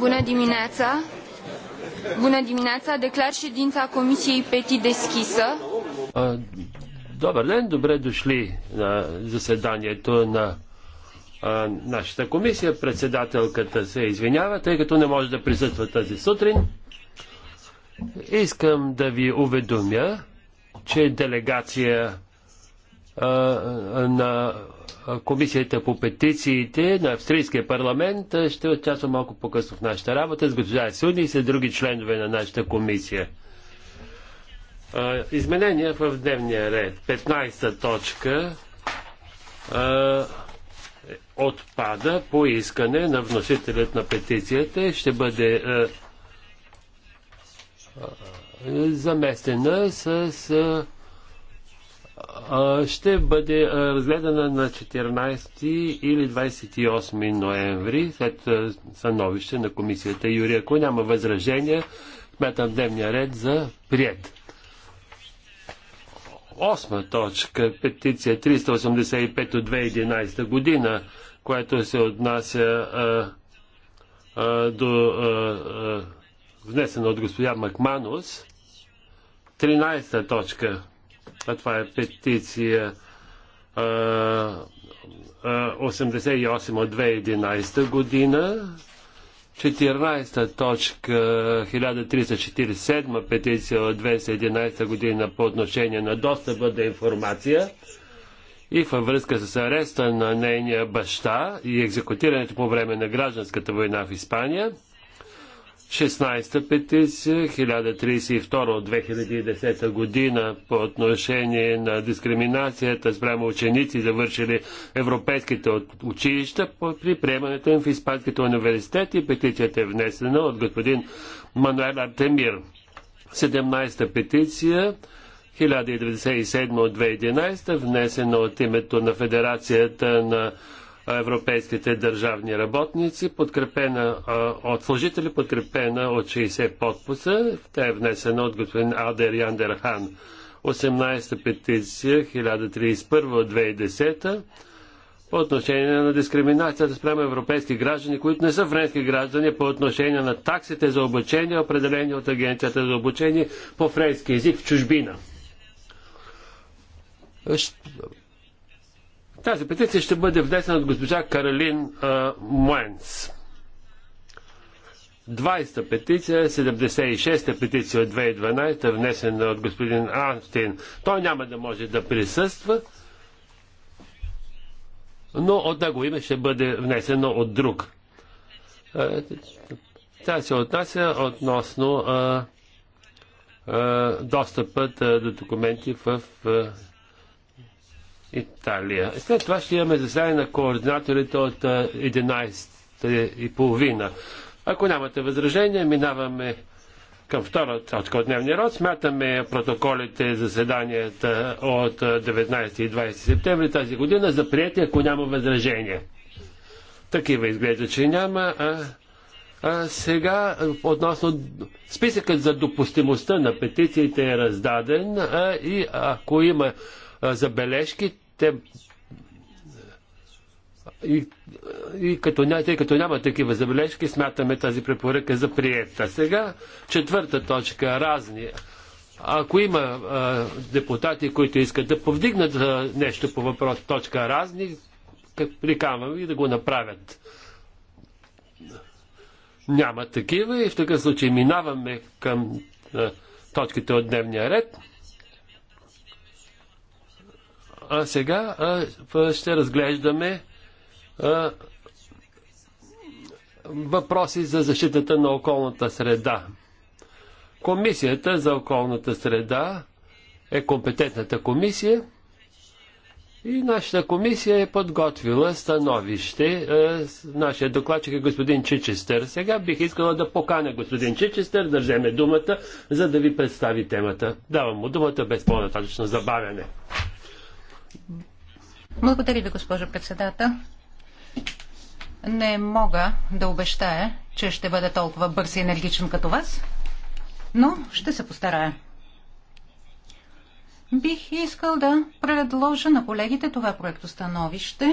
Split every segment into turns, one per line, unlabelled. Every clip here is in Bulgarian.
Bună dimineața! Bună dimineața! Declar ședința Comisiei PETI deschisă.
Добър ден, добре дошли на заседанието на нашата комисия. Председателката се извинява, тъй като не може да присъства тази сутрин. Искам да ви уведомя, че делегация на Комисията по петициите на Австрийския парламент ще участва малко по-късно в нашата работа с госпожа Суни и с други членове на нашата комисия. Изменения в дневния ред. 15-та точка отпада по искане на вносителят на петицията. Ще бъде заместена с ще бъде разгледана на 14 или 28 ноември след съновище на комисията Юрия. Ако няма възражения, сметам дневния ред за прият. Осма точка, петиция 385 от 2011 година, която се отнася а, а, до а, а, внесена от господя Макманус. 13 точка, а това е петиция 88 от 2011 година. 14 точка 1347 петиция от 2011 година по отношение на достъпа до информация и във връзка с ареста на нейния баща и екзекутирането по време на гражданската война в Испания – 16-та петиция, 1032 от 2010 година по отношение на дискриминацията спрямо ученици, завършили европейските училища при приемането им в Испанските университети. Петицията е внесена от господин Мануел Артемир. 17-та петиция, 1097 от 2011, внесена от името на Федерацията на европейските държавни работници, подкрепена от служители, подкрепена от 60 подписа. Тя е внесена от господин Адер Яндерхан, 18-та петиция 1031 от 2010 по отношение на дискриминацията спрямо европейски граждани, които не са френски граждани, по отношение на таксите за обучение, определени от Агенцията за обучение по френски език в чужбина. Тази петиция ще бъде внесена от госпожа Каролин Муенс. 20-та петиция, 76-та петиция от 2012, внесена от господин Анстин. Той няма да може да присъства, но от него име ще бъде внесено от друг. Тя се отнася относно а, а, достъпът а, до документи в а, Италия. След това ще имаме заседание на координаторите от половина. Ако нямате възражения, минаваме към втора точка от дневния род. Смятаме протоколите за заседанията от 19 и 20 септември тази година за приятие, ако няма възражения. Такива изглежда, че няма. А, а сега, относно списъкът за допустимостта на петициите е раздаден а, и ако има забележки, те и, и като, тъй като няма такива забележки, смятаме тази препоръка за приета. Сега четвърта точка разни. Ако има а, депутати, които искат да повдигнат а, нещо по въпрос точка разни, приканвам и да го направят. Няма такива и в такъв случай минаваме към а, точките от дневния ред а сега а, ще разглеждаме а, въпроси за защитата на околната среда. Комисията за околната среда е компетентната комисия и нашата комисия е подготвила становище. Нашия докладчик е господин Чичестър. Сега бих искала да поканя господин Чичестър да вземе думата, за да ви представи темата. Давам му думата без по-нататъчно забавяне.
Благодаря ви, госпожо председател. Не мога да обещая, че ще бъда толкова бърз и енергичен като вас, но ще се постарая. Бих искал да предложа на колегите това проектостановище.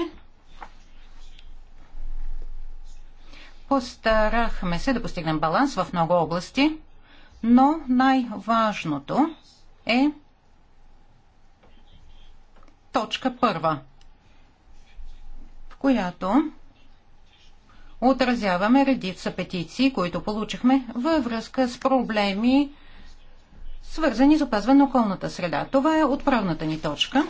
Постарахме се да постигнем баланс в много области, но най-важното е точка първа, в която отразяваме редица петиции, които получихме във връзка с проблеми, свързани с опазване на околната среда. Това е отправната ни точка.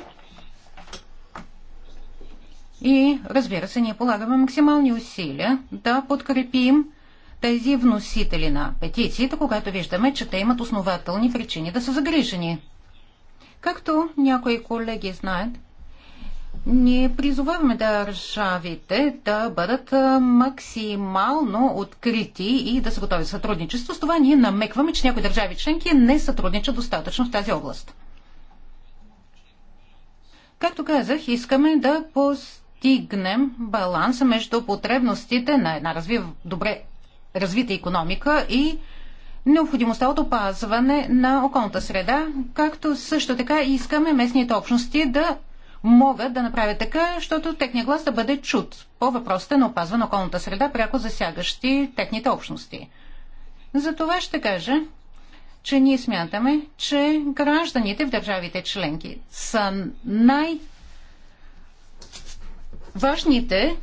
И разбира се, ние полагаме максимални усилия да подкрепим тези вносители на петициите, когато виждаме, че те имат основателни причини да са загрижени. Както някои колеги знаят, ние призоваваме държавите да бъдат максимално открити и да са готови за сътрудничество. С това ние намекваме, че някои държави членки не сътрудничат достатъчно в тази област. Както казах, искаме да постигнем баланса между потребностите на една развив... добре развита економика и необходимостта от опазване на околната среда, както също така искаме местните общности да могат да направят така, защото техния глас да бъде чут по въпросите на опазване на околната среда, пряко засягащи техните общности. За това ще кажа, че ние смятаме, че гражданите в държавите членки са най- важните,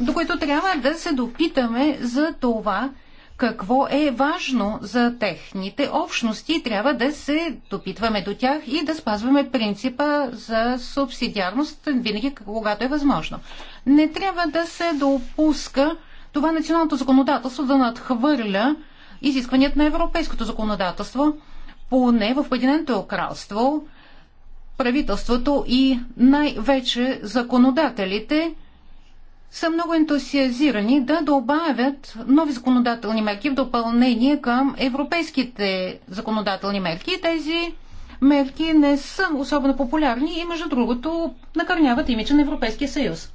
до които трябва да се допитаме за това, какво е важно за техните общности. Трябва да се допитваме до тях и да спазваме принципа за субсидиарност винаги, когато е възможно. Не трябва да се допуска това националното законодателство да надхвърля изискванията на европейското законодателство, поне в Поединеното кралство, правителството и най-вече законодателите – са много ентусиазирани да добавят нови законодателни мерки в допълнение към европейските законодателни мерки. Тези мерки не са особено популярни и, между другото, накърняват имиджа на Европейския съюз.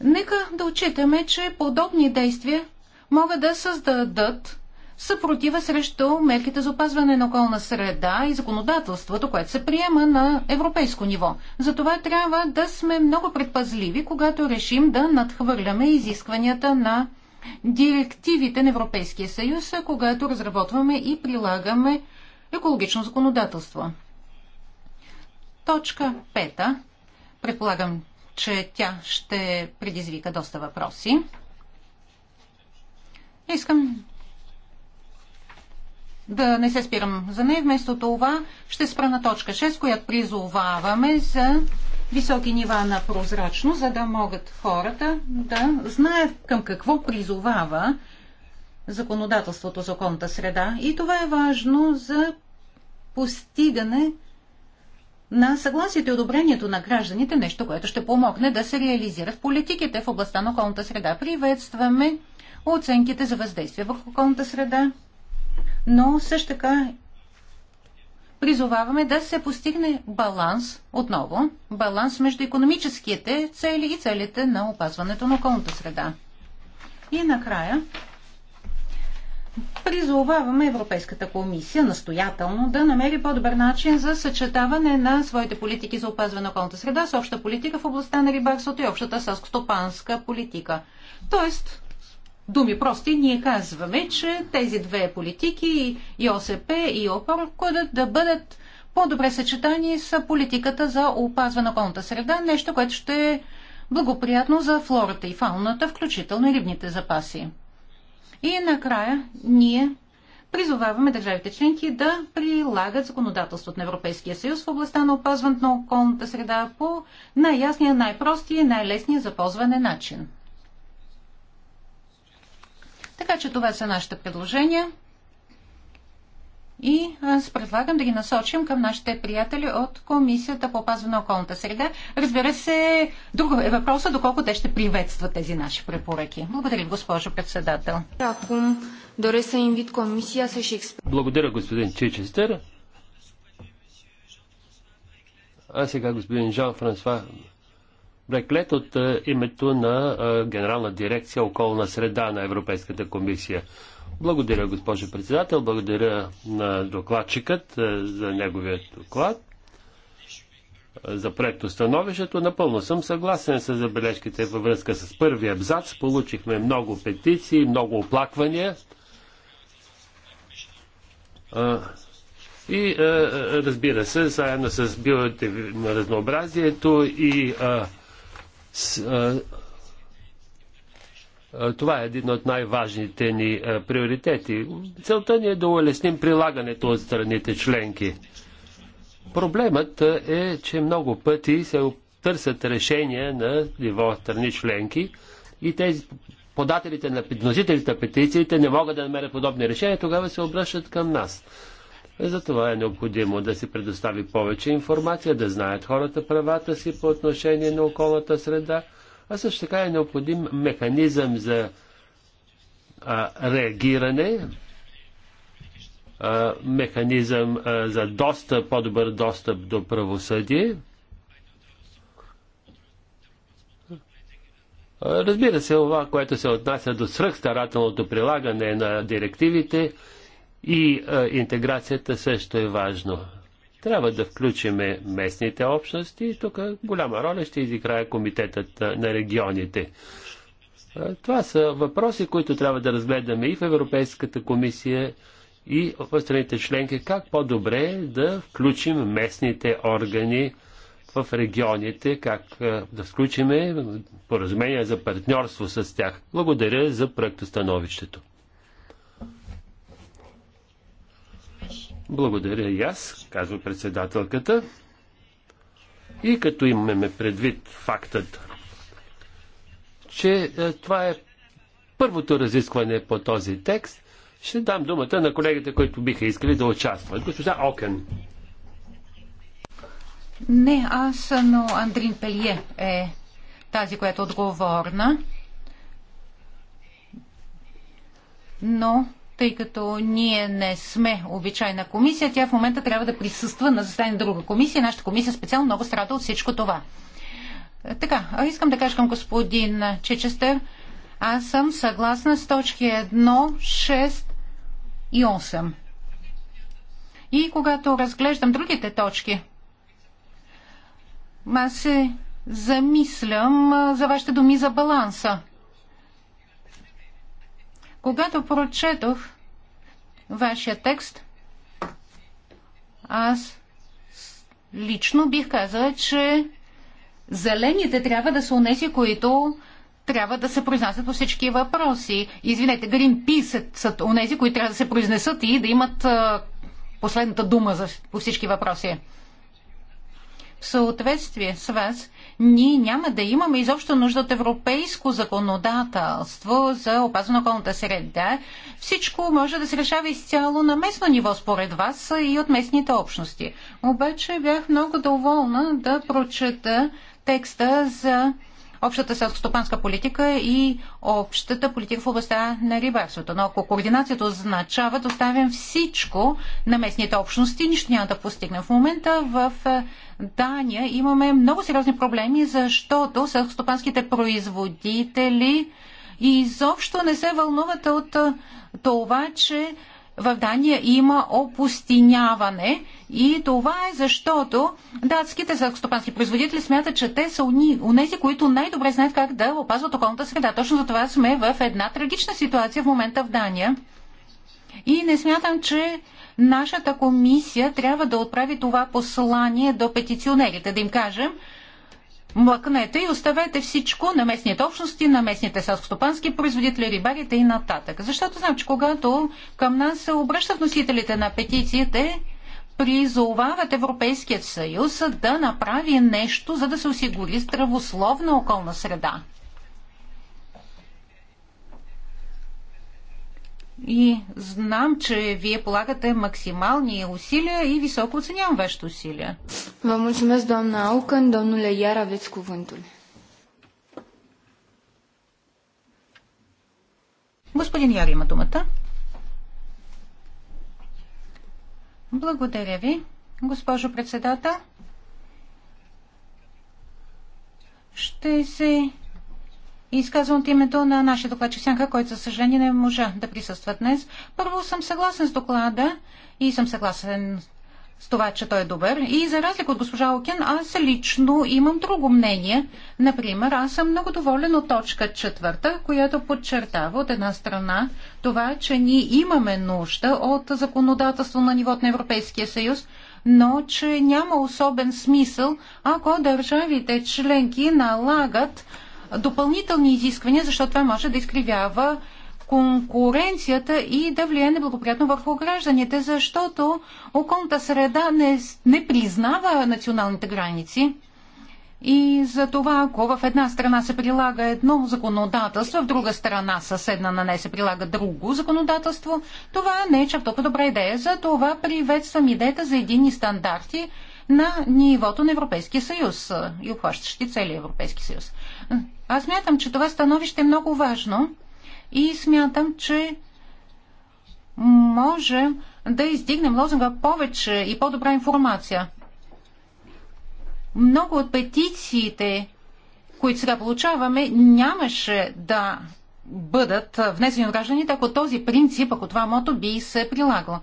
Нека да отчитаме, че подобни действия могат да създадат съпротива срещу мерките за опазване на околна среда и законодателството, което се приема на европейско ниво. Затова трябва да сме много предпазливи, когато решим да надхвърляме изискванията на директивите на Европейския съюз, когато разработваме и прилагаме екологично законодателство. Точка пета. Предполагам, че тя ще предизвика доста въпроси. Искам да не се спирам за нея. Вместо това ще спра на точка 6, която призоваваме за високи нива на прозрачност, за да могат хората да знаят към какво призовава законодателството за околната среда. И това е важно за постигане на съгласието и одобрението на гражданите, нещо, което ще помогне да се реализират политиките в областта на околната среда. Приветстваме оценките за въздействие в околната среда, но също така призоваваме да се постигне баланс, отново, баланс между економическите цели и целите на опазването на околната среда. И накрая призоваваме Европейската комисия настоятелно да намери по-добър начин за съчетаване на своите политики за опазване на околната среда с обща политика в областта на рибарството и общата селско-стопанска политика. Тоест, думи прости, ние казваме, че тези две политики, и ОСП, и ОПАМ, които да бъдат по-добре съчетани с политиката за опазване на околната среда, нещо, което ще е благоприятно за флората и фауната, включително и рибните запаси. И накрая ние призоваваме държавите членки да прилагат законодателството на Европейския съюз в областта на опазването на околната среда по най-ясния, най-простия и най-лесния за ползване начин. Така че това са нашите предложения. И аз предлагам да ги насочим към нашите приятели от Комисията по опазване на околната среда. Разбира се, друг е въпроса, доколко те ще приветстват тези наши препоръки. Благодаря, госпожо председател.
Благодаря, господин Чичестер. А сега господин Жан-Франсуа преклет от е, името на е, Генерална дирекция околна среда на Европейската комисия. Благодаря, госпожо председател, благодаря на докладчикът е, за неговият доклад, за проектостановището. Напълно съм съгласен с забележките във връзка с първи абзац. Получихме много петиции, много оплаквания. И разбира се, заедно с биоразнообразието и а, това е един от най-важните ни приоритети. Целта ни е да улесним прилагането от страните членки. Проблемът е, че много пъти се търсят решения на ниво страни членки и тези подателите на вносителите на петициите не могат да намерят подобни решения, тогава се обръщат към нас. Затова е необходимо да се предостави повече информация, да знаят хората правата си по отношение на околната среда, а също така е необходим механизъм за а, реагиране, а, механизъм а, за достъп, по-добър достъп до правосъдие. Разбира се, това, което се отнася до свръхстарателното прилагане на директивите, и а, интеграцията също е важно. Трябва да включиме местните общности и тук голяма роля ще изиграе комитетът на регионите. Това са въпроси, които трябва да разгледаме и в Европейската комисия, и в страните членки, как по-добре да включим местните органи в регионите, как да включиме поразумения за партньорство с тях. Благодаря за проектостановището. Благодаря и аз, казва председателката. И като имаме предвид фактът, че е, това е първото разискване по този текст, ще дам думата на колегите, които биха искали да участват. Госпожа Окен.
Не аз, но Андрин Пелие е тази, която е отговорна. Но тъй като ние не сме обичайна комисия, тя в момента трябва да присъства на заседание друга комисия. Нашата комисия специално много страда от всичко това. Така, искам да кажа към господин Чечестер, аз съм съгласна с точки 1, 6 и 8. И когато разглеждам другите точки, аз се замислям за вашите думи за баланса. Когато прочетох вашия текст, аз лично бих казала, че зелените трябва да са унеси, които трябва да се произнасят по всички въпроси. Извинете, Greenpeace са унеси, които трябва да се произнесат и да имат последната дума за, по всички въпроси. В съответствие с вас, ние няма да имаме изобщо нужда от европейско законодателство за опазване на околната среда. Всичко може да се решава изцяло на местно ниво, според вас, и от местните общности. Обаче бях много доволна да прочета текста за общата селскостопанска политика и общата политика в областта на рибарството. Но ако координацията означава да оставим всичко на местните общности, нищо няма да постигнем. В момента в е, Дания имаме много сериозни проблеми, защото селскостопанските производители изобщо не се вълнуват от е, това, че в Дания има опустиняване и това е защото датските селскостопански производители смятат, че те са унези, които най-добре знаят как да опазват околната среда. Точно за това сме в една трагична ситуация в момента в Дания. И не смятам, че нашата комисия трябва да отправи това послание до петиционерите, да им кажем – млъкнете и оставете всичко на местните общности, на местните селскостопански производители, рибарите и нататък. Защото знам, че когато към нас се обръщат носителите на петициите, призовават Европейският съюз да направи нещо, за да се осигури здравословна околна среда. И знам, че вие полагате максимални усилия и високо оценявам вашите усилия.
Vă mulțumesc, doamna Aucan. Domnule, iar aveți cuvântul.
Господин Яр има думата. Благодаря ви, госпожо председател. Ще се изказвам от името на нашия докладчик който за съжаление не можа да присъства днес. Първо съм съгласен с доклада и съм съгласен с това, че той е добър. И за разлика от госпожа Окен, аз лично имам друго мнение. Например, аз съм много доволен от точка четвърта, която подчертава от една страна това, че ние имаме нужда от законодателство на ниво на Европейския съюз, но че няма особен смисъл, ако държавите членки налагат допълнителни изисквания, защото това може да изкривява конкуренцията и да влияе неблагоприятно върху гражданите, защото околната среда не, не признава националните граници. И за това, ако в една страна се прилага едно законодателство, в друга страна съседна на не се прилага друго законодателство, това не е чак толкова добра идея. За това приветствам идеята за единни стандарти, на нивото на Европейския съюз и обхващащи целия Европейски съюз. Аз мятам, че това становище е много важно и смятам, че може да издигнем лозунга повече и по-добра информация. Много от петициите, които сега получаваме, нямаше да бъдат внесени от гражданите, ако този принцип, ако това мото би се прилагало.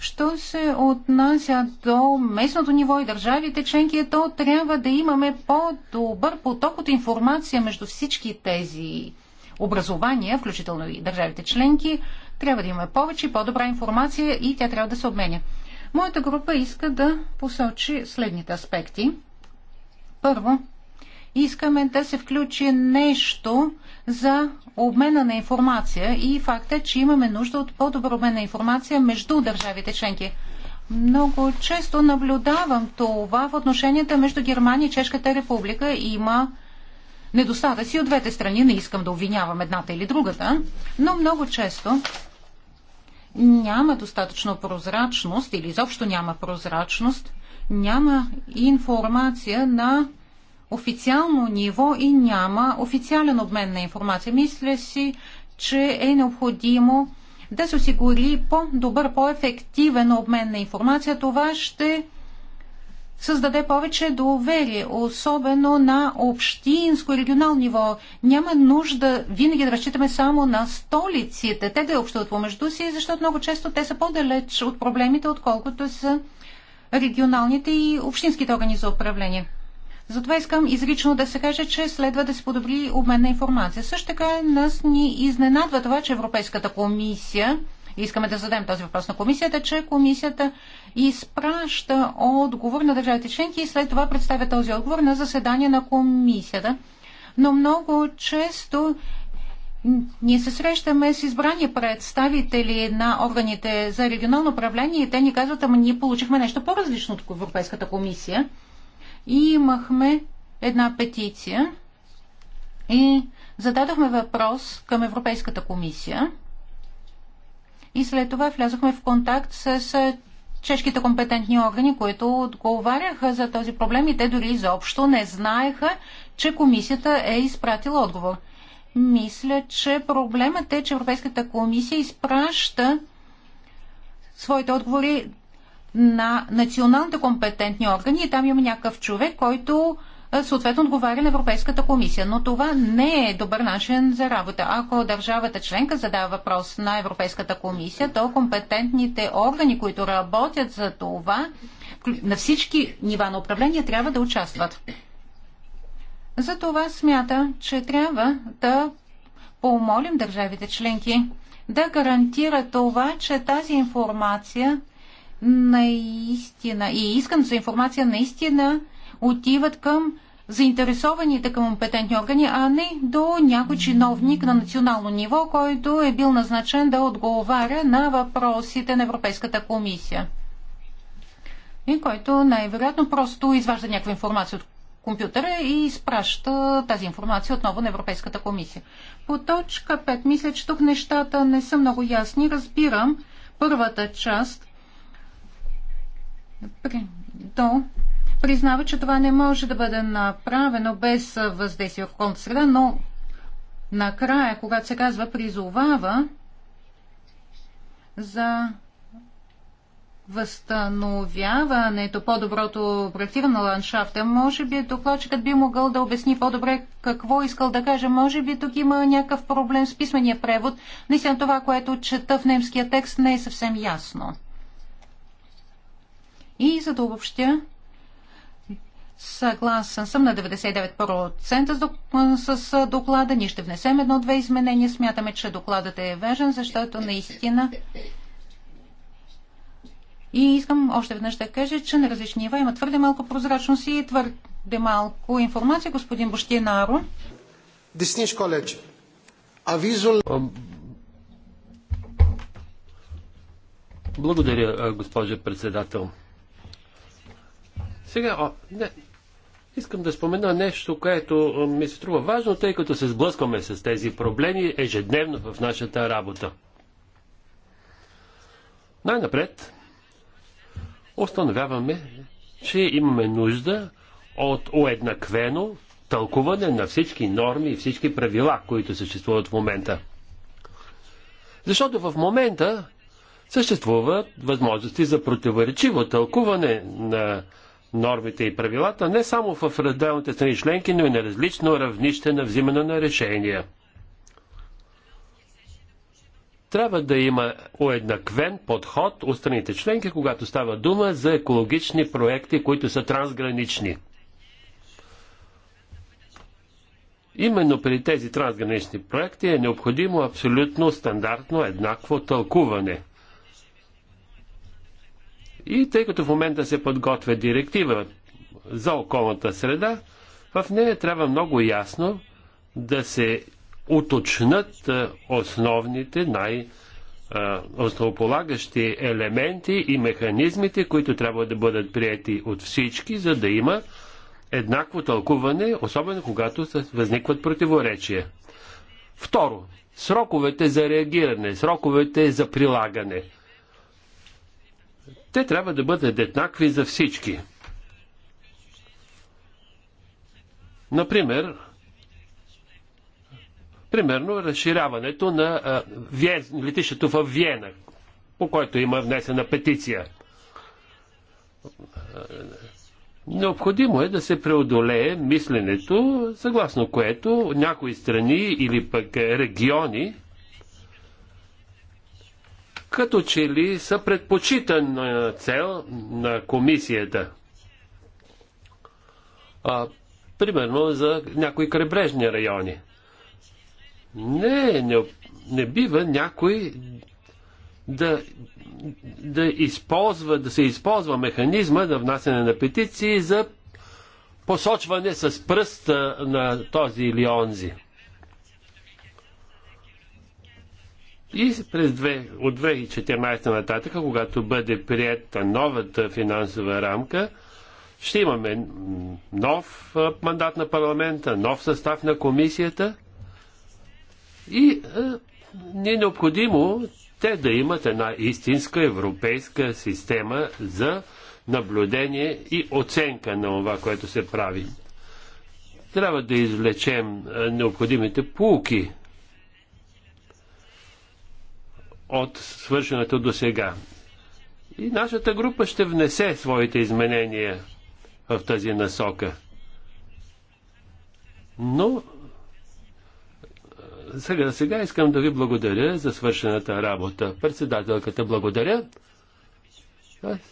Що се отнася до местното ниво и държавите членки, то трябва да имаме по-добър поток от информация между всички тези образования, включително и държавите членки. Трябва да имаме повече и по-добра информация и тя трябва да се обменя. Моята група иска да посочи следните аспекти. Първо, искаме да се включи нещо, за обмена на информация и факта, че имаме нужда от по-добър обмен на информация между държавите членки. Много често наблюдавам това в отношенията между Германия и Чешката република. Има недостатъци от двете страни. Не искам да обвинявам едната или другата, но много често няма достатъчно прозрачност или изобщо няма прозрачност, няма информация на официално ниво и няма официален обмен на информация. Мисля си, че е необходимо да се осигури по-добър, по-ефективен обмен на информация. Това ще създаде повече доверие, особено на общинско и регионално ниво. Няма нужда винаги да разчитаме само на столиците, те да общуват помежду си, защото много често те са по-далеч от проблемите, отколкото са регионалните и общинските органи за управление. Затова искам изрично да се каже, че следва да се подобри обмен на информация. Също така нас ни изненадва това, че Европейската комисия, искаме да зададем този въпрос на комисията, че комисията изпраща отговор на държавите членки и след това представя този отговор на заседание на комисията. Но много често ние се срещаме с избрани представители на органите за регионално управление и те ни казват, ама ние получихме нещо по-различно от Европейската комисия и имахме една петиция и зададохме въпрос към Европейската комисия и след това влязохме в контакт с чешките компетентни органи, които отговаряха за този проблем и те дори изобщо не знаеха, че комисията е изпратила отговор. Мисля, че проблемът е, че Европейската комисия изпраща своите отговори на националните компетентни органи и там има някакъв човек, който е, съответно отговаря на Европейската комисия. Но това не е добър начин за работа. Ако държавата членка задава въпрос на Европейската комисия, то компетентните органи, които работят за това, на всички нива на управление трябва да участват. За това смята, че трябва да помолим държавите членки да гарантира това, че тази информация наистина и искането за информация наистина отиват към заинтересованите към компетентни органи, а не до някой чиновник на национално ниво, който е бил назначен да отговаря на въпросите на Европейската комисия. И който най-вероятно просто изважда някаква информация от компютъра и изпраща тази информация отново на Европейската комисия. По точка 5 мисля, че тук нещата не са много ясни. Разбирам първата част, то признава, че това не може да бъде направено без въздействие в околната среда, но накрая, когато се казва призовава за възстановяването, по-доброто проектиране на ландшафта, може би докладчикът би могъл да обясни по-добре какво искал да каже. Може би тук има някакъв проблем с писмения превод. Наистина това, което чета в немския текст, не е съвсем ясно. И за да обобщя, съгласен съм на 99% с доклада. Ние ще внесем едно-две изменения. Смятаме, че докладът е важен, защото наистина и искам още веднъж да кажа, че на различни нива има твърде малко прозрачност и твърде малко информация. Господин Бощинаро.
Дисниш коледж. Авизол... Благодаря, госпожа председател. Сега, о, не, искам да спомена нещо, което ми се струва важно, тъй като се сблъскваме с тези проблеми ежедневно в нашата работа. Най-напред установяваме, че имаме нужда от уеднаквено тълкуване на всички норми и всички правила, които съществуват в момента. Защото в момента съществуват възможности за противоречиво тълкуване на нормите и правилата не само в разделните страни членки, но и на различно равнище на взимане на решения. Трябва да има уеднаквен подход от страните членки, когато става дума за екологични проекти, които са трансгранични. Именно при тези трансгранични проекти е необходимо абсолютно стандартно еднакво тълкуване – и тъй като в момента се подготвя директива за околната среда, в нея трябва много ясно да се уточнат основните, най- основополагащи елементи и механизмите, които трябва да бъдат прияти от всички, за да има еднакво тълкуване, особено когато възникват противоречия. Второ, сроковете за реагиране, сроковете за прилагане – те трябва да бъдат еднакви за всички. Например, примерно разширяването на летището в Виена, по който има внесена петиция. Необходимо е да се преодолее мисленето, съгласно което някои страни или пък региони като че ли са предпочитана цел на комисията. А, примерно за някои крайбрежни райони. Не, не, не бива някой да, да, използва, да се използва механизма на внасяне на петиции за посочване с пръста на този или онзи. И през две, от 2014 нататък, когато бъде приета новата финансова рамка, ще имаме нов мандат на парламента, нов състав на комисията и не е необходимо те да имат една истинска европейска система за наблюдение и оценка на това, което се прави. Трябва да извлечем необходимите пулки от свършеното до сега. И нашата група ще внесе своите изменения в тази насока. Но сега, сега искам да ви благодаря за свършената работа. Председателката благодаря.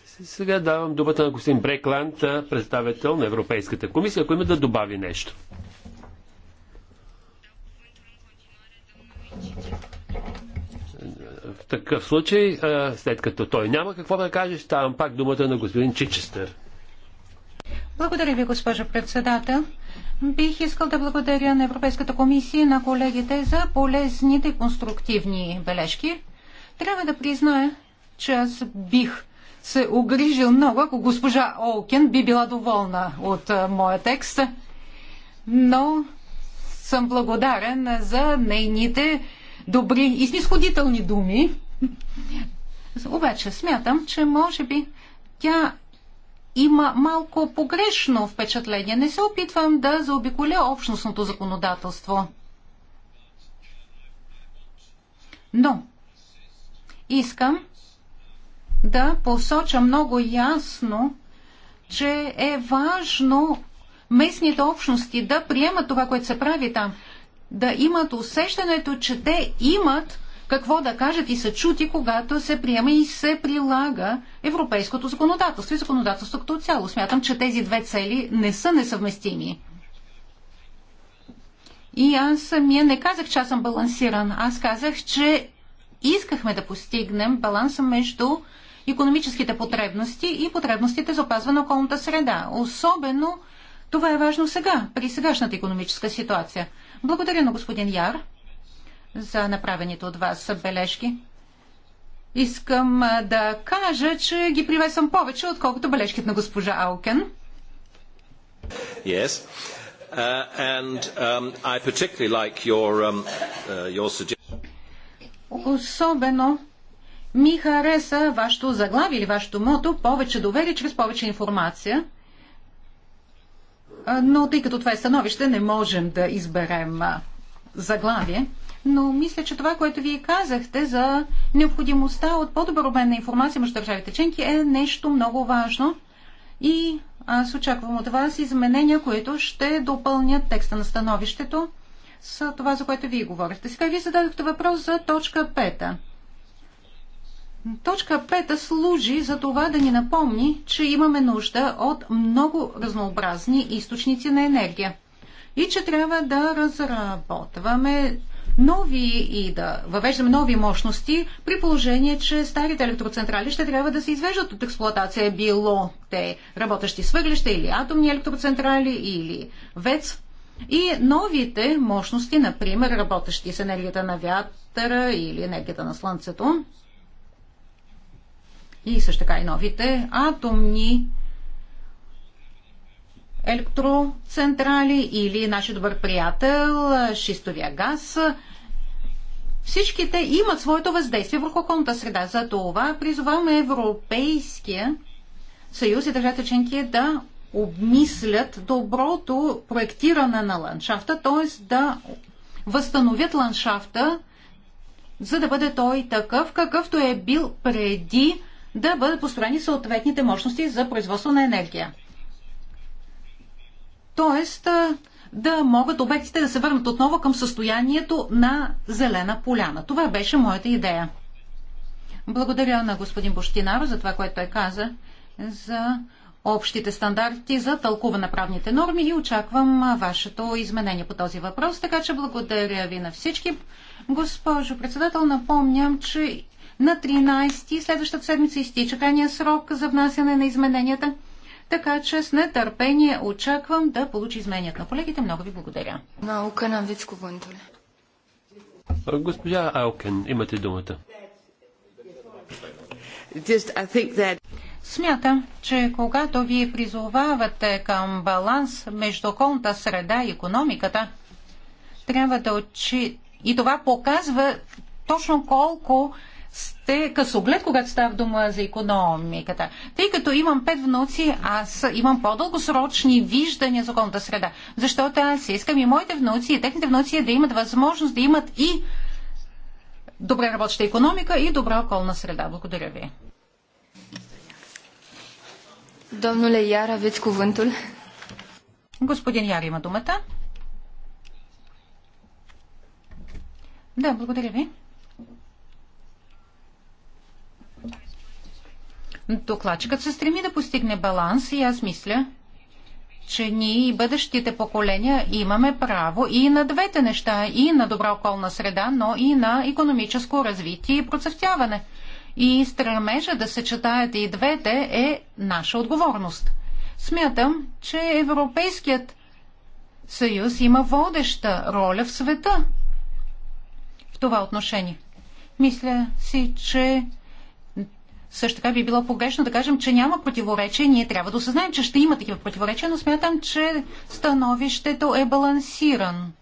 Сега давам думата на господин Брекланд, представител на Европейската комисия, ако има да добави нещо. В такъв случай, след като той няма какво да каже, ставам пак думата на господин Чичестър.
Благодаря ви, госпожо председател. Бих искал да благодаря на Европейската комисия и на колегите за полезните конструктивни бележки. Трябва да призная, че аз бих се огрижил много, ако госпожа Олкен би била доволна от моя текст, но съм благодарен за нейните добри и снисходителни думи. Обаче смятам, че може би тя има малко погрешно впечатление. Не се опитвам да заобиколя общностното законодателство. Но искам да посоча много ясно, че е важно местните общности да приемат това, което се прави там да имат усещането, че те имат какво да кажат и са чути, когато се приема и се прилага европейското законодателство и законодателството като цяло. Смятам, че тези две цели не са несъвместими. И аз самия не казах, че аз съм балансиран. Аз казах, че искахме да постигнем баланса между економическите потребности и потребностите за опазване на околната среда. Особено това е важно сега, при сегашната економическа ситуация. Благодаря на господин Яр за направените от вас бележки. Искам да кажа, че ги привесвам повече, отколкото бележките на госпожа Аукен.
Yes. Uh, and um, I like your, um, uh, your
Особено ми хареса вашето заглавие или вашето мото повече доверие чрез повече информация – но тъй като това е становище, не можем да изберем заглавие. Но мисля, че това, което вие казахте за необходимостта от по-добър обмен на информация между държавите членки е нещо много важно. И аз очаквам от вас изменения, които ще допълнят текста на становището с това, за което вие говорихте. Сега вие зададохте въпрос за точка 5. Точка 5 служи за това да ни напомни, че имаме нужда от много разнообразни източници на енергия и че трябва да разработваме нови и да въвеждаме нови мощности при положение, че старите електроцентрали ще трябва да се извеждат от експлоатация, било те работещи с въглища или атомни електроцентрали или ВЕЦ. И новите мощности, например, работещи с енергията на вятъра или енергията на слънцето, и също така и новите атомни електроцентрали или нашия добър приятел шистовия газ. Всичките имат своето въздействие върху околната среда. За това призоваваме Европейския съюз и държавите членки да обмислят доброто проектиране на ландшафта, т.е. да възстановят ландшафта, за да бъде той такъв, какъвто е бил преди да бъдат построени съответните мощности за производство на енергия. Тоест, да могат обектите да се върнат отново към състоянието на зелена поляна. Това беше моята идея. Благодаря на господин Бощинаро за това, което той каза, за общите стандарти за тълкуване на правните норми и очаквам вашето изменение по този въпрос. Така че благодаря ви на всички. Госпожо председател, напомням, че на 13 ти следващата седмица изтича крайния срок за внасяне на измененията, така че с нетърпение очаквам да получи изменят на колегите. Много ви благодаря. Наука на вицко
Госпожа Алкен, имате думата.
Смятам, че когато вие призовавате към баланс между околната среда и економиката, трябва да очи. И това показва точно колко сте късоглед, когато става дума за економиката. Тъй като имам пет внуци, аз имам по-дългосрочни виждания за околната среда. Защото аз искам и моите внуци, и техните внуци да имат възможност да имат и добре работеща економика и добра околна среда. Благодаря ви. Domnule Яра, aveți cuvântul. Господин Яра има думата. Да, благодаря ви. Докладчикът се стреми да постигне баланс и аз мисля, че ние и бъдещите поколения имаме право и на двете неща, и на добра околна среда, но и на економическо развитие и процъфтяване. И стремежа да се четаят и двете е наша отговорност. Смятам, че Европейският съюз има водеща роля в света в това отношение. Мисля си, че също така би било погрешно да кажем, че няма противоречие. Ние трябва да осъзнаем, че ще има такива противоречия, но смятам, че становището е балансиран.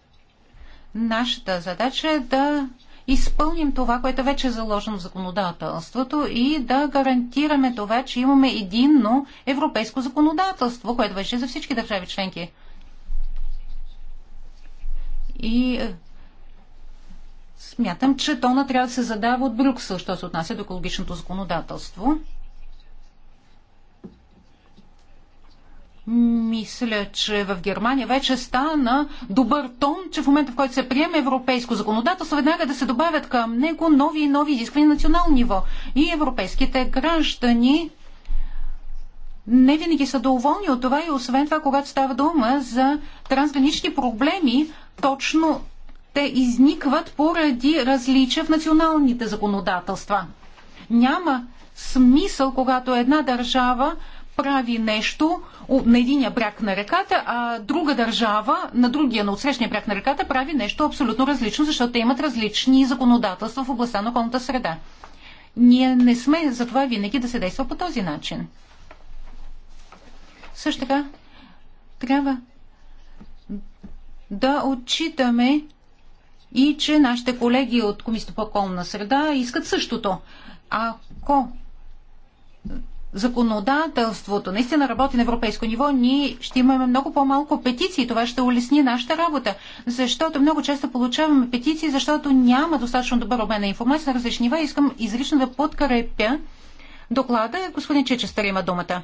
Нашата задача е да изпълним това, което вече е заложено в законодателството и да гарантираме това, че имаме единно европейско законодателство, което вече за всички държави членки. И Смятам, че тона трябва да се задава от Брюксел, що се отнася до екологичното законодателство. Мисля, че в Германия вече стана добър тон, че в момента, в който се приеме европейско законодателство, веднага да се добавят към него нови и нови изисквания на национално ниво. И европейските граждани не винаги са доволни от това и освен това, когато става дума за трансгранични проблеми, точно те изникват поради различия в националните законодателства. Няма смисъл, когато една държава прави нещо на единия бряг на реката, а друга държава на другия, на отсрещния бряг на реката прави нещо абсолютно различно, защото те имат различни законодателства в областта на околната среда. Ние не сме за това винаги да се действа по този начин. Също така, трябва да отчитаме и че нашите колеги от Комисията по околна среда искат същото. Ако законодателството наистина работи на европейско ниво, ние ще имаме много по-малко петиции. Това ще улесни нашата работа, защото много често получаваме петиции, защото няма достатъчно добър обмен на информация на различни нива. Искам изрично да подкрепя доклада. Господин Чечестър има думата.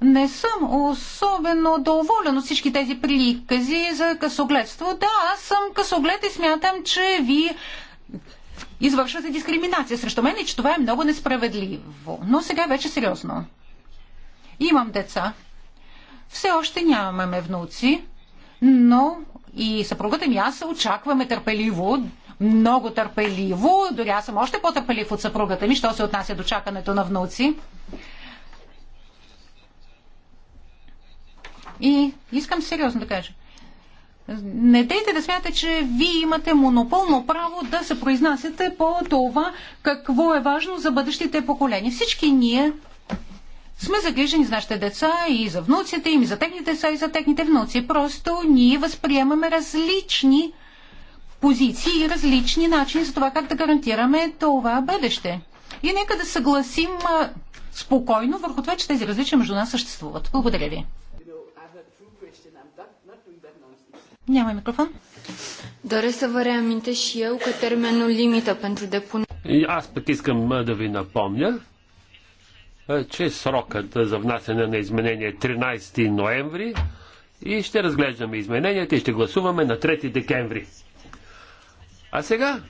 Не съм особено доволен от всички тези прикази за късогледство. Да, аз съм късоглед и смятам, че ви извършвате дискриминация срещу мен и че това е много несправедливо. Но сега вече сериозно. Имам деца. Все още нямаме внуци, но и съпругата ми аз очакваме търпеливо много търпеливо. Дори аз съм още по-търпелив от съпругата ми, що се отнася до чакането на внуци. И искам сериозно да кажа. Не дейте да смятате, че вие имате монополно право да се произнасяте по това какво е важно за бъдещите поколения. Всички ние сме загрижени за нашите деца и за внуците им, и за техните деца, и за техните внуци. Просто ние възприемаме различни позиции и различни начини за това как да гарантираме това бъдеще. И нека да съгласим спокойно върху това, че тези различия между нас съществуват. Благодаря ви. Няма микрофон.
Doresc să vă reamintesc și eu că termenul limită pentru depunere...
Аз пък искам да ви напомня, че срокът за внасяне на изменение е 13 ноември и ще разглеждаме измененията и ще гласуваме на 3 декември. А сега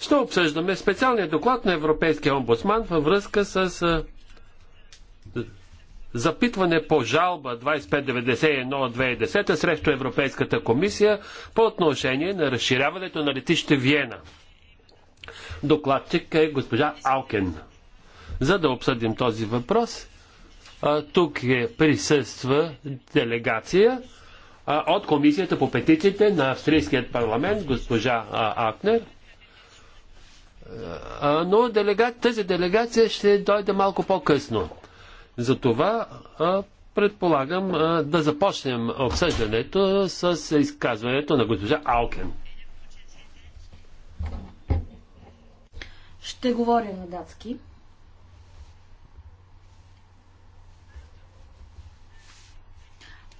ще обсъждаме специалния доклад на Европейския омбудсман във връзка с запитване по жалба 2591 от 2010 срещу Европейската комисия по отношение на разширяването на летище Виена. Докладчик е госпожа Алкен. За да обсъдим този въпрос, тук е присъства делегация от Комисията по петициите на австрийският парламент, госпожа Акнер. Но тази делегация ще дойде малко по-късно. Затова предполагам да започнем обсъждането с изказването на госпожа Алкен.
Ще говоря на датски.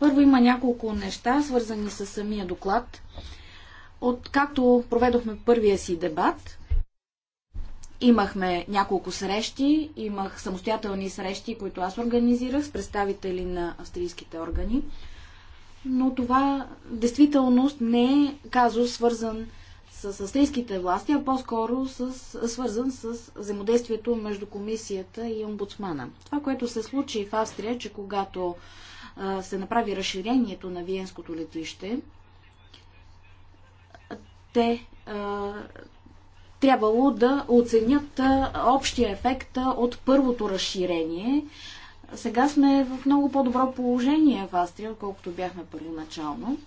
Първо има няколко неща, свързани с самия доклад. Откакто проведохме първия си дебат, имахме няколко срещи, имах самостоятелни срещи, които аз организирах с представители на австрийските органи. Но това действителност не е казус свързан с австрийските власти, а по-скоро с, свързан с взаимодействието между комисията и омбудсмана. Това, което се случи в Австрия, че когато се направи разширението на Виенското летище, те трябвало да оценят общия ефект от първото разширение. Сега сме в много по-добро положение в Астрия, отколкото бяхме първоначално.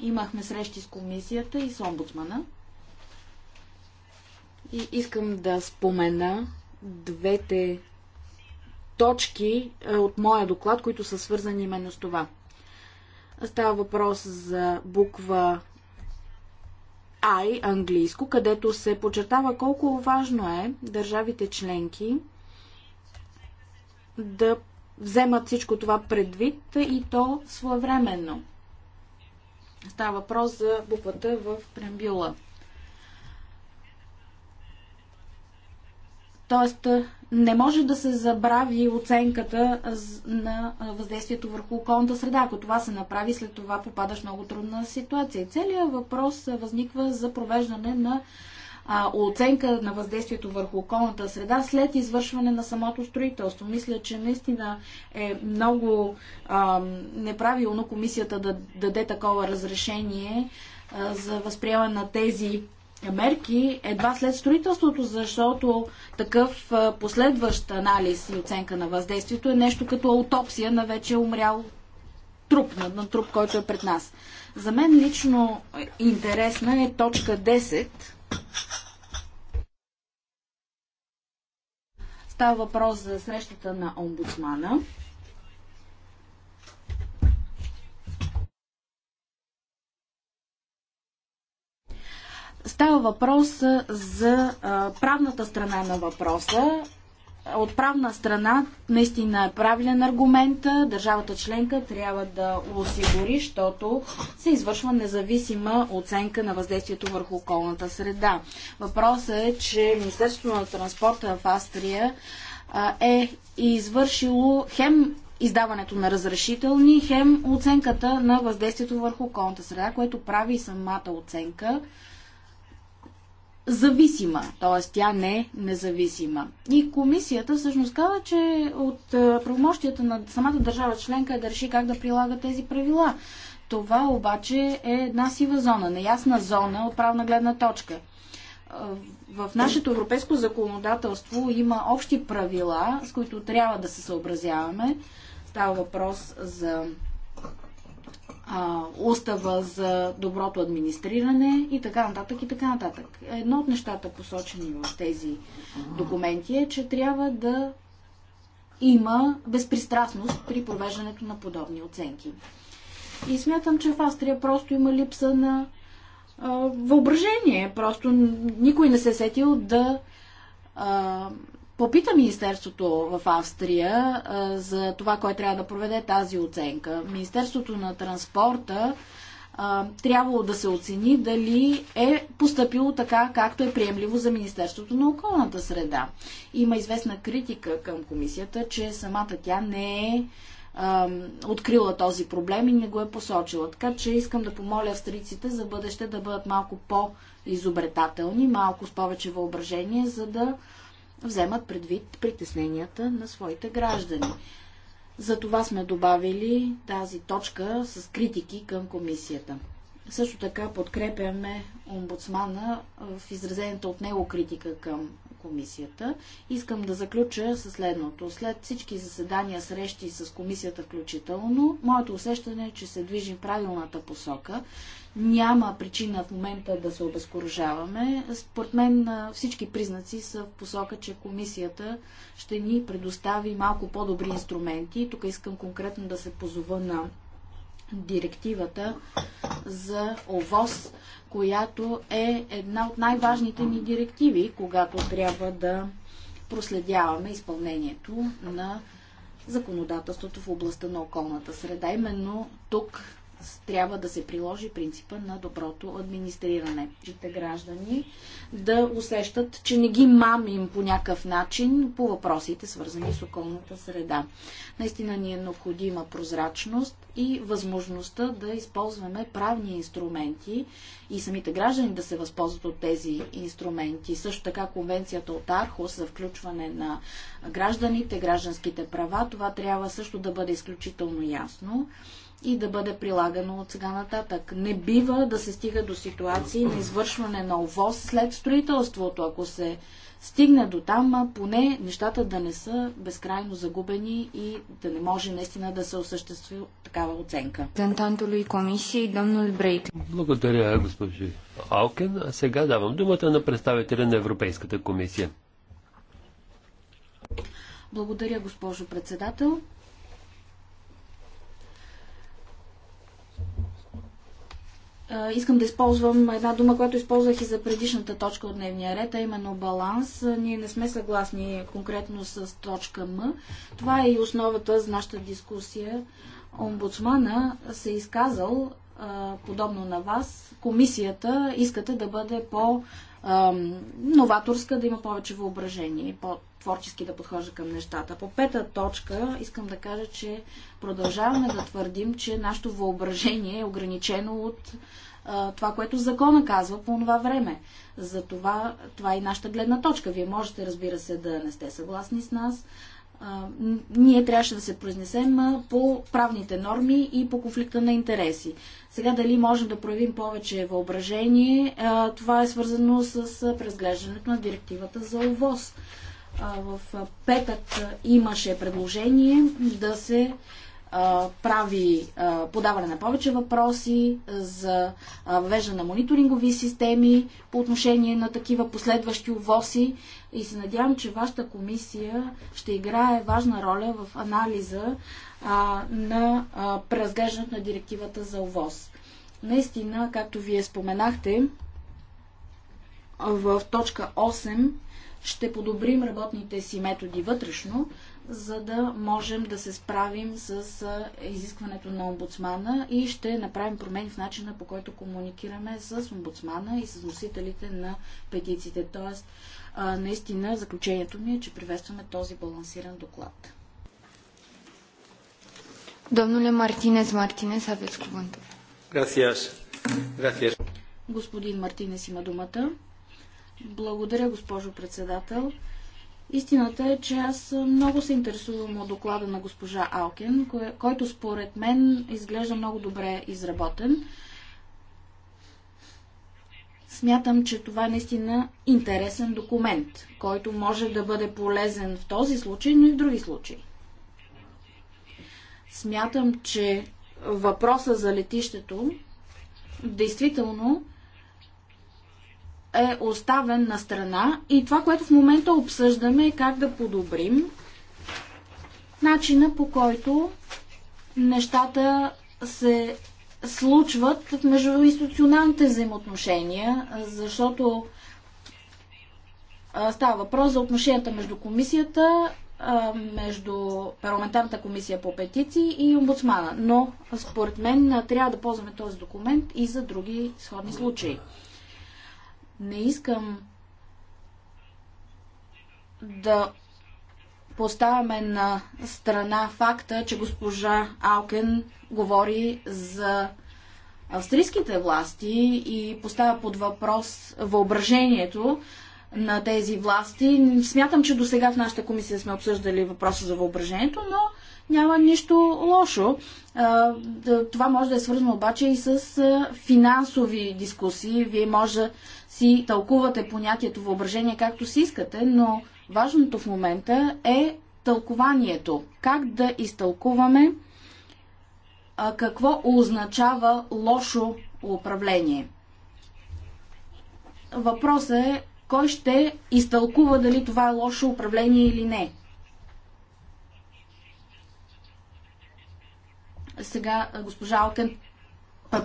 Имахме срещи с комисията и с омбудсмана. И искам да спомена двете точки е, от моя доклад, които са свързани именно с това. Става въпрос за буква I, английско, където се подчертава колко важно е държавите членки да вземат всичко това предвид и то своевременно. Става въпрос за буквата в преамбюла. Тоест, не може да се забрави оценката на въздействието върху околната среда. Ако това се направи, след това попадаш в много трудна ситуация. целият въпрос възниква за провеждане на оценка на въздействието върху околната среда след извършване на самото строителство. Мисля, че наистина е много неправилно комисията да даде такова разрешение за възприемане на тези мерки едва след строителството, защото такъв последващ анализ и оценка на въздействието е нещо като аутопсия на вече умрял труп, на, на труп, който е пред нас. За мен лично интересна е точка 10. Става въпрос за срещата на омбудсмана. Става въпрос за правната страна на въпроса. От правна страна наистина е правилен аргумент. Държавата членка трябва да осигури, защото се извършва независима оценка на въздействието върху околната среда. Въпросът е, че Министерството на транспорта в Австрия е извършило хем издаването на разрешителни, хем оценката на въздействието върху околната среда, което прави самата оценка зависима, т.е. тя не е независима. И комисията всъщност казва, че от е, правомощията на самата държава членка е да реши как да прилага тези правила. Това обаче е една сива зона, неясна зона от правна гледна точка. Е, в нашето европейско законодателство има общи правила, с които трябва да се съобразяваме. Става въпрос за а, устава за доброто администриране и така нататък и така нататък. Едно от нещата, посочени в тези документи е, че трябва да има безпристрастност при провеждането на подобни оценки. И смятам, че в Австрия просто има липса на а, въображение. Просто никой не се е сетил да а, попита Министерството в Австрия за това, кое трябва да проведе тази оценка. Министерството на транспорта трябвало да се оцени дали е поступило така, както е приемливо за Министерството на околната среда. Има известна критика към комисията, че самата тя не е открила този проблем и не го е посочила. Така че искам да помоля австрийците за бъдеще да бъдат малко по-изобретателни, малко с повече въображение, за да вземат предвид притесненията на своите граждани. За това сме добавили тази точка с критики към комисията. Също така подкрепяме омбудсмана в изразената от него критика към комисията. Искам да заключа със следното. След всички заседания, срещи с комисията включително, моето усещане е, че се движи в правилната посока, няма причина в момента да се обезкуражаваме. Според мен всички признаци са в посока, че комисията ще ни предостави малко по-добри инструменти. Тук искам конкретно да се позова на директивата за ОВОз, която е една от най-важните ни директиви, когато трябва да проследяваме изпълнението на законодателството в областта на околната среда. Именно тук трябва да се приложи принципа на доброто администриране. Чите граждани да усещат, че не ги мамим по някакъв начин по въпросите, свързани с околната среда. Наистина ни е необходима прозрачност и възможността да използваме правни инструменти и самите граждани да се възползват от тези инструменти. Също така конвенцията от Архос за включване на гражданите, гражданските права, това трябва също да бъде изключително ясно и да бъде прилагано от сега нататък. Не бива да се стига до ситуации на извършване на ОВОз след строителството. Ако се стигне до там, поне нещата да не са безкрайно загубени и да не може наистина да се осъществи такава оценка. Тентантului комисии, домнул Брейк.
Благодаря, госпожи Алкен. А сега давам думата на представителя на Европейската комисия.
Благодаря, госпожо председател. Искам да използвам една дума, която използвах и за предишната точка от дневния ред, а именно баланс. Ние не сме съгласни конкретно с точка М. Това е и основата за нашата дискусия. Омбудсмана се е изказал подобно на вас. Комисията искате да бъде по новаторска, да има повече въображение и по-творчески да подхожда към нещата. По пета точка искам да кажа, че продължаваме да твърдим, че нашето въображение е ограничено от това, което закона казва по това време. За това, това е и нашата гледна точка. Вие можете, разбира се, да не сте съгласни с нас, ние трябваше да се произнесем по правните норми и по конфликта на интереси. Сега дали можем да проявим повече въображение, това е свързано с преразглеждането на директивата за ОВОз. В петък имаше предложение да се прави подаване на повече въпроси за въвеждане на мониторингови системи по отношение на такива последващи увоси и се надявам, че вашата комисия ще играе важна роля в анализа на преразглеждането на директивата за увоз. Наистина, както вие споменахте, в точка 8 ще подобрим работните си методи вътрешно, за да можем да се справим с изискването на омбудсмана и ще направим промени в начина по който комуникираме с омбудсмана и с носителите на петициите. Тоест, наистина, заключението ми е, че приветстваме този балансиран доклад. Domnule Мартинес Мартинес, aveți cuvântul. Господин Мартинес има думата. Благодаря, госпожо председател. Истината е, че аз много се интересувам от доклада на госпожа Алкен, който според мен изглежда много добре изработен. Смятам, че това е наистина интересен документ, който може да бъде полезен в този случай, но и в други случаи. Смятам, че въпроса за летището действително е оставен на страна и това, което в момента обсъждаме е как да подобрим начина по който нещата се случват в междуинституционалните взаимоотношения, защото става въпрос за отношенията между комисията, между парламентарната комисия по петиции и омбудсмана. Но, според мен, трябва да ползваме този документ и за други сходни случаи. Не искам да поставяме на страна факта, че госпожа Алкен говори за австрийските власти и поставя под въпрос въображението на тези власти. Смятам, че до сега в нашата комисия сме обсъждали въпроса за въображението, но няма нищо лошо. Това може да е свързано обаче и с финансови дискусии. Вие може да си тълкувате понятието въображение както си искате, но важното в момента е тълкованието. Как да изтълкуваме какво означава лошо управление. Въпросът е кой ще изтълкува дали това е лошо управление или не. Сега госпожа Алкен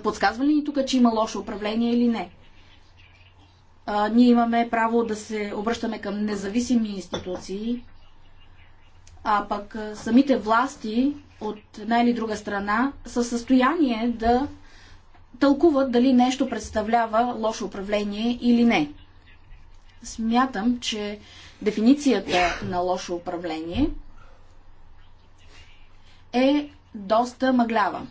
подсказва ли ни тук, че има лошо управление или не? А, ние имаме право да се обръщаме към независими институции, а пък самите власти от една или друга страна са в състояние да тълкуват дали нещо представлява лошо управление или не. Смятам, че дефиницията на лошо управление е доста мъглява.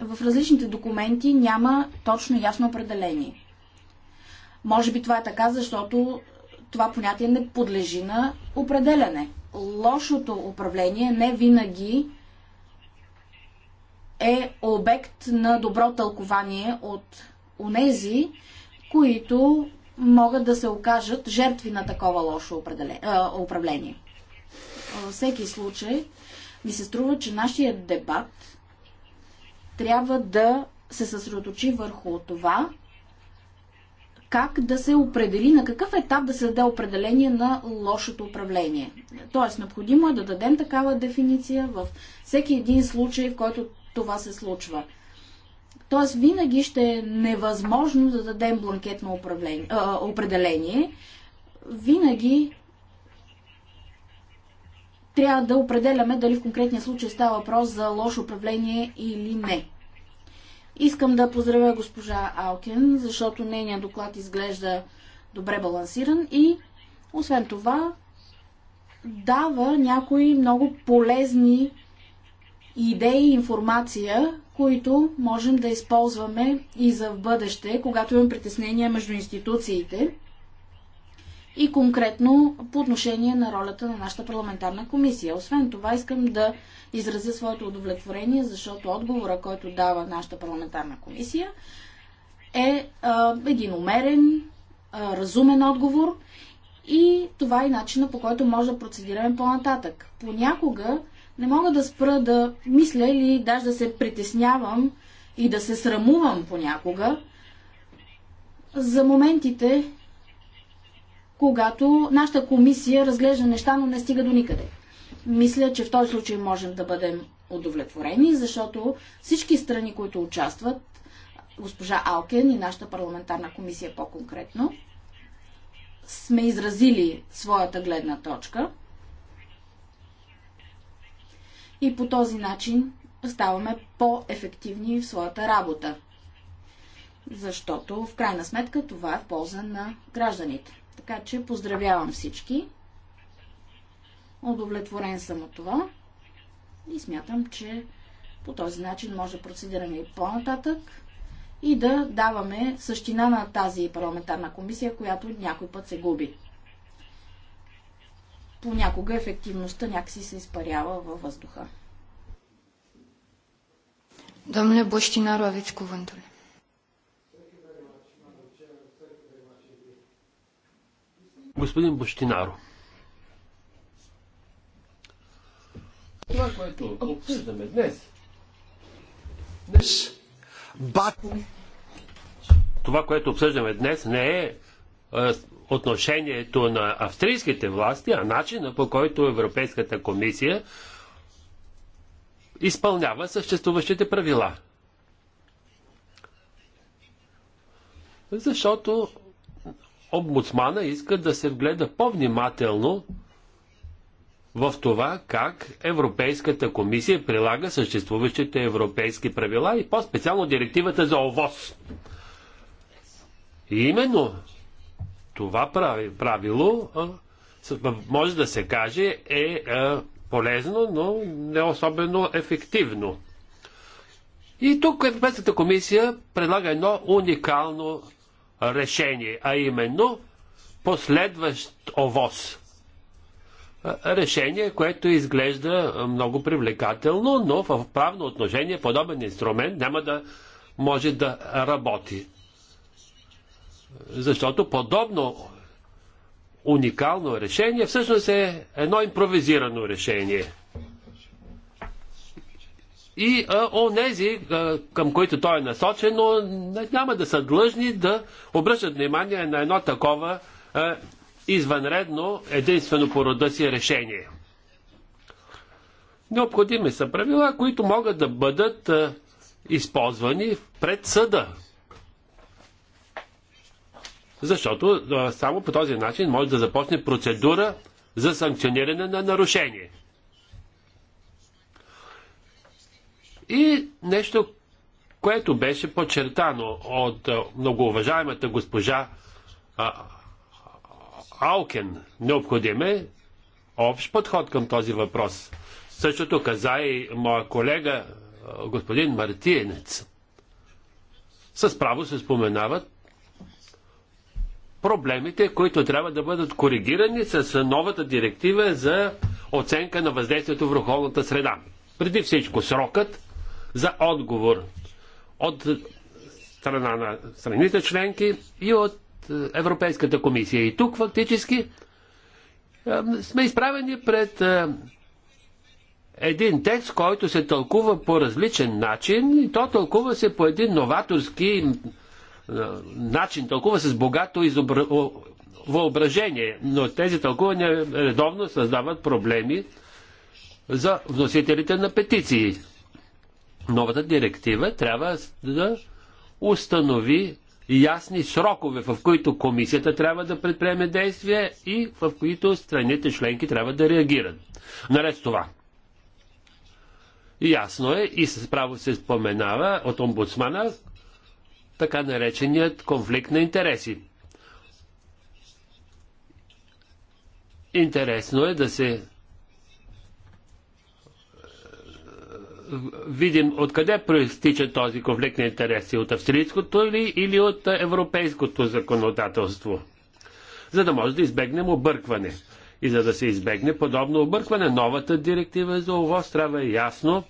В различните документи няма точно ясно определение. Може би това е така, защото това понятие не подлежи на определене. Лошото управление не винаги е обект на добро тълкование от онези, които могат да се окажат жертви на такова лошо управление. Във всеки случай, ми се струва, че нашия дебат трябва да се съсредоточи върху това, как да се определи, на какъв етап да се даде определение на лошото управление. Тоест, необходимо е да дадем такава дефиниция в всеки един случай, в който това се случва. Тоест, винаги ще е невъзможно да дадем бланкетно определение. Винаги трябва да определяме дали в конкретния случай става въпрос за лошо управление или не. Искам да поздравя госпожа Алкен, защото нейният доклад изглежда добре балансиран и освен това дава някои много полезни идеи и информация, които можем да използваме и за в бъдеще, когато имам притеснения между институциите – и конкретно по отношение на ролята на нашата парламентарна комисия. Освен това, искам да изразя своето удовлетворение, защото отговора, който дава нашата парламентарна комисия, е а, един умерен, а, разумен отговор и това е начина по който може да процедираме по-нататък. Понякога не мога да спра да мисля или даже да се притеснявам и да се срамувам понякога за моментите, когато нашата комисия разглежда неща, но не стига до никъде. Мисля, че в този случай можем да бъдем удовлетворени, защото всички страни, които участват, госпожа Алкен и нашата парламентарна комисия по-конкретно, сме изразили своята гледна точка и по този начин ставаме по-ефективни в своята работа. Защото в крайна сметка това е в полза на гражданите. Така че поздравявам всички. Удовлетворен съм от това и смятам, че по този начин може да процедираме и по-нататък и да даваме същина на тази парламентарна комисия, която някой път се губи. Понякога ефективността някакси се изпарява във въздуха.
Домля Бощина ровицко cuvântul.
Господин Бощинаро. Това, което обсъждаме днес. днес... Това, което обсъждаме днес, не е, е отношението на австрийските власти, а начина по който Европейската комисия изпълнява съществуващите правила. Защото омбудсмана иска да се вгледа по-внимателно в това как Европейската комисия прилага съществуващите европейски правила и по-специално директивата за ОВОз. И именно това правило може да се каже е полезно, но не особено ефективно. И тук Европейската комисия предлага едно уникално решение, а именно последващ овоз. Решение, което изглежда много привлекателно, но в правно отношение подобен инструмент няма да може да работи. Защото подобно уникално решение всъщност е едно импровизирано решение – и а, онези, а, към които той е насочен, но няма да са длъжни да обръщат внимание на едно такова а, извънредно, единствено по рода си решение. Необходими са правила, които могат да бъдат а, използвани пред съда. Защото а, само по този начин може да започне процедура за санкциониране на нарушение. И нещо, което беше подчертано от многоуважаемата госпожа Алкен. Необходим е общ подход към този въпрос. Същото каза и моя колега господин Мартиенец. С право се споменават проблемите, които трябва да бъдат коригирани с новата директива за оценка на въздействието в околната среда. Преди всичко срокът, за отговор от страна на страните членки и от е, Европейската комисия. И тук фактически е, сме изправени пред е, един текст, който се тълкува по различен начин и то тълкува се по един новаторски начин, тълкува се с богато изобр... въображение, но тези тълкувания редовно създават проблеми за вносителите на петиции новата директива трябва да установи ясни срокове, в които комисията трябва да предприеме действия и в които страните членки трябва да реагират. Наред с това, ясно е и с право се споменава от омбудсмана така нареченият конфликт на интереси. Интересно е да се видим откъде проистича този конфликт на интереси. От австрийското ли или от европейското законодателство? За да може да избегнем объркване. И за да се избегне подобно объркване, новата директива за ОВОС трябва ясно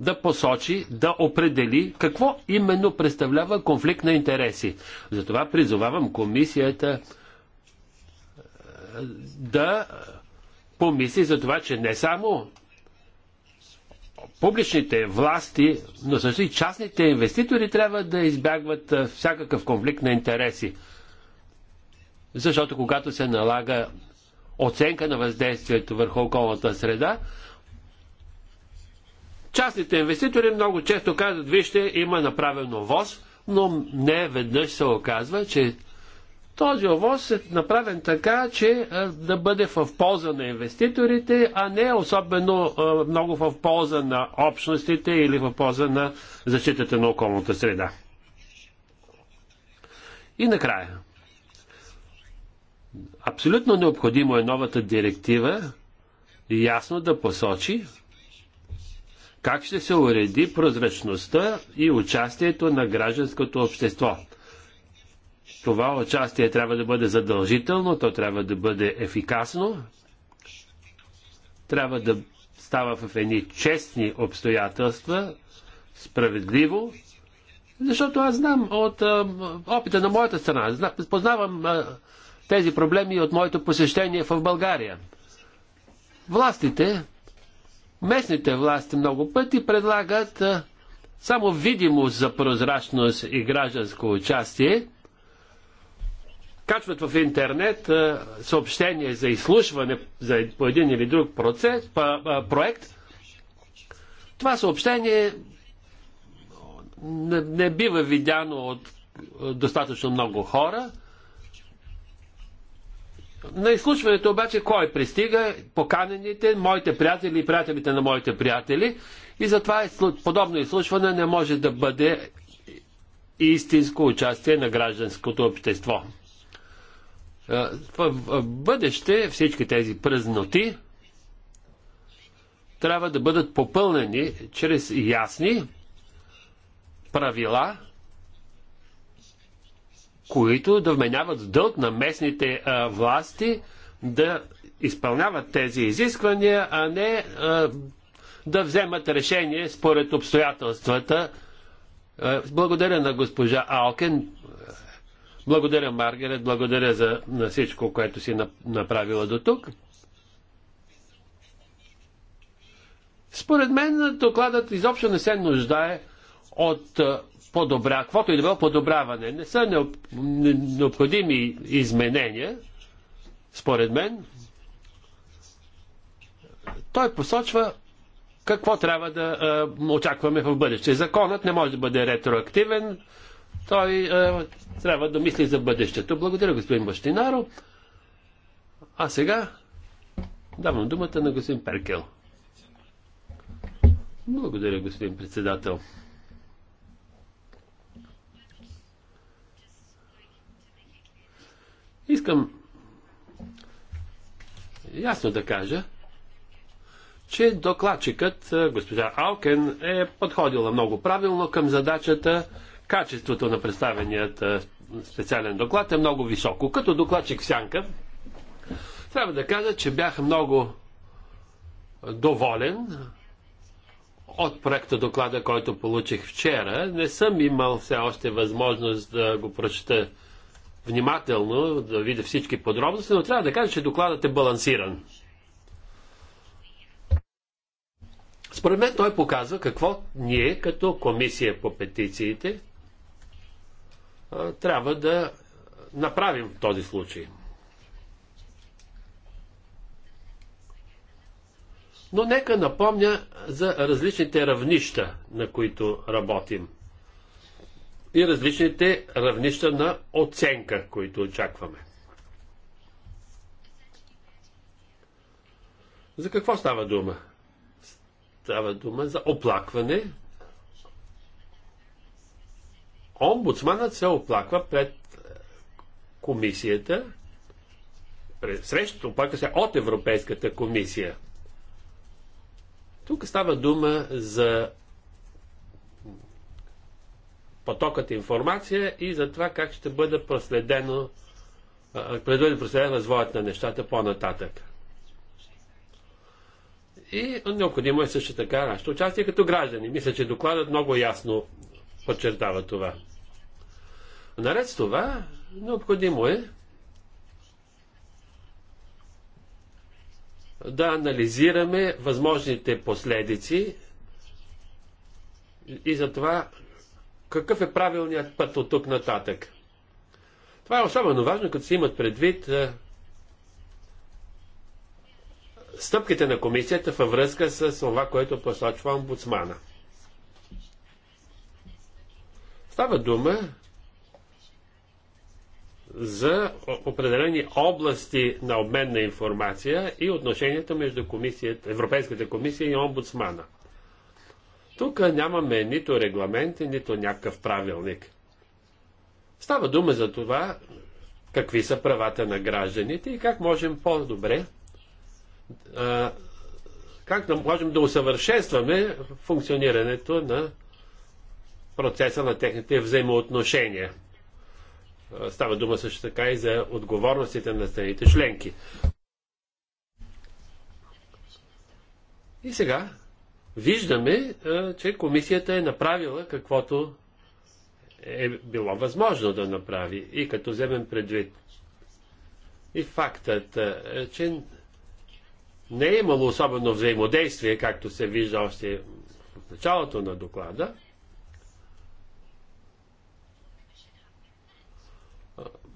да посочи, да определи какво именно представлява конфликт на интереси. Затова призовавам комисията е, да помисли за това, че не само публичните власти, но също и частните инвеститори трябва да избягват всякакъв конфликт на интереси. Защото когато се налага оценка на въздействието върху околната среда, частните инвеститори много често казват, вижте, има направено ВОЗ, но не веднъж се оказва, че този овоз е направен така, че да бъде в полза на инвеститорите, а не особено много в полза на общностите или в полза на защитата на околната среда. И накрая. Абсолютно необходимо е новата директива ясно да посочи как ще се уреди прозрачността и участието на гражданското общество – това участие трябва да бъде задължително, то трябва да бъде ефикасно, трябва да става в едни честни обстоятелства, справедливо, защото аз знам от а, опита на моята страна, познавам а, тези проблеми от моето посещение в България. Властите, местните власти много пъти предлагат а, само видимост за прозрачност и гражданско участие – качват в интернет съобщение за изслушване за, по един или друг процес, па, а, проект, това съобщение не, не бива видяно от достатъчно много хора. На изслушването обаче кой пристига? Поканените, моите приятели и приятелите на моите приятели. И затова подобно изслушване не може да бъде истинско участие на гражданското общество. В бъдеще всички тези празноти трябва да бъдат попълнени чрез ясни правила, които да вменяват дълг на местните а, власти да изпълняват тези изисквания, а не а, да вземат решение според обстоятелствата. А, благодаря на госпожа Алкен. Благодаря, Маргарет, благодаря за на всичко, което си направила до тук. Според мен докладът изобщо не се нуждае от подобря, каквото и да било подобряване. Не са необходими изменения, според мен. Той посочва какво трябва да очакваме в бъдеще. Законът не може да бъде ретроактивен, той е, трябва да мисли за бъдещето. Благодаря, господин Бащинаро. А сега давам думата на господин Перкел. Благодаря, господин председател. Искам ясно да кажа, че докладчикът, е, госпожа Алкен, е подходила много правилно към задачата качеството на представеният е, специален доклад е много високо. Като докладчик в сянка, трябва да кажа, че бях много доволен от проекта доклада, който получих вчера. Не съм имал все още възможност да го прочета внимателно, да видя всички подробности, но трябва да кажа, че докладът е балансиран. Според мен той показва какво ние като комисия по петициите трябва да направим в този случай. Но нека напомня за различните равнища, на които работим. И различните равнища на оценка, които очакваме. За какво става дума? Става дума за оплакване, омбудсманът се оплаква пред е, комисията, пред, срещу, оплаква се от Европейската комисия. Тук става дума за потокът информация и за това как ще бъде проследено предвиден проследен развоят на нещата по-нататък. И необходимо е също така нашето участие като граждани. Мисля, че докладът много ясно подчертава това. Наред с това, необходимо е да анализираме възможните последици и за това какъв е правилният път от тук нататък. Това е особено важно, като се имат предвид е, стъпките на комисията във връзка с това, което посочва омбудсмана. Става дума за определени области на обмен на информация и отношенията между комисията, Европейската комисия и омбудсмана. Тук нямаме нито регламенти, нито някакъв правилник. Става дума за това какви са правата на гражданите и как можем по-добре как да можем да усъвършенстваме функционирането на процеса на техните взаимоотношения. Става дума също така и за отговорностите на страните членки. И сега виждаме, че комисията е направила каквото е било възможно да направи. И като вземем предвид и фактът, че не е имало особено взаимодействие, както се вижда още в началото на доклада,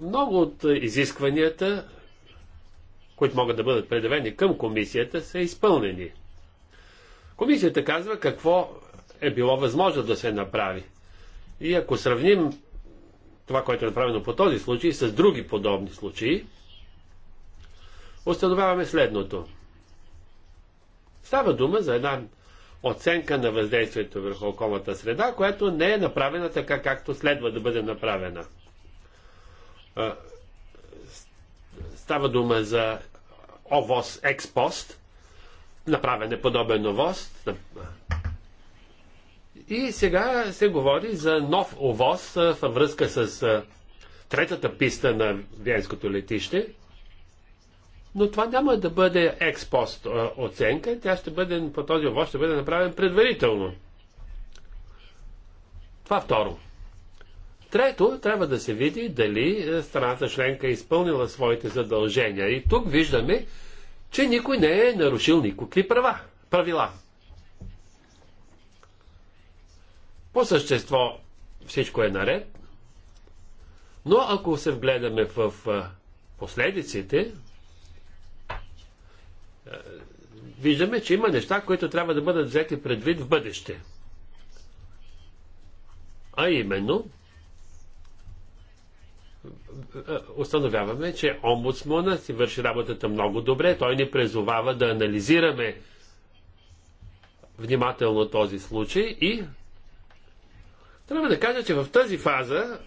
Много от изискванията, които могат да бъдат предавени към комисията, са изпълнени. Комисията казва какво е било възможно да се направи. И ако сравним това, което е направено по този случай, с други подобни случаи, установяваме следното. Става дума за една оценка на въздействието върху околната среда, която не е направена така, както следва да бъде направена. Става дума за овоз експост, направен е подобен овоз. И сега се говори за нов овоз във връзка с третата писта на Венското летище. Но това няма да бъде експост оценка, тя ще бъде, по този овоз ще бъде направен предварително. Това второ. Трето, трябва да се види дали е, страната членка е изпълнила своите задължения. И тук виждаме, че никой не е нарушил никакви права, правила. По същество всичко е наред, но ако се вгледаме в е, последиците, е, виждаме, че има неща, които трябва да бъдат взети предвид в бъдеще. А именно, е, установяваме, че омбудсмана си върши работата много добре. Той ни презовава да анализираме внимателно този случай и трябва да кажа, че в тази фаза,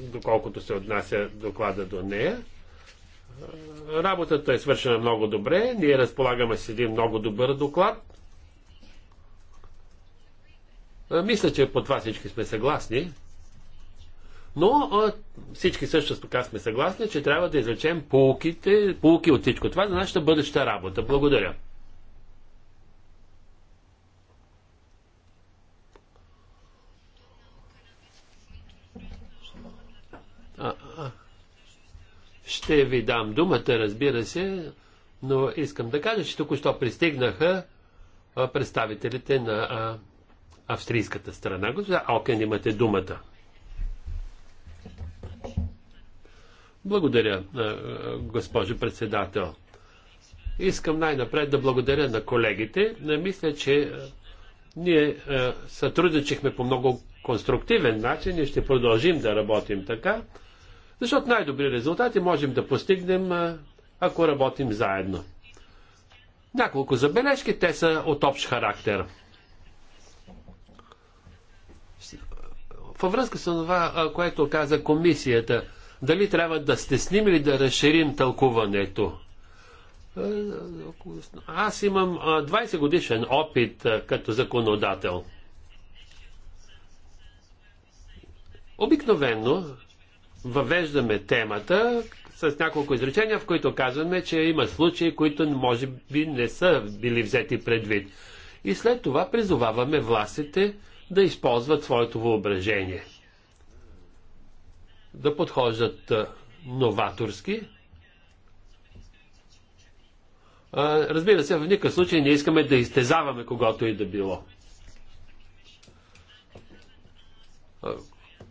доколкото се отнася доклада до нея, работата е свършена много добре. Ние разполагаме с един много добър доклад. Е, мисля, че по това всички сме съгласни. Но а, всички също така сме съгласни, че трябва да изречем полуките, полуки от всичко това за нашата бъдеща работа. Благодаря. А, а. Ще ви дам думата, разбира се, но искам да кажа, че току-що пристигнаха представителите на австрийската страна. Госпожа Алкен, имате думата. Благодаря, е, е, госпожо председател. Искам най-напред да благодаря на колегите. Е, мисля, че ние сътрудничихме по много конструктивен начин и ще продължим да работим така, защото най-добри резултати можем да постигнем, ако работим заедно. Няколко забележки, те са от общ характер. Във връзка с това, което каза комисията – дали трябва да стесним или да разширим тълкуването. Е, аз имам 20 годишен опит като законодател. Обикновено въвеждаме темата с няколко изречения, в които казваме, че има случаи, които може би не са били взети предвид. И след това призоваваме властите да използват своето въображение – да подхождат новаторски. Разбира се, в никакъв случай не искаме да изтезаваме когато и да било.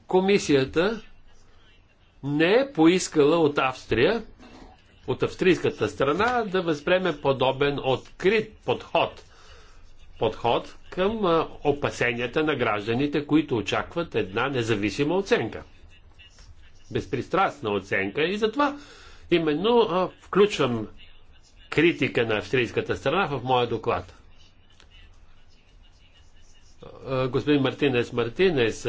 Комисията не е поискала от Австрия, от австрийската страна, да възпреме подобен открит подход. Подход към опасенията на гражданите, които очакват една независима оценка безпристрастна оценка и затова именно включвам критика на австрийската страна в моя доклад. господин Мартинес Мартинес,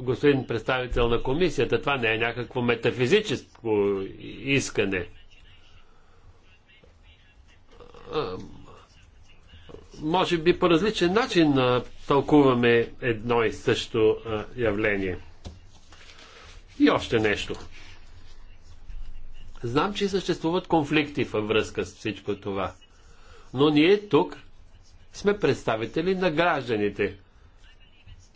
господин представител на комисията, това не е някакво метафизическо искане може би по различен начин а, тълкуваме едно и също а, явление. И още нещо. Знам, че съществуват конфликти във връзка с всичко това. Но ние тук сме представители на гражданите.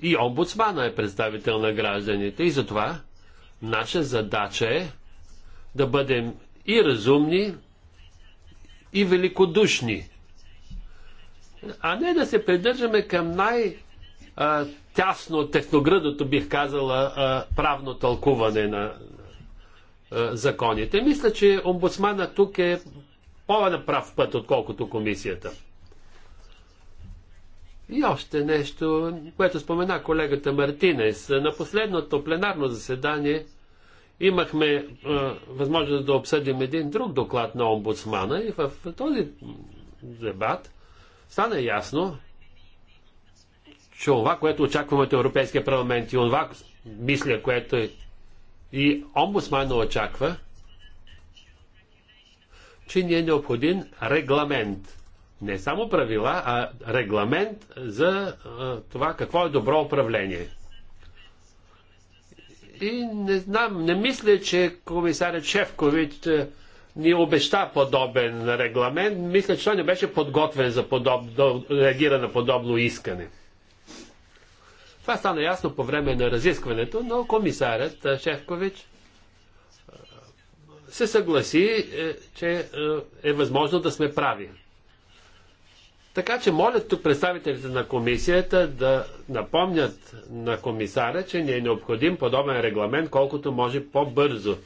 И омбудсмана е представител на гражданите. И затова наша задача е да бъдем и разумни, и великодушни. А не да се придържаме към най- тясно, техноградото бих казала, правно тълкуване на законите. Мисля, че омбудсмана тук е по-направ път, отколкото комисията. И още нещо, което спомена колегата Мартинес. На последното пленарно заседание имахме е, възможност да обсъдим един друг доклад на омбудсмана и в този дебат стана ясно, че това, което очакваме от Европейския парламент и това, мисля, което е и омбудсмана очаква, че ни е необходим регламент. Не само правила, а регламент за а, това какво е добро управление. И не знам, не мисля, че комисарят Шефкович ни обеща подобен регламент. Мисля, че той не беше подготвен за подобно, реагира на подобно искане. Това стана ясно по време на разискването, но комисарят Шефкович се съгласи, е, че е, е възможно да сме прави. Така че моля тук представителите на комисията да напомнят на комисаря, че ни е необходим подобен регламент колкото може по-бързо,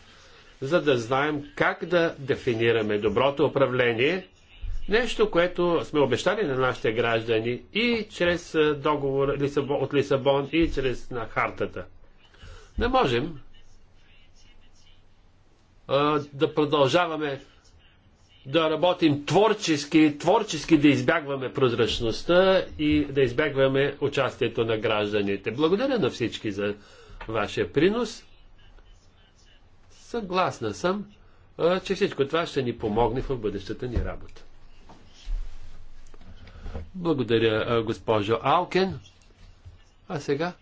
за да знаем как да дефинираме доброто управление Нещо, което сме обещали на нашите граждани и чрез договор от Лисабон, и чрез на хартата. Не можем да продължаваме да работим творчески, творчески да избягваме прозрачността и да избягваме участието на гражданите. Благодаря на всички за вашия принос. Съгласна съм, че всичко това ще ни помогне в бъдещата ни работа. Благодаря, госпожо Алкен. А сега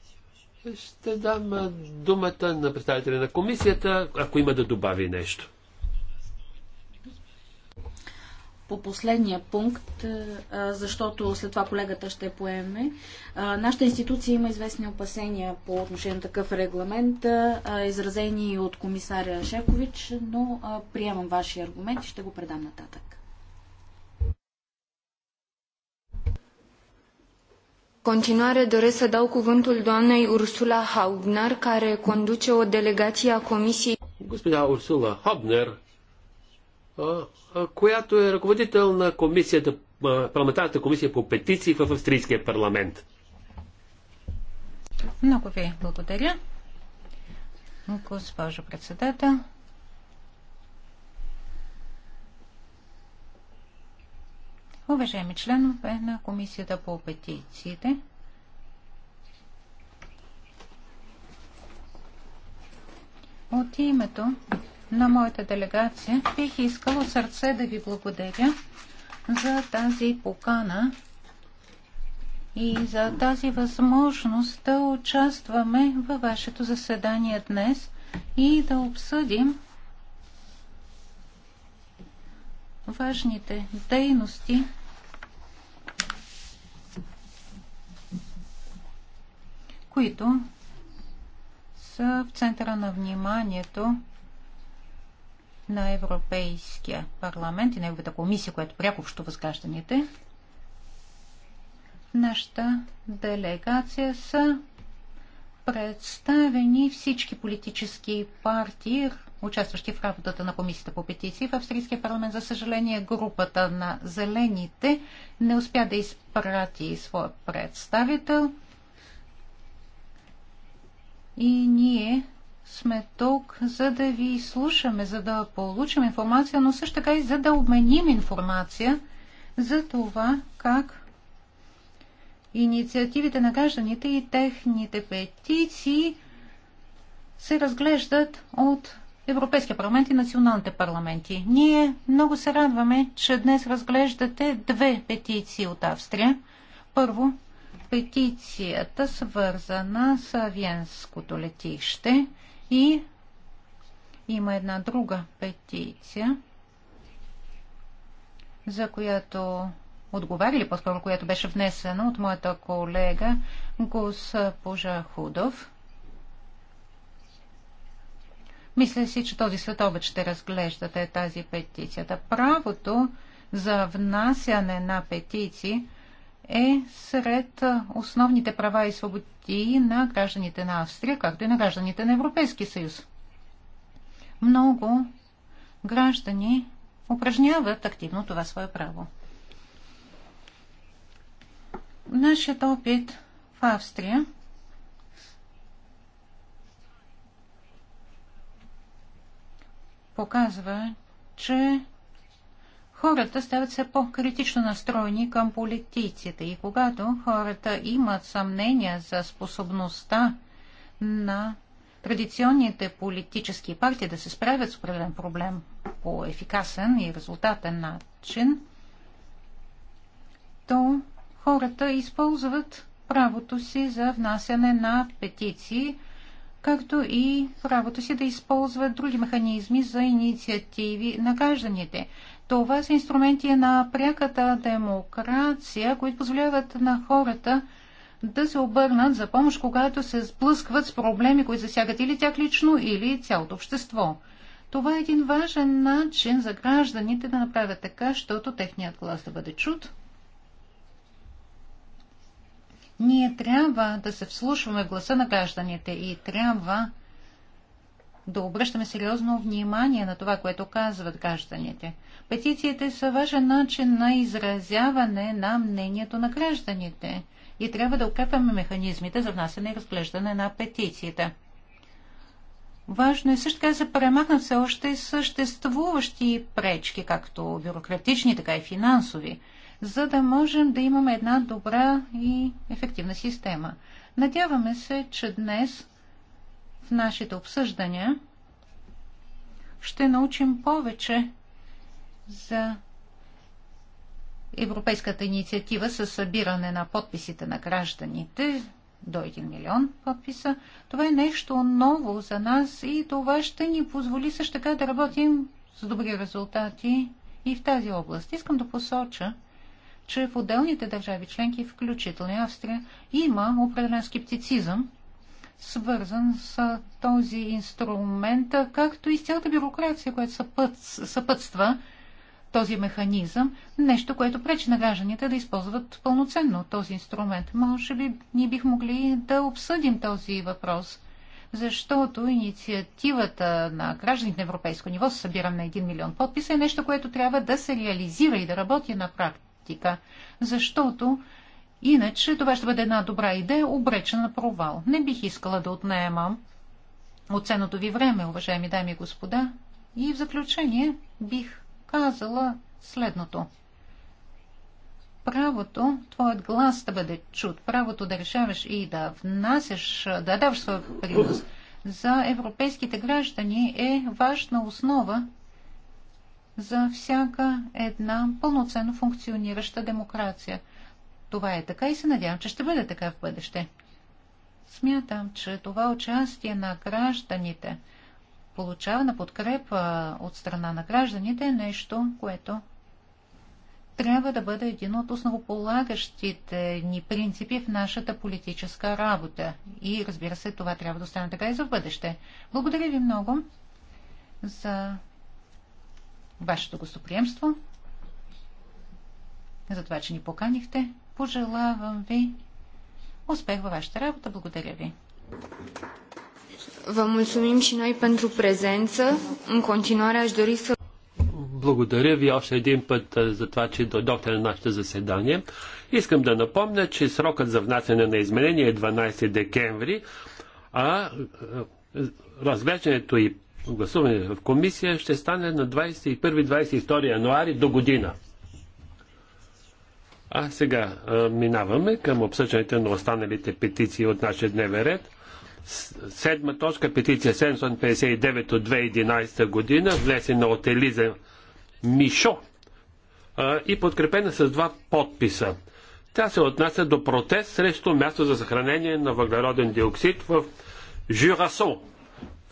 ще дам думата на представителя на комисията, ако има да добави нещо.
по последния пункт, защото след това колегата ще поеме. Нашата институция има известни опасения по отношение на такъв регламент, изразени от комисаря Шекович, но приемам вашия аргумент и ще го предам нататък.
continuare doresc să dau cuvântul doamnei Ursula Haubner, care conduce o delegație a Comisiei.
Господина Урсула Хобнер, която е ръководител на комисията, парламентарната комисия по петиции в Австрийския парламент.
Много ви благодаря. Госпожо председател, Уважаеми членове на Комисията по петициите, от името на моята делегация бих искала сърце да ви благодаря за тази покана и за тази възможност да участваме във вашето заседание днес и да обсъдим важните дейности, които са в центъра на вниманието на Европейския парламент и неговата комисия, която пряко общува с гражданите. Нашата делегация са представени всички политически партии, участващи в работата на комисията по петиции в Австрийския парламент. За съжаление, групата на зелените не успя да изпрати своя представител. И ние сме тук, за да ви слушаме, за да получим информация, но също така и за да обменим информация за това как инициативите на гражданите и техните петиции се разглеждат от Европейския парламент и националните парламенти. Ние много се радваме, че днес разглеждате две петиции от Австрия. Първо, петицията свързана с Авиенското летище и има една друга петиция, за която отговаря или по-скоро, която беше внесена от моята колега госпожа Худов. Мисля си, че този следобед ще разглеждате тази петицията. Правото за внасяне на петиции е сред основните права и свободи на гражданите на Австрия, както и на гражданите на Европейски съюз. Много граждани упражняват активно това свое право. Нашият опит в Австрия показва, че хората стават все по-критично настроени към политиците. И когато хората имат съмнения за способността на традиционните политически партии да се справят с определен проблем по ефикасен и резултатен начин, то хората използват правото си за внасяне на петиции, както и правото си да използват други механизми за инициативи на гражданите. Това са инструменти на пряката демокрация, които позволяват на хората да се обърнат за помощ, когато се сблъскват с проблеми, които засягат или тях лично, или цялото общество. Това е един важен начин за гражданите да направят така, защото техният глас да бъде чут ние трябва да се вслушваме в гласа на гражданите и трябва да обръщаме сериозно внимание на това, което казват гражданите. Петициите са важен начин на изразяване на мнението на гражданите и трябва да укрепваме механизмите за внасяне и разглеждане на петициите. Важно е също така да се премахнат все още съществуващи пречки, както бюрократични, така и финансови за да можем да имаме една добра и ефективна система. Надяваме се, че днес в нашите обсъждания ще научим повече за Европейската инициатива със събиране на подписите на гражданите до 1 милион подписа. Това е нещо ново за нас и това ще ни позволи също така да работим с добри резултати и в тази област. Искам да посоча, че в отделните държави членки, включително Австрия, има определен скептицизъм, свързан с този инструмент, както и с цялата бюрокрация, която съпътства този механизъм, нещо, което пречи на гражданите да използват пълноценно този инструмент. Може би ние бих могли да обсъдим този въпрос, защото инициативата на гражданите на европейско ниво, събирам на 1 милион подписа, е нещо, което трябва да се реализира и да работи на практика практика, защото иначе това ще бъде една добра идея, обречена на провал. Не бих искала да отнемам оценото ви време, уважаеми дами и господа, и в заключение бих казала следното. Правото, твоят глас да бъде чут, правото да решаваш и да внасяш, да даваш своя принос за европейските граждани е важна основа за всяка една пълноценно функционираща демокрация. Това е така и се надявам, че ще бъде така в бъдеще. Смятам, че това участие на гражданите, получавана подкрепа от страна на гражданите е нещо, което трябва да бъде един от основополагащите ни принципи в нашата политическа работа. И разбира се, това трябва да остане така и за бъдеще. Благодаря ви много за вашето гостоприемство, за това, че ни поканихте. Пожелавам ви успех във вашата работа. Благодаря ви. Vă mulțumim și noi
pentru prezență. În continuare aș dori să...
Благодаря ви още един път за това, че дойдохте на нашето заседание. Искам да напомня, че срокът за внасяне на изменения е 12 декември, а разглеждането и гласуване в комисия ще стане на 21-22 януари до година. А сега а, минаваме към обсъждането на останалите петиции от нашия дневен ред. Седма точка, петиция 759 от 2011 година, внесена от Елиза Мишо а, и подкрепена с два подписа. Тя се отнася до протест срещу място за съхранение на въглероден диоксид в Жюрасон,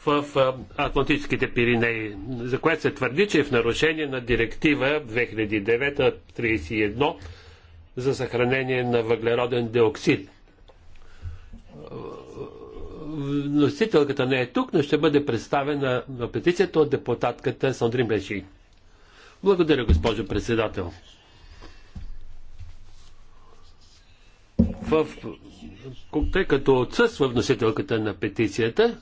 в Атлантическите Пиринеи, за което се твърди, че е в нарушение на директива 2009-31 за съхранение на въглероден диоксид. Носителката не е тук, но ще бъде представена на петицията от депутатката Сандрин Беши. Благодаря, госпожо председател. В... Тъй като отсъства вносителката на петицията,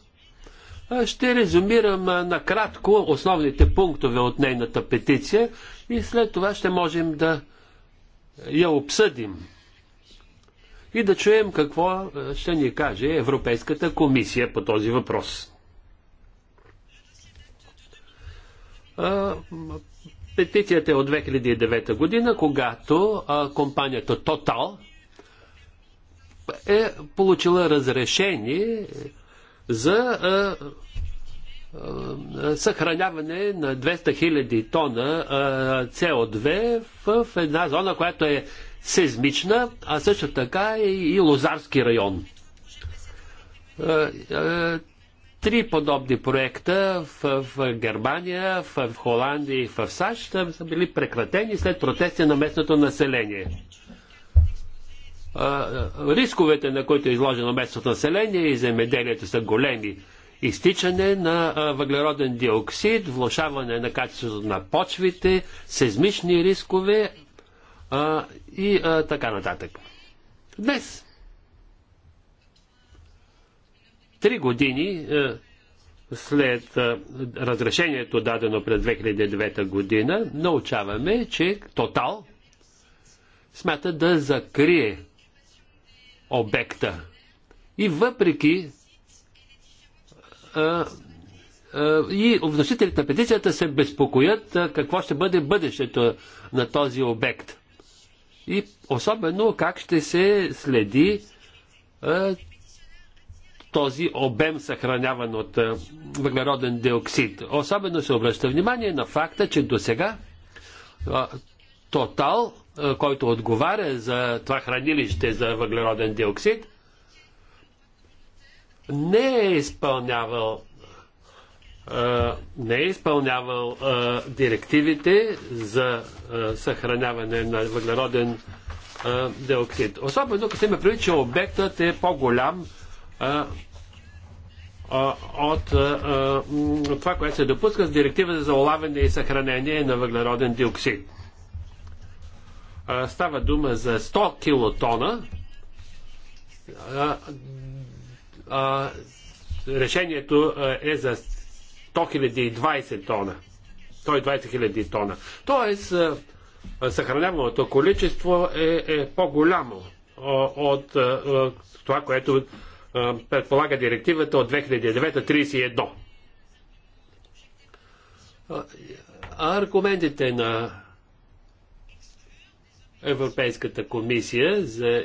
ще резюмирам накратко основните пунктове от нейната петиция и след това ще можем да я обсъдим и да чуем какво ще ни каже Европейската комисия по този въпрос. Петицията е от 2009 година, когато компанията Total е получила разрешение за съхраняване на 200 хиляди тона со 2 в една зона, която е сезмична, а също така и Лозарски район. Три подобни проекта в Германия, в Холандия и в САЩ са били прекратени след протести на местното население рисковете, на които е изложено местното население и земеделието са големи. Изтичане на въглероден диоксид, влошаване на качеството на почвите, сезмични рискове а, и а, така нататък. Днес, три години а, след а, разрешението дадено през 2009 година, научаваме, че Тотал смята да закрие обекта. И въпреки а, и вносителите на петицията се безпокоят какво ще бъде бъдещето на този обект. И особено как ще се следи този обем съхраняван от въглероден диоксид. Особено се обръща внимание на факта, че до сега Тотал е, който отговаря за това хранилище за въглероден диоксид, не е изпълнявал е, не е изпълнявал а, е, директивите за а, съхраняване на въглероден а, диоксид. Особено като има предвид, че обектът е по-голям от това, което се допуска с директива за улавяне и съхранение на въглероден диоксид. Става дума за 100 килотона. Решението е за 100 020 тона. 120 000 тона. Тоест, съхраняваното количество е, е по-голямо от това, което предполага директивата от 2009-31. Аргументите на Европейската комисия за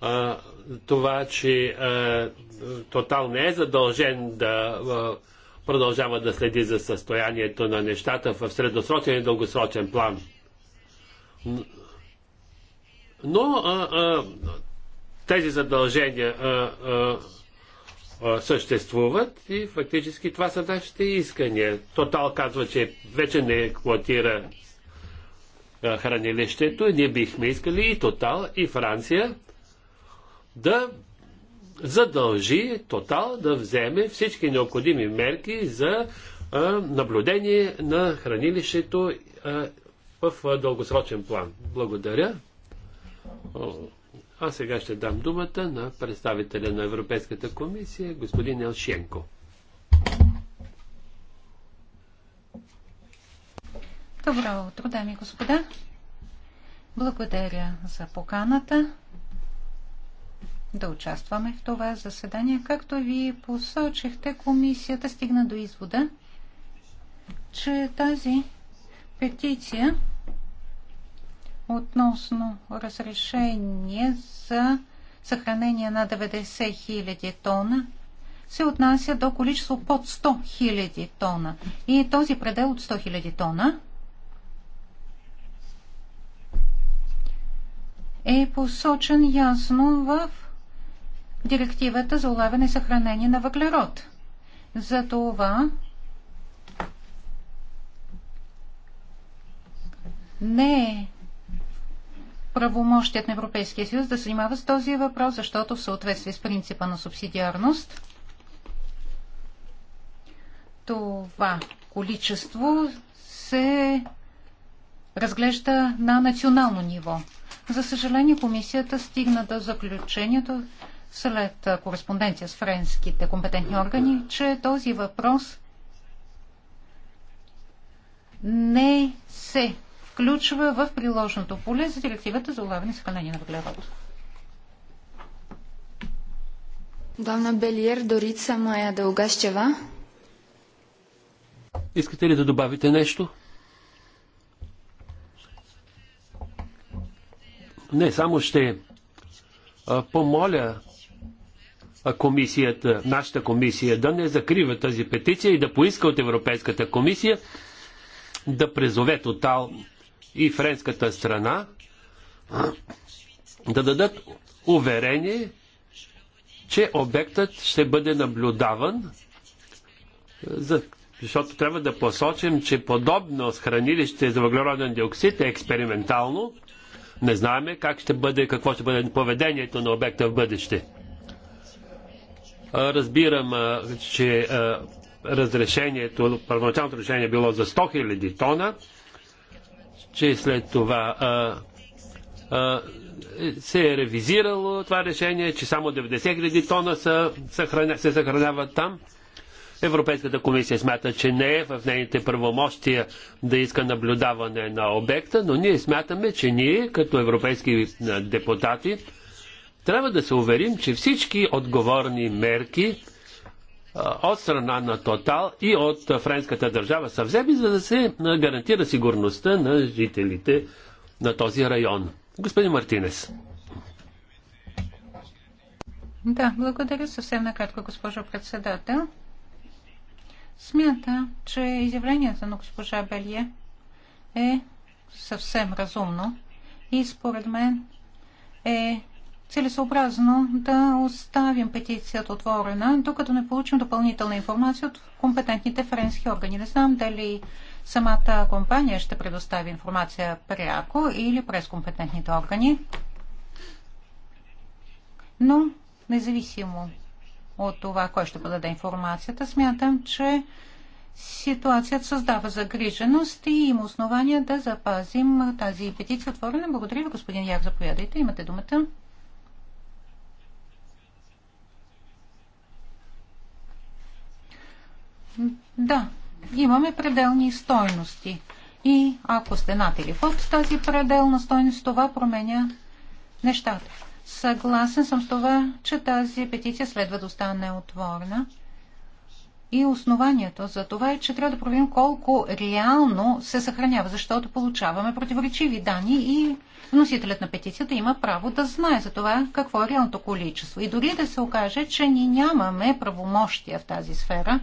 а, това, че а, Тотал не е задължен да а, продължава да следи за състоянието на нещата в средносрочен и дългосрочен план. Но а, а, тези задължения а, а, а, съществуват и фактически това са нашите искания. Тотал казва, че вече не експлуатира хранилището, ние бихме искали и Тотал, и Франция да задължи Тотал да вземе всички необходими мерки за наблюдение на хранилището в дългосрочен план. Благодаря. А сега ще дам думата на представителя на Европейската комисия, господин Елшенко.
Добро утро, дами и господа. Благодаря за поканата да участваме в това заседание. Както ви посочихте, комисията стигна до извода, че тази петиция относно разрешение за съхранение на 90 000 тона се отнася до количество под 100 000 тона. И този предел от 100 000 тона – е посочен ясно в директивата за улавяне и съхранение на въглерод. За това не е правомощият на Европейския съюз да се занимава с този въпрос, защото в съответствие с принципа на субсидиарност това количество се разглежда на национално ниво. За съжаление, комисията стигна до заключението след кореспонденция с френските компетентни органи, че този въпрос не се включва в приложното поле за директивата за улавяне и съхранение на въглерод.
Doamna Белиер, Дорица să Дългащева.
Искате ли да добавите нещо? Не, само ще помоля комисията, нашата комисия да не закрива тази петиция и да поиска от Европейската комисия да призове Тотал и френската страна да дадат уверение, че обектът ще бъде наблюдаван, защото трябва да посочим, че подобно хранилище за въглероден диоксид е експериментално не знаем как ще бъде, какво ще бъде поведението на обекта в бъдеще. Разбирам, че разрешението, първоначалното решение е било за 100 000 тона, че след това а, а, се е ревизирало това решение, че само 90 000 тона са, съхраня, се съхраняват там. Европейската комисия смята, че не е в нейните правомощия да иска наблюдаване на обекта, но ние смятаме, че ние, като европейски депутати, трябва да се уверим, че всички отговорни мерки от страна на Тотал и от френската държава са вземи, за да се гарантира сигурността на жителите на този район. Господин Мартинес.
Да, благодаря съвсем накратко, госпожо председател. Смята, че изявлението на госпожа Белие е съвсем разумно и според мен е целесообразно да оставим петицията отворена, докато не получим допълнителна информация от компетентните френски органи. Не знам дали самата компания ще предостави информация пряко или през компетентните органи, но независимо от това, кой ще подаде информацията, смятам, че ситуацията създава загриженост и има основания да запазим тази петиция отворена. Благодаря ви, господин Як, заповядайте. Имате думата. Да, имаме пределни стойности. И ако сте надели с тази пределна стойност, това променя нещата. Съгласен съм с това, че тази петиция следва да остане отворена. И основанието за това е, че трябва да проверим колко реално се съхранява, защото получаваме противоречиви данни и носителят на петицията има право да знае за това какво е реалното количество. И дори да се окаже, че ние нямаме правомощия в тази сфера,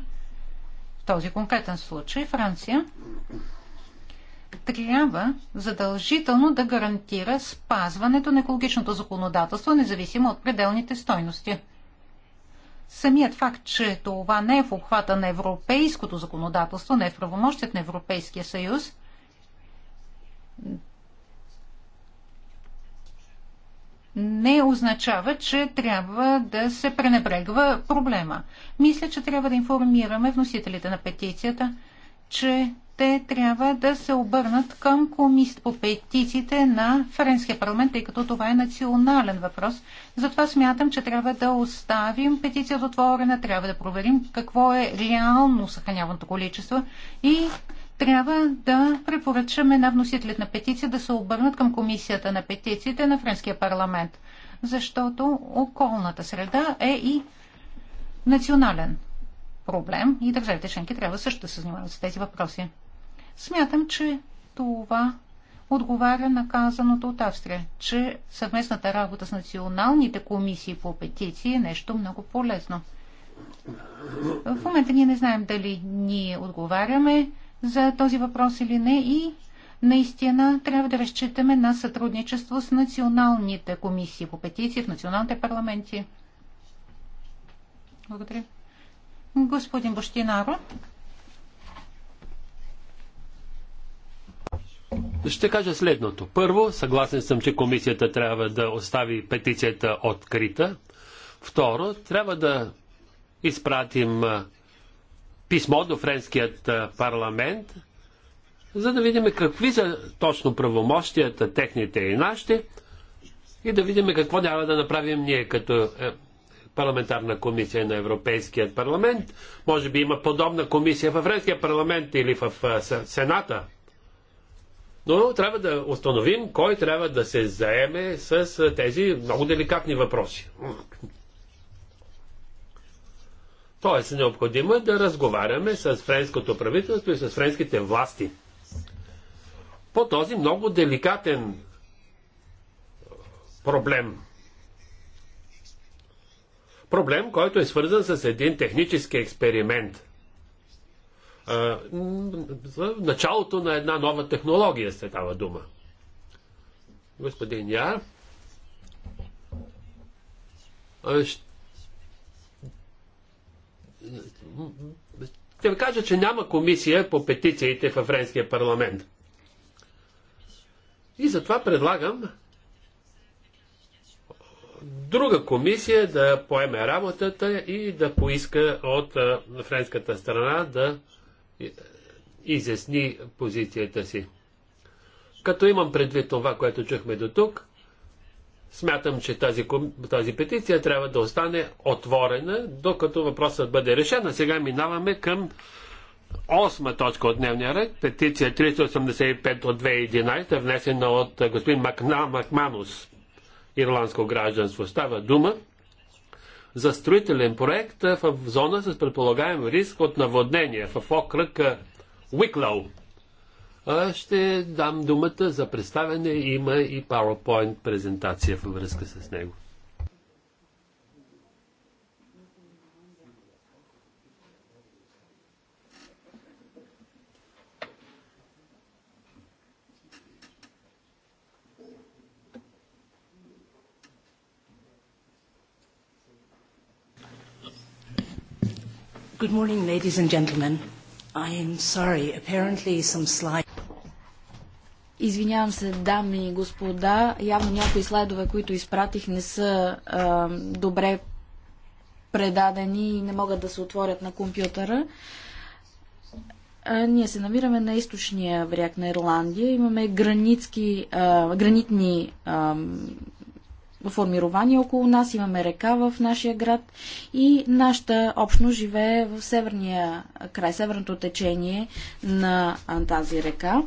в този конкретен случай Франция трябва задължително да гарантира спазването на екологичното законодателство, независимо от пределните стойности. Самият факт, че това не е в обхвата на европейското законодателство, не е в правомощият на Европейския съюз, не означава, че трябва да се пренебрегва проблема. Мисля, че трябва да информираме вносителите на петицията, че те трябва да се обърнат към комисията по петициите на Френския парламент, тъй като това е национален въпрос. Затова смятам, че трябва да оставим петицията отворена, трябва да проверим какво е реално съхраняваното количество и трябва да препоръчаме на вносителят на петиция да се обърнат към комисията на петициите на Френския парламент, защото околната среда е и национален проблем и държавите членки трябва също да се занимават с тези въпроси. Смятам, че това отговаря на казаното от Австрия, че съвместната работа с националните комисии по петиции е нещо много полезно. В момента ние не знаем дали ние отговаряме за този въпрос или не и наистина трябва да разчитаме на сътрудничество с националните комисии по петиции в националните парламенти. Благодаря. Господин Бощинаро.
Ще кажа следното. Първо, съгласен съм, че комисията трябва да остави петицията открита. Второ, трябва да изпратим писмо до френският парламент, за да видим какви са точно правомощията, техните и нашите, и да видим какво трябва да направим ние като е, парламентарна комисия на Европейският парламент. Може би има подобна комисия в Френския парламент или в Сената. Но трябва да установим кой трябва да се заеме с тези много деликатни въпроси. Тоест, необходимо е да разговаряме с френското правителство и с френските власти по този много деликатен проблем. Проблем, който е свързан с един технически експеримент – за началото на една нова технология се дава дума. Господин Яр, ще ви кажа, че няма комисия по петициите във Френския парламент. И затова предлагам друга комисия да поеме работата и да поиска от френската страна да изясни позицията си. Като имам предвид това, което чухме до тук, смятам, че тази, тази петиция трябва да остане отворена, докато въпросът бъде решен. А сега минаваме към осма точка от дневния ред, петиция 385 от 2011, внесена от господин Макна Макманус, ирландско гражданство. Става дума за строителен проект в зона с предполагаем риск от наводнение в окръг Уиклоу. Ще дам думата за представяне. Има и PowerPoint презентация във връзка с него.
Good morning, ladies and gentlemen. I am sorry, apparently some slide... Извинявам се, дами и господа. Явно някои слайдове, които изпратих, не са а, добре предадени и не могат да се отворят на компютъра. А, ние се намираме на източния бряг на Ирландия. Имаме гранитски, а, гранитни а, Формирование около нас, имаме река в нашия град и нашата общност живее в северния край, северното течение на тази река.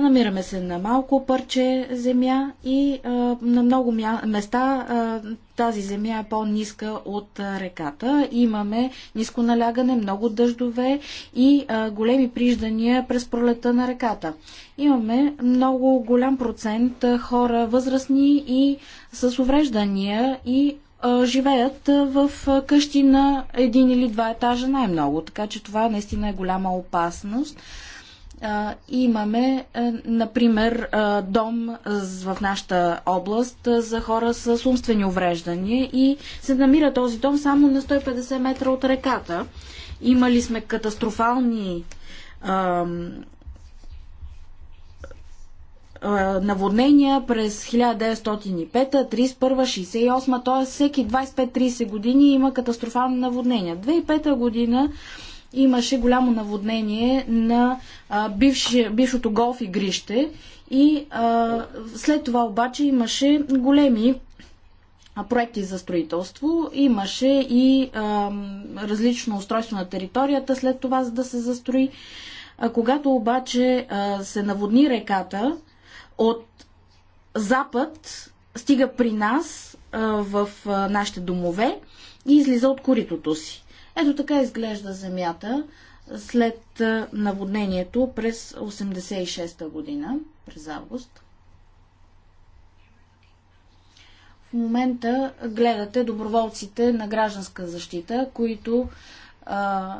Намираме се на малко парче земя и а, на много мя... места а, тази земя е по-ниска от а, реката. Имаме ниско налягане, много дъждове и а, големи приждания през пролета на реката. Имаме много голям процент а, хора възрастни и с увреждания и живеят в къщи на един или два етажа най-много. Така че това наистина е голяма опасност имаме, е, например, е, дом в нашата област е, за хора с умствени увреждания и се намира този дом само на 150 метра от реката. Имали сме катастрофални наводнения през 1905, 31, 68, т.е. всеки 25-30 години има катастрофални наводнения. 2005 година имаше голямо наводнение на а, бивши, бившото голф игрище и а, след това обаче имаше големи проекти за строителство. Имаше и а, различно устройство на територията след това, за да се застрои. А, когато обаче а, се наводни реката от запад, стига при нас а, в а, нашите домове и излиза от коритото си. Ето така изглежда земята след наводнението през 86-та година, през август. В момента гледате доброволците на гражданска защита, които а,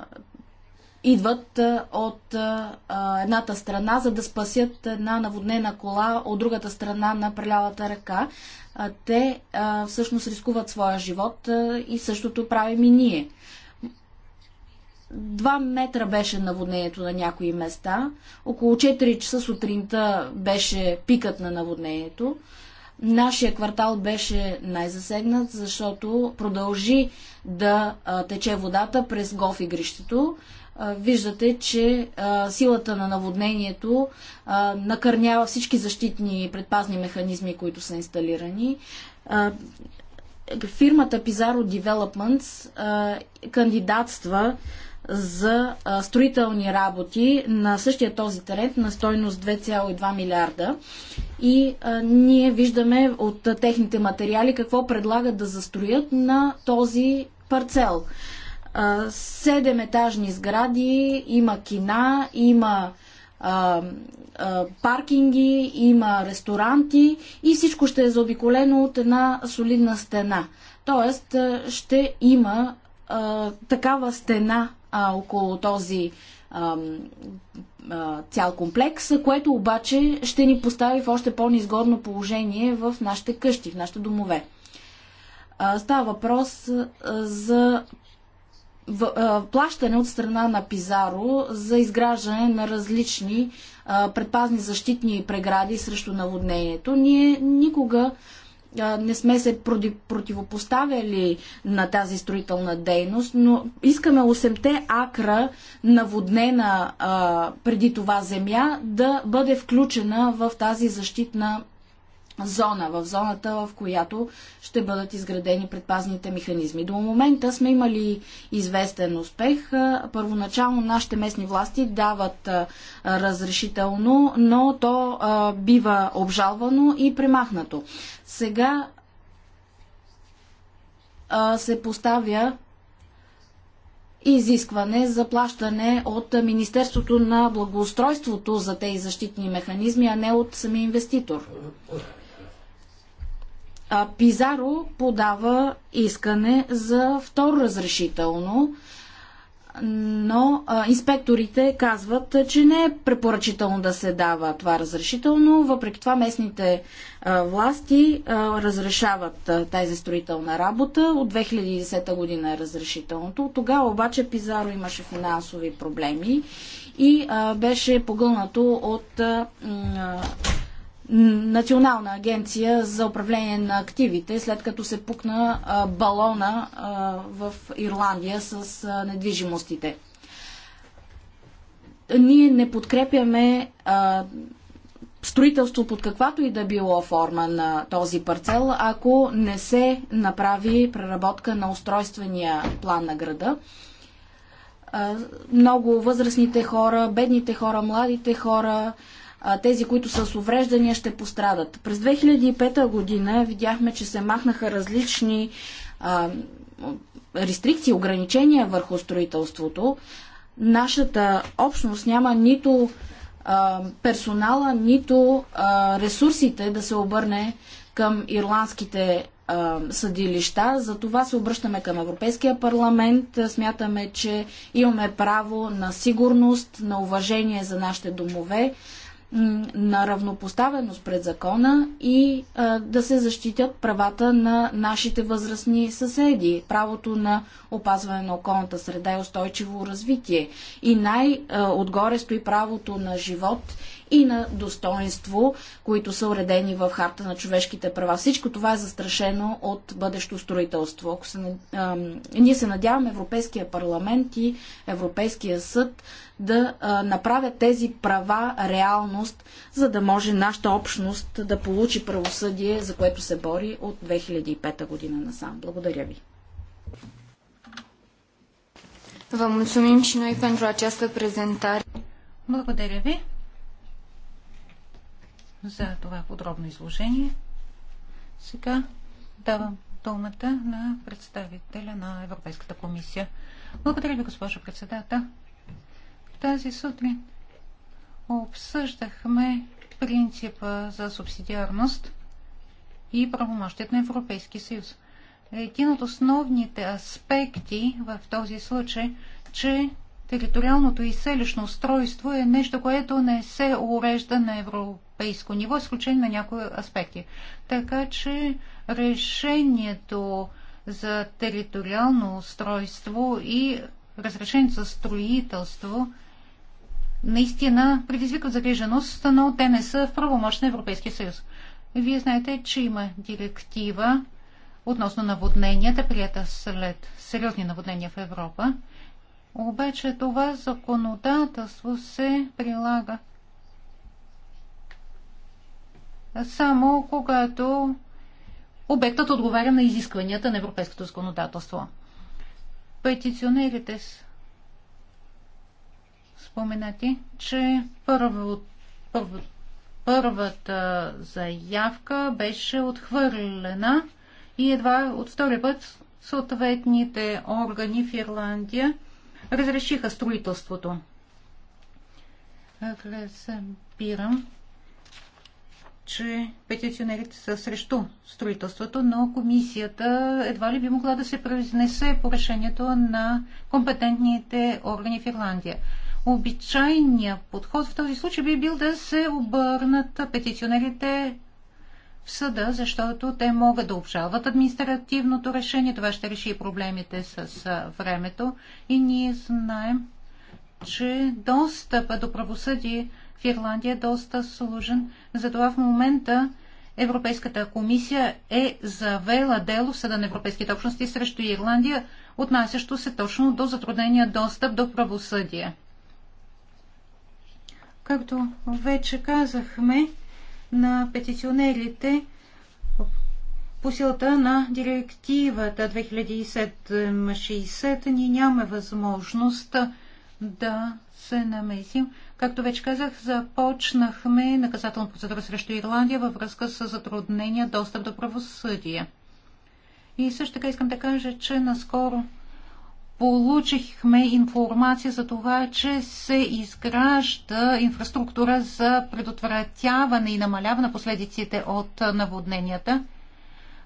идват от а, едната страна, за да спасят една наводнена кола от другата страна на прелялата ръка. А, те а, всъщност рискуват своя живот а, и същото правим и ние. Два метра беше наводнението на някои места. Около 4 часа сутринта беше пикът на наводнението. Нашия квартал беше най-засегнат, защото продължи да тече водата през гоф игрището. Виждате, че силата на наводнението накърнява всички защитни предпазни механизми, които са инсталирани фирмата Pizarro Developments а, кандидатства за строителни работи на същия този терен на стойност 2,2 милиарда. И а, ние виждаме от техните материали какво предлагат да застроят на този парцел. Седем етажни сгради, има кина, има а, а, паркинги, има ресторанти и всичко ще е заобиколено от една солидна стена. Тоест ще има а, такава стена а, около този а, а, цял комплекс, което обаче ще ни постави в още по-низгодно положение в нашите къщи, в нашите домове. А, става въпрос а, за в, а, плащане от страна на Пизаро за изграждане на различни а, предпазни защитни прегради срещу наводнението. Ние никога не сме се противопоставяли на тази строителна дейност, но искаме 8-те акра наводнена а, преди това земя да бъде включена в тази защитна зона, в зоната, в която ще бъдат изградени предпазните механизми. До момента сме имали известен успех. Първоначално нашите местни власти дават разрешително, но то бива обжалвано и премахнато. Сега се поставя изискване за плащане от Министерството на благоустройството за тези защитни механизми, а не от самия инвеститор. Пизаро подава искане за второ разрешително, но инспекторите казват, че не е препоръчително да се дава това разрешително. Въпреки това местните власти разрешават тази строителна работа. От 2010 година е разрешителното. От тогава обаче Пизаро имаше финансови проблеми и беше погълнато от Национална агенция за управление на активите, след като се пукна а, балона а, в Ирландия с а, недвижимостите. Ние не подкрепяме строителство под каквато и да било форма на този парцел, ако не се направи преработка на устройствения план на града. Много възрастните хора, бедните хора, младите хора, тези, които са с увреждания, ще пострадат. През 2005 година видяхме, че се махнаха различни а, рестрикции, ограничения върху строителството. Нашата общност няма нито а, персонала, нито а, ресурсите да се обърне към ирландските съдилища. За това се обръщаме към Европейския парламент. Смятаме, че имаме право на сигурност, на уважение за нашите домове, на равнопоставеност пред закона и а, да се защитят правата на нашите възрастни съседи, правото на опазване на околната среда и устойчиво развитие. И най-отгоре стои правото на живот и на достоинство, които са уредени в Харта на човешките права. Всичко това е застрашено от бъдещо строителство. Ако се, а, ние се надяваме Европейския парламент и Европейския съд да а, направят тези права реалност, за да може нашата общност да получи правосъдие, за което се бори от 2005 година насам. Благодаря ви.
Vă mulțumim și noi pentru această prezentare.
Благодаря ви за това подробно изложение. Сега давам думата на представителя на Европейската комисия. Благодаря ви, госпожо председател. Тази сутрин обсъждахме принципа за субсидиарност и правомощият на Европейския съюз. Един от основните аспекти в този случай, че Териториалното и селищно устройство е нещо, което не се урежда на европейско ниво, изключение на някои аспекти. Така че решението за териториално устройство и разрешението за строителство наистина предизвикват загриженост, но те не са в правомощ на Европейския съюз. Вие знаете, че има директива относно наводненията, прията след сериозни наводнения в Европа. Обаче това законодателство се прилага само когато обектът отговаря на изискванията на европейското законодателство. Петиционерите с споменати, че първо, първо, първата заявка беше отхвърлена и едва от втори път съответните органи в Ирландия разрешиха строителството. Разбирам, че петиционерите са срещу строителството, но комисията едва ли би могла да се произнесе по решението на компетентните органи в Ирландия. Обичайният подход в този случай би бил да се обърнат петиционерите в съда, защото те могат да обжалват административното решение. Това ще реши проблемите с времето. И ние знаем, че достъпа до правосъдие в Ирландия е доста сложен. Затова в момента Европейската комисия е завела дело в Съда на Европейските общности срещу Ирландия, отнасящо се точно до затруднения достъп до правосъдие. Както вече казахме, на петиционерите по силата на директивата 20-60, ние нямаме възможност да се намесим. Както вече казах, започнахме наказателна процедура срещу Ирландия във връзка с затруднения достъп до правосъдие. И също така искам да кажа, че наскоро получихме информация за това, че се изгражда инфраструктура за предотвратяване и намаляване на последиците от наводненията.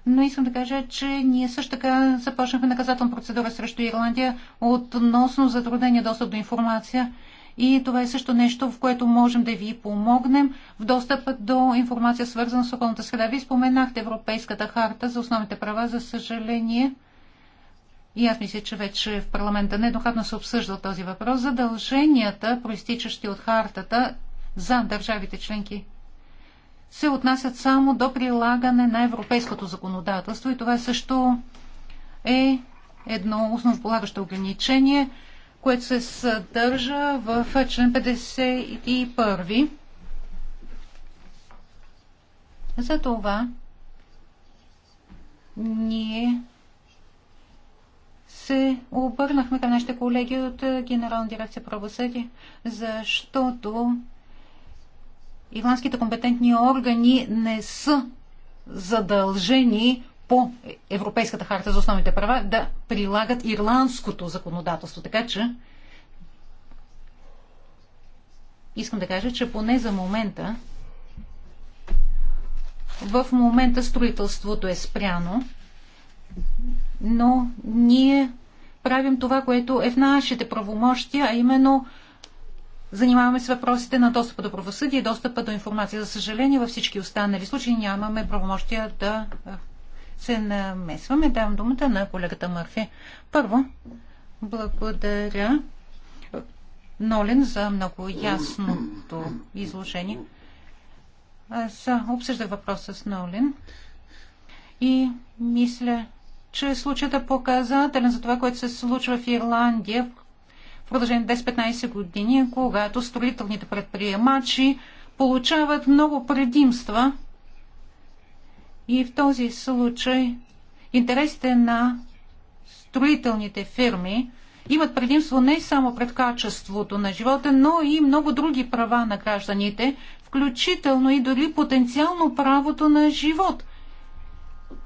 Но искам да кажа, че ние също така започнахме наказателна процедура срещу Ирландия относно затруднения достъп до информация. И това е също нещо, в което можем да ви помогнем в достъп до информация, свързана с околната среда. Вие споменахте Европейската харта за основните права. За съжаление, и аз мисля, че вече в парламента нееднократно се обсъждал този въпрос, задълженията, проистичащи от хартата за държавите членки, се отнасят само до прилагане на европейското законодателство и това също е едно основополагащо ограничение, което се съдържа в член 51. За това ние се обърнахме към нашите колеги от е, Генерална дирекция правосъдие, защото ирландските компетентни органи не са задължени по Европейската харта за основните права да прилагат ирландското законодателство. Така че искам да кажа, че поне за момента в момента строителството е спряно но ние правим това, което е в нашите правомощия, а именно занимаваме с въпросите на достъпа до правосъдие и достъпа до информация. За съжаление, във всички останали случаи нямаме правомощия да се намесваме. Давам думата на колегата Мърфи. Първо, благодаря Нолен за много ясното изложение. Аз обсъждах въпроса с Нолен и мисля, че случаят е показателен за това, което се случва в Ирландия в продължение 10-15 години, когато строителните предприемачи получават много предимства и в този случай интересите на строителните фирми имат предимство не само пред качеството на живота, но и много други права на гражданите, включително и дори потенциално правото на живот –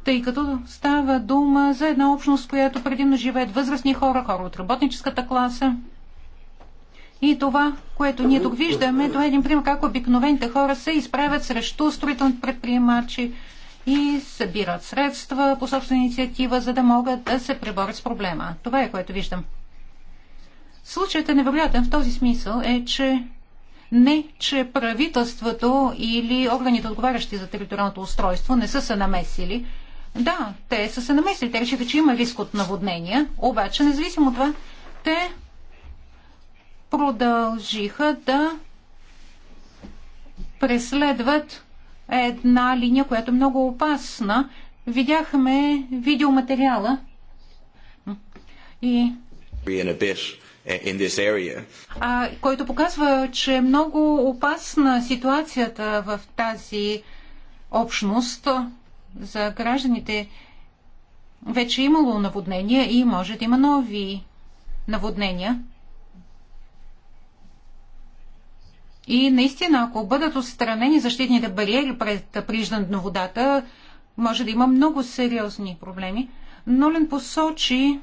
тъй като става дума за една общност, която предимно живеят възрастни хора, хора от работническата класа. И това, което ние тук виждаме, това е един пример как обикновените хора се изправят срещу строителните предприемачи и събират средства по собствена инициатива, за да могат да се преборят с проблема. Това е което виждам. Случаят е невероятен в този смисъл е, че не, че правителството или органите, отговарящи за териториалното устройство, не са се намесили – да, те са се намесли. Те решиха, че има риск от наводнения, обаче независимо от това, те продължиха да преследват една линия, която е много опасна. Видяхме видеоматериала и eh, а, който показва, че е много опасна ситуацията в тази общност за гражданите вече е имало наводнения и може да има нови наводнения. И наистина, ако бъдат отстранени защитните бариери пред приждан на водата, може да има много сериозни проблеми. Нолен посочи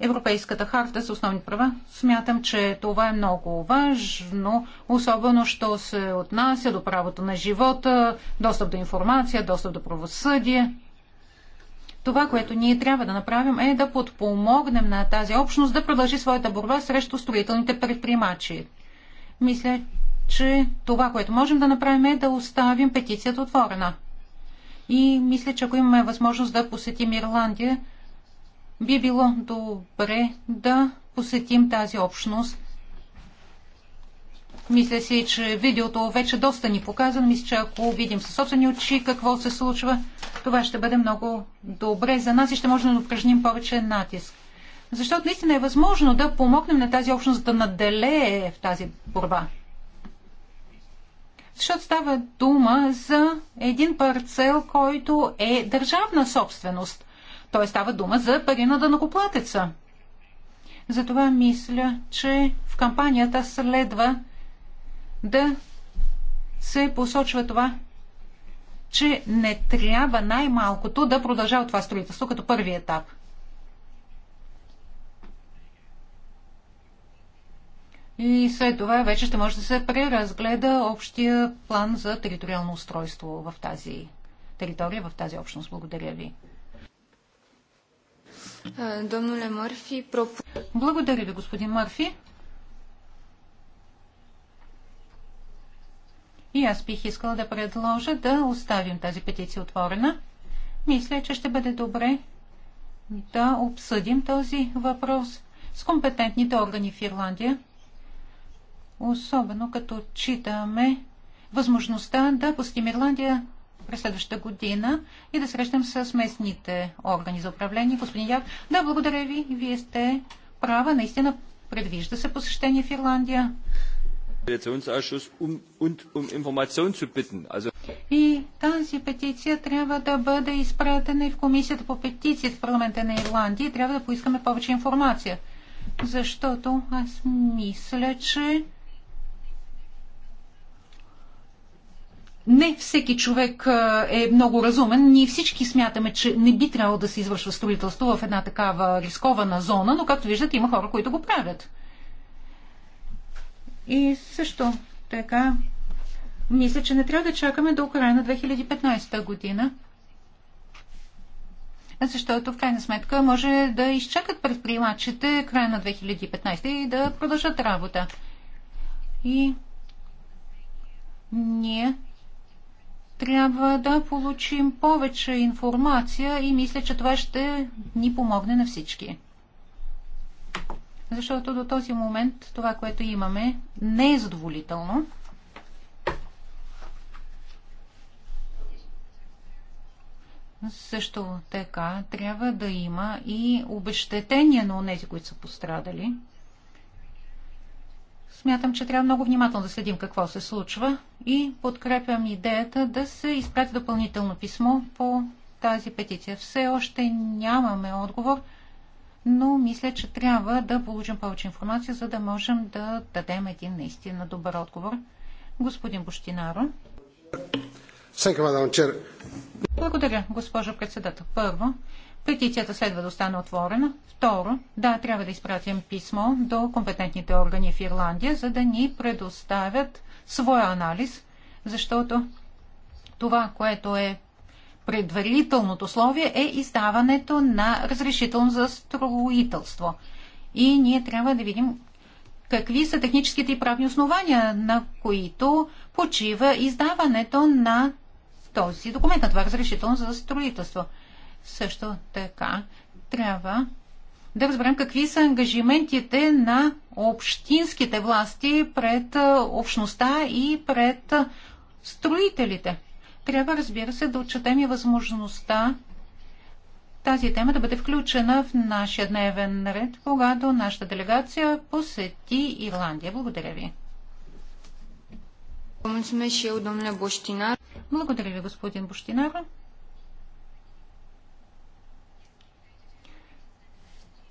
Европейската харта за основни права. Смятам, че това е много важно, особено що се отнася до правото на живота, достъп до информация, достъп до правосъдие. Това, което ние трябва да направим е да подпомогнем на тази общност да продължи своята борба срещу строителните предприемачи. Мисля, че това, което можем да направим е да оставим петицията отворена. И мисля, че ако имаме възможност да посетим Ирландия, би било добре да посетим тази общност. Мисля си, че видеото вече доста ни показва. Мисля, че ако видим със собствени очи какво се случва, това ще бъде много добре за нас и ще можем да упражним повече натиск. Защото наистина е възможно да помогнем на тази общност да наделее в тази борба. Защото става дума за един парцел, който е държавна собственост. Той става дума за пари на дънакоплатеца. Затова мисля, че в кампанията следва да се посочва това, че не трябва най-малкото да продължава това строителство като първи етап. И след това вече ще може да се преразгледа общия план за териториално устройство в тази територия, в тази общност. Благодаря ви. Домнуле Мърфи, пропу... Благодаря ви, господин Мърфи. И аз бих искала да предложа да оставим тази петиция отворена. Мисля, че ще бъде добре да обсъдим този въпрос с компетентните органи в Ирландия, особено като читаме възможността да пустим Ирландия през следващата година и да срещам с местните органи за управление. Господин Яр, да, благодаря ви. Вие сте права. Наистина предвижда се посещение в Ирландия. И тази петиция трябва да бъде изпратена и в комисията по петиции в парламента на Ирландия и трябва да поискаме повече информация. Защото аз мисля, че не всеки човек е много разумен. Ние всички смятаме, че не би трябвало да се извършва строителство в една такава рискована зона, но както виждате има хора, които го правят. И също така, мисля, че не трябва да чакаме до края на 2015 година, защото в крайна сметка може да изчакат предприемачите края на 2015 и да продължат работа. И ние трябва да получим повече информация и мисля, че това ще ни помогне на всички. Защото до този момент това, което имаме, не е задоволително. Също така трябва да има и обещетение на тези, които са пострадали. Смятам, че трябва много внимателно да следим какво се случва и подкрепям идеята да се изпрати допълнително писмо по тази петиция. Все още нямаме отговор, но мисля, че трябва да получим повече информация, за да можем да дадем един наистина добър отговор. Господин Бощинаро. Благодаря, госпожо председател. Първо, Петицията следва да остане отворена. Второ, да, трябва да изпратим писмо до компетентните органи в Ирландия, за да ни предоставят своя анализ, защото това, което е предварителното условие е издаването на разрешително за строителство. И ние трябва да видим какви са техническите и правни основания, на които почива издаването на този документ, на това разрешително за строителство. Също така трябва да разберем какви са ангажиментите на общинските власти пред общността и пред строителите. Трябва, разбира се, да отчетем и възможността тази тема да бъде включена в нашия дневен ред, когато нашата делегация посети Ирландия. Благодаря ви. Благодаря ви, господин Бощинар.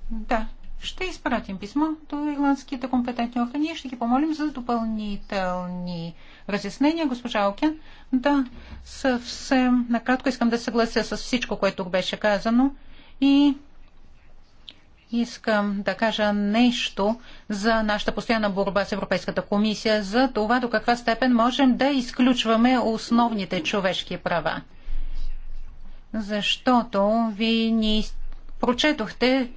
Да, ще изпратим писмо до ирландските компетентни органи и ще ги помолим за допълнителни разяснения. Госпожа Окен, да, съвсем накратко искам да съглася с всичко, което беше казано и искам да кажа нещо за нашата постоянна борба с Европейската комисия, за това до каква степен можем да изключваме основните човешки права. Защото вие ни прочетохте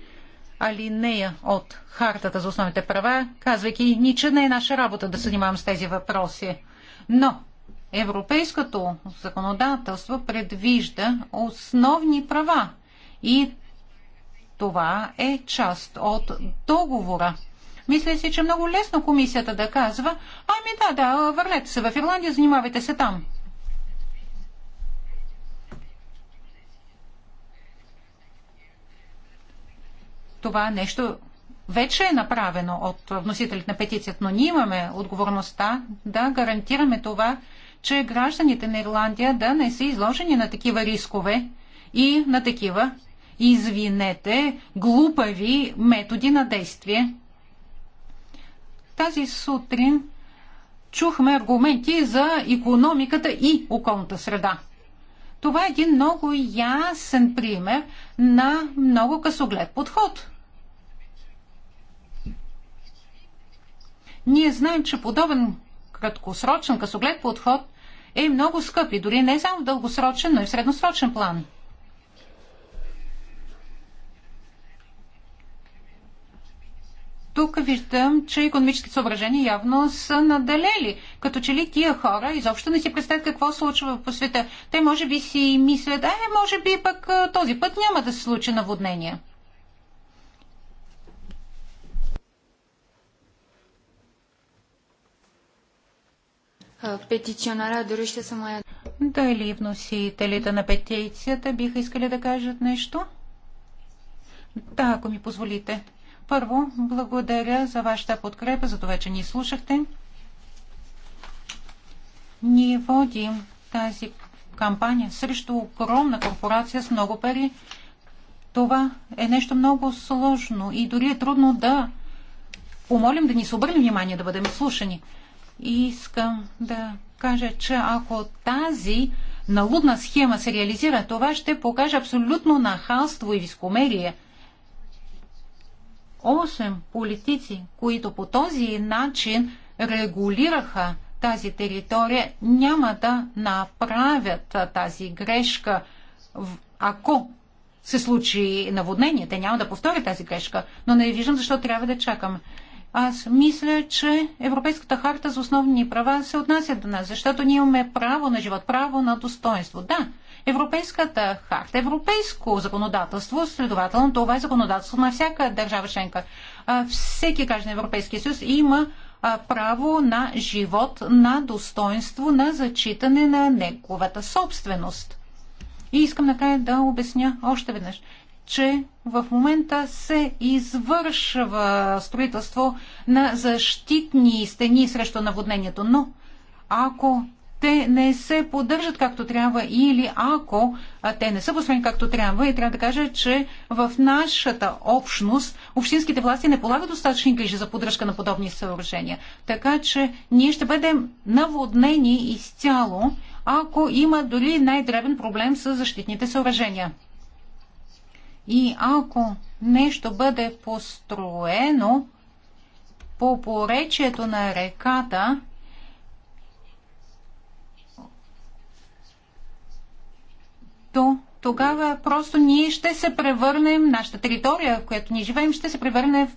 алинея от Хартата за основните права, казвайки ни, че не е наша работа да се занимавам с тези въпроси. Но европейското законодателство предвижда основни права и това е част от договора. Мисля си, че много лесно комисията да казва, ами да, да, върнете се в Ирландия, занимавайте се там. това нещо вече е направено от вносителите на петицията, но ние имаме отговорността да гарантираме това, че гражданите на Ирландия да не са изложени на такива рискове и на такива, извинете, глупави методи на действие. Тази сутрин чухме аргументи за економиката и околната среда. Това е един много ясен пример на много късоглед подход. Ние знаем, че подобен краткосрочен късоглед подход е много скъп и дори не само в дългосрочен, но и в средносрочен план – тук виждам, че економическите съображения явно са наделели. Като че ли тия хора изобщо не си представят какво случва по света. Те може би си мислят, а «Е, може би пък този път няма да се случи наводнение. Петиционара ще са моя... Дали вносителите на петицията биха искали да кажат нещо? Да, ако ми позволите. Първо, благодаря за вашата подкрепа, за това, че ни слушахте. Ние водим тази кампания срещу огромна корпорация с много пари. Това е нещо много сложно и дори е трудно да помолим да ни се обърне внимание да бъдем слушани. И искам да кажа, че ако тази налудна схема се реализира, това ще покаже абсолютно нахалство и вискомерие – 8 политици, които по този начин регулираха тази територия, няма да направят тази грешка, ако се случи наводнение. Те няма да повторят тази грешка, но не виждам защо трябва да чакам. Аз мисля, че Европейската харта за основни права се отнася до нас, защото ние имаме право на живот, право на достоинство. Да, Европейската харта, европейско законодателство, следователно това е законодателство на всяка държава членка. Всеки граждан на Европейския съюз има право на живот, на достоинство, на зачитане на неговата собственост. И искам накрая да обясня още веднъж, че в момента се извършва строителство на защитни стени срещу наводнението, но ако те не се поддържат както трябва или ако те не са построени както трябва и трябва да кажа, че в нашата общност общинските власти не полагат достатъчни грижи за поддръжка на подобни съоръжения. Така че ние ще бъдем наводнени изцяло, ако има дори най-дребен проблем с защитните съоръжения. И ако нещо бъде построено по поречието на реката, то тогава просто ние ще се превърнем, нашата територия, в която ние живеем, ще се превърне в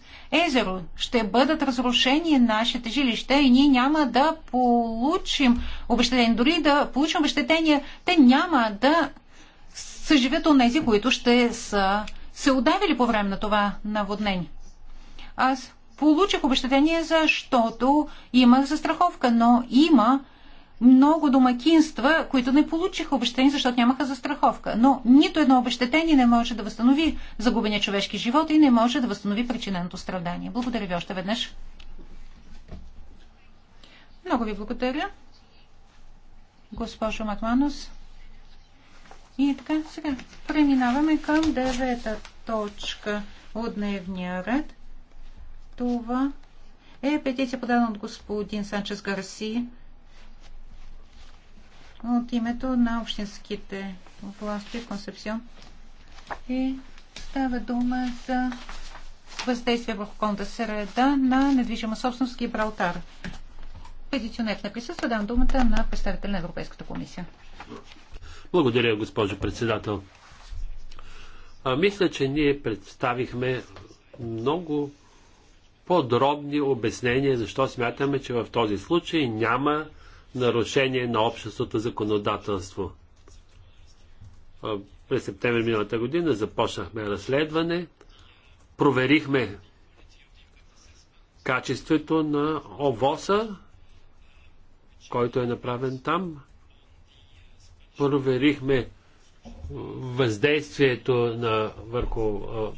езеро. Ще бъдат разрушени нашите жилища и ние няма да получим обещетение. Дори да получим обещетение, те няма да съживят от тези, които ще са се удавили по време на това наводнение. Аз получих обещетение, защото имах застраховка, но има много домакинства, които не получиха обещетение, защото нямаха застраховка. Но нито едно обещетение не може да възстанови загубения човешки живот и не може да възстанови причиненото страдание. Благодаря ви още веднъж. Много ви благодаря, госпожо Матманус. И така, сега преминаваме към девета точка от дневния ред. Това е петиция подадена от господин Санчес Гарси от името на общинските власти Консепсион. И става дума за въздействие върху околната среда на недвижима собственост Гибралтар. Петиционер не присъства. Дам думата на представител на Европейската комисия.
Благодаря, госпожо председател. А, мисля, че ние представихме много подробни обяснения, защо смятаме, че в този случай няма нарушение на обществото законодателство. През септември миналата година започнахме разследване, проверихме качеството на овоса, който е направен там, проверихме въздействието на, върху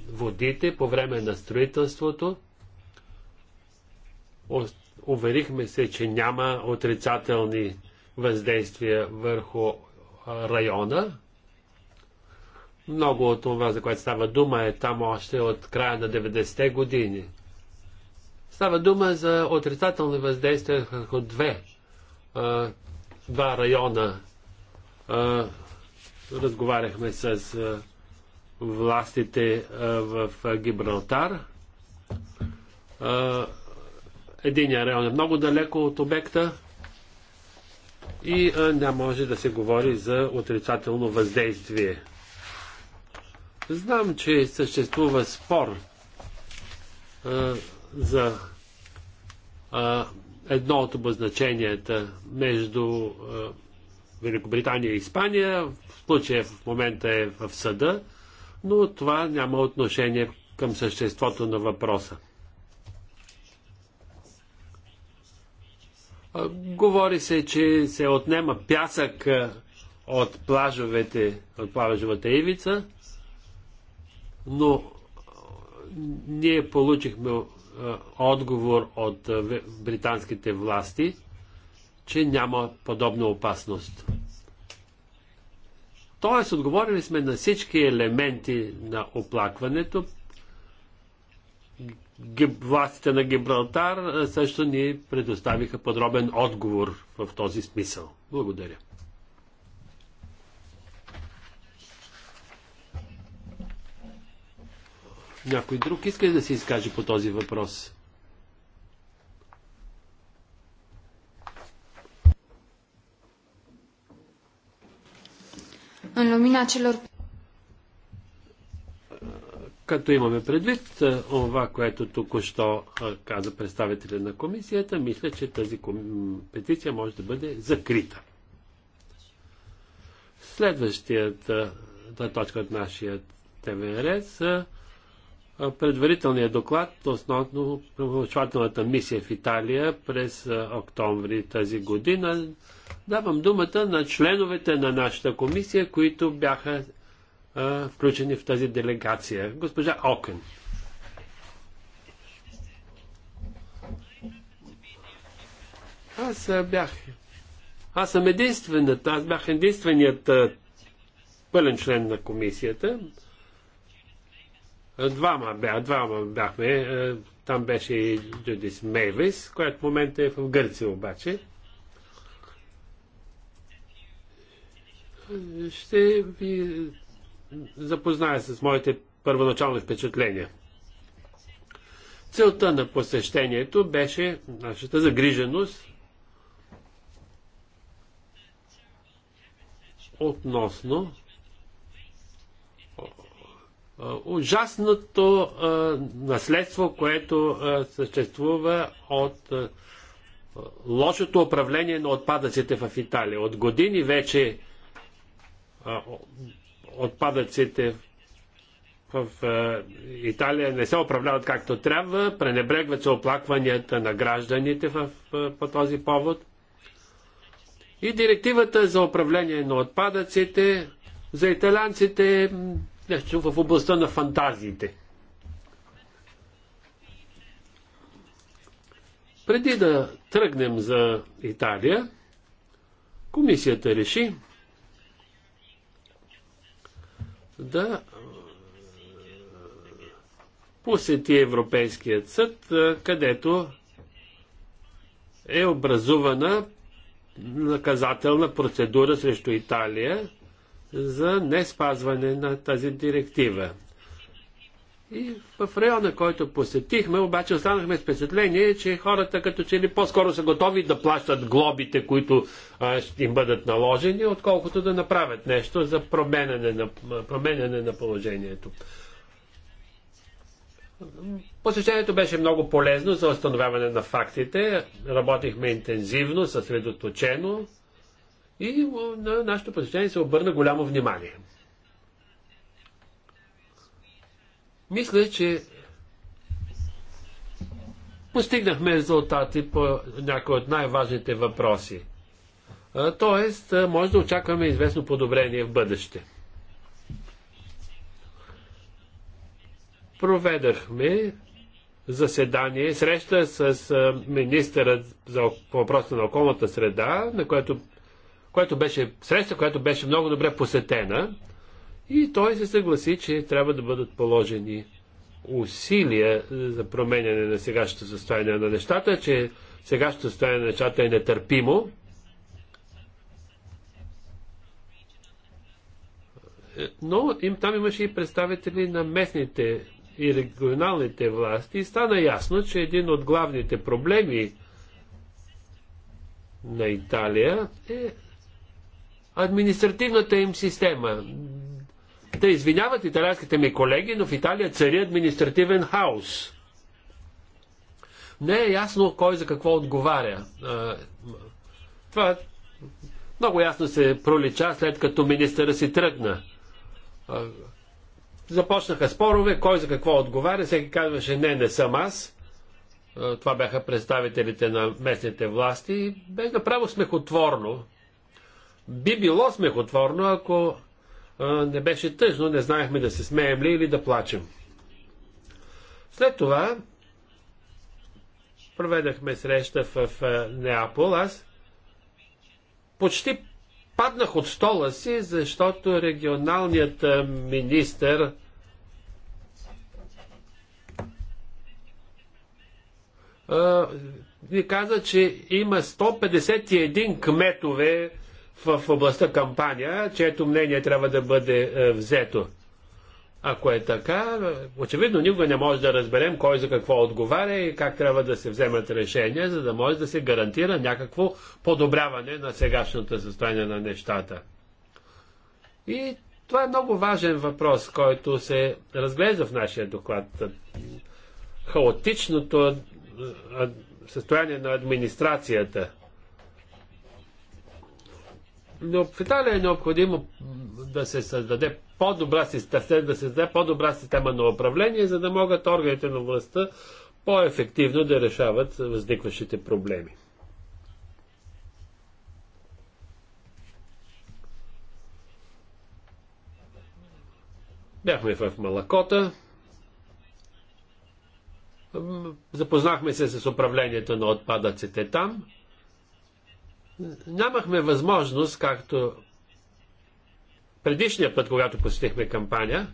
водите по време на строителството. Уверихме се, че няма отрицателни въздействия върху района. Много от това, за което става дума, е там още от края на 90-те години. Става дума за отрицателни въздействия върху две, два района. разговаряхме с властите в Гибралтар. Единия район е много далеко от обекта и не може да се говори за отрицателно въздействие. Знам, че съществува спор а, за а, едно от обозначенията между а, Великобритания и Испания. В случая в момента е в съда, но това няма отношение към съществото на въпроса. Говори се, че се отнема пясък от плажовете, от плажовата ивица, но ние получихме отговор от британските власти, че няма подобна опасност. Тоест, отговорили сме на всички елементи на оплакването, Властите на Гибралтар също ни предоставиха подробен отговор в този смисъл. Благодаря. Някой друг иска да се изкаже по този въпрос?
În lumina celor
като имаме предвид това, което току-що каза представителя на комисията, мисля, че тази петиция може да бъде закрита. Следващият е точка от нашия ТВР са предварителният доклад относно проучвателната мисия в Италия през октомври тази година. Давам думата на членовете на нашата комисия, които бяха включени в тази делегация. Госпожа Окен. Аз бях. Аз съм единствената, аз бях единственият пълен член на комисията. Двама, бях, двама бяхме. Там беше и Джудис Мейвис, която в момента е в Гърция обаче. Ще ви запозная с моите първоначални впечатления. Целта на посещението беше нашата загриженост относно ужасното наследство, което съществува от лошото управление на отпадъците в Италия. От години вече отпадъците в е, Италия не се управляват както трябва, пренебрегват се оплакванията на гражданите в, е, по този повод. И директивата за управление на отпадъците за италянците е нещо в областта на фантазиите. Преди да тръгнем за Италия, комисията реши, да посети Европейският съд, където е образувана наказателна процедура срещу Италия за не спазване на тази директива. И в района, който посетихме, обаче останахме с впечатление, че хората като че ли по-скоро са готови да плащат глобите, които а, ще им бъдат наложени, отколкото да направят нещо за променене на, променене на положението. Посещението беше много полезно за установяване на фактите. Работихме интензивно, съсредоточено и на нашето посещение се обърна голямо внимание. Мисля, че постигнахме резултати по някои от най-важните въпроси. Тоест, може да очакваме известно подобрение в бъдеще. Проведахме заседание, среща с министъра за въпроса на околната среда, на което, което беше среща, която беше много добре посетена. И той се съгласи, че трябва да бъдат положени усилия за променяне на сегашното състояние на нещата, че сегашното състояние на нещата е нетърпимо. Но им, там имаше и представители на местните и регионалните власти и стана ясно, че един от главните проблеми на Италия е административната им система да извиняват италианските ми колеги, но в Италия цари административен хаос. Не е ясно кой за какво отговаря. Това много ясно се пролича след като министъра си тръгна. Започнаха спорове, кой за какво отговаря. Всеки казваше, не, не съм аз. Това бяха представителите на местните власти. Бе направо смехотворно. Би било смехотворно, ако не беше тъжно, не знаехме да се смеем ли или да плачем. След това проведахме среща в, в Неапол. Аз почти паднах от стола си, защото регионалният министр ни каза, че има 151 кметове в областта кампания, чието мнение трябва да бъде е, взето. Ако е така, очевидно никога не може да разберем кой за какво отговаря и как трябва да се вземат решения, за да може да се гарантира някакво подобряване на сегашното състояние на нещата. И това е много важен въпрос, който се разглежда в нашия доклад. Хаотичното е, е, състояние на администрацията – но в Италия е необходимо да се създаде по-добра система, да се създаде по-добра система на управление, за да могат органите на властта по-ефективно да решават възникващите проблеми. Бяхме в Малакота. Запознахме се с управлението на отпадъците там нямахме възможност, както предишния път, когато посетихме кампания,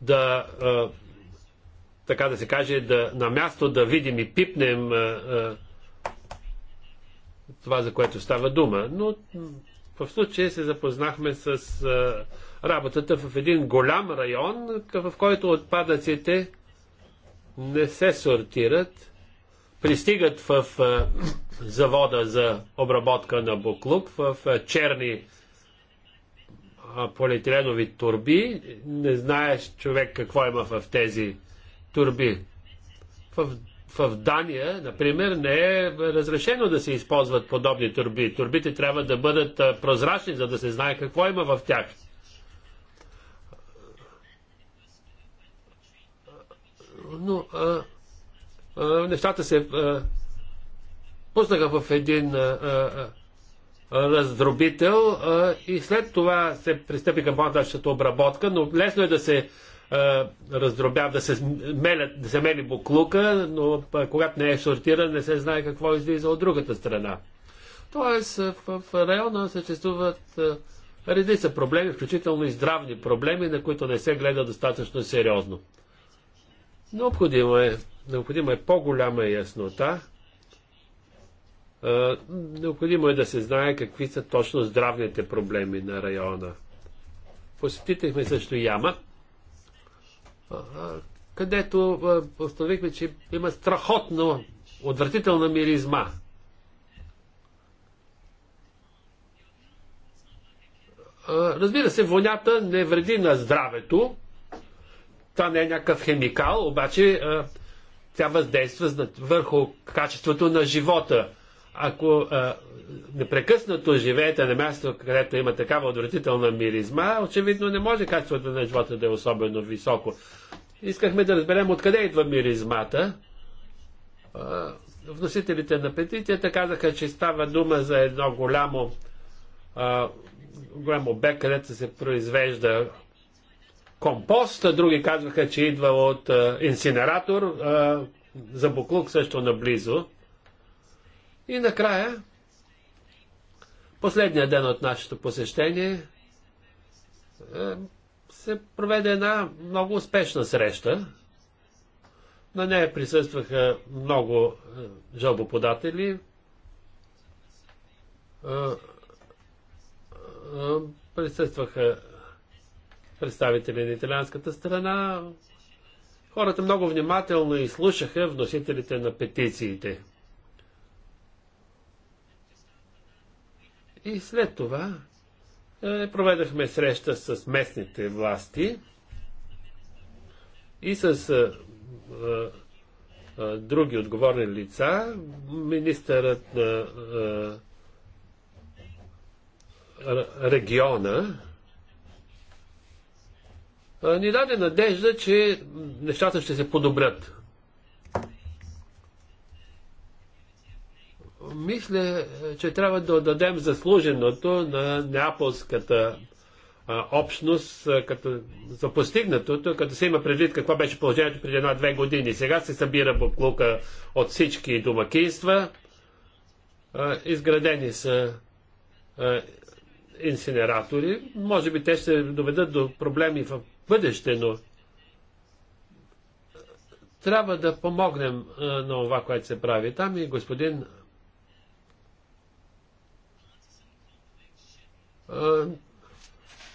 да, така да се каже, да, на място да видим и пипнем това, за което става дума. Но в случая се запознахме с работата в един голям район, в който отпадъците не се сортират пристигат в завода за обработка на буклук в черни полиетиленови турби. Не знаеш човек какво има в тези турби. В, в Дания, например, не е разрешено да се използват подобни турби. Турбите трябва да бъдат прозрачни, за да се знае какво има в тях. Но а, нещата се пуснаха в един раздробител и след това се пристъпи към по-нататъчната обработка, но лесно е да се раздробява, да се, мелят, да се мели буклука, но когато не е сортиран, не се знае какво излиза от другата страна. Тоест, в района съществуват редица проблеми, включително и здравни проблеми, на които не се гледа достатъчно сериозно. Необходимо е Необходима е по-голяма яснота. Необходимо е да се знае какви са точно здравните проблеми на района. Посетихме също яма, където установихме, че има страхотно, отвратителна миризма. Разбира се, вонята не вреди на здравето. Та не е някакъв химикал, обаче тя въздейства върху качеството на живота. Ако а, непрекъснато живеете на място, където има такава отвратителна миризма, очевидно не може качеството на живота да е особено високо. Искахме да разберем откъде идва миризмата. А, вносителите на петицията казаха, че става дума за едно голямо, а, голямо обект, където се произвежда компост, други казваха, че идва от инсинератор, за буклук също наблизо. И накрая, последния ден от нашето посещение, се проведе една много успешна среща. На нея присъстваха много жалбоподатели. Присъстваха представители на италианската страна, хората много внимателно изслушаха вносителите на петициите. И след това е, проведахме среща с местните власти и с е, е, е други отговорни лица. Министърът на е, е, региона ни даде надежда, че нещата ще се подобрят. Мисля, че трябва да дадем заслуженото на неаполската общност като, за постигнатото, като се има предвид какво беше положението преди една-две години. Сега се събира буклука от всички домакинства. Изградени са инсинератори. Може би те ще доведат до проблеми в бъдеще, но трябва да помогнем на това, което се прави там и господин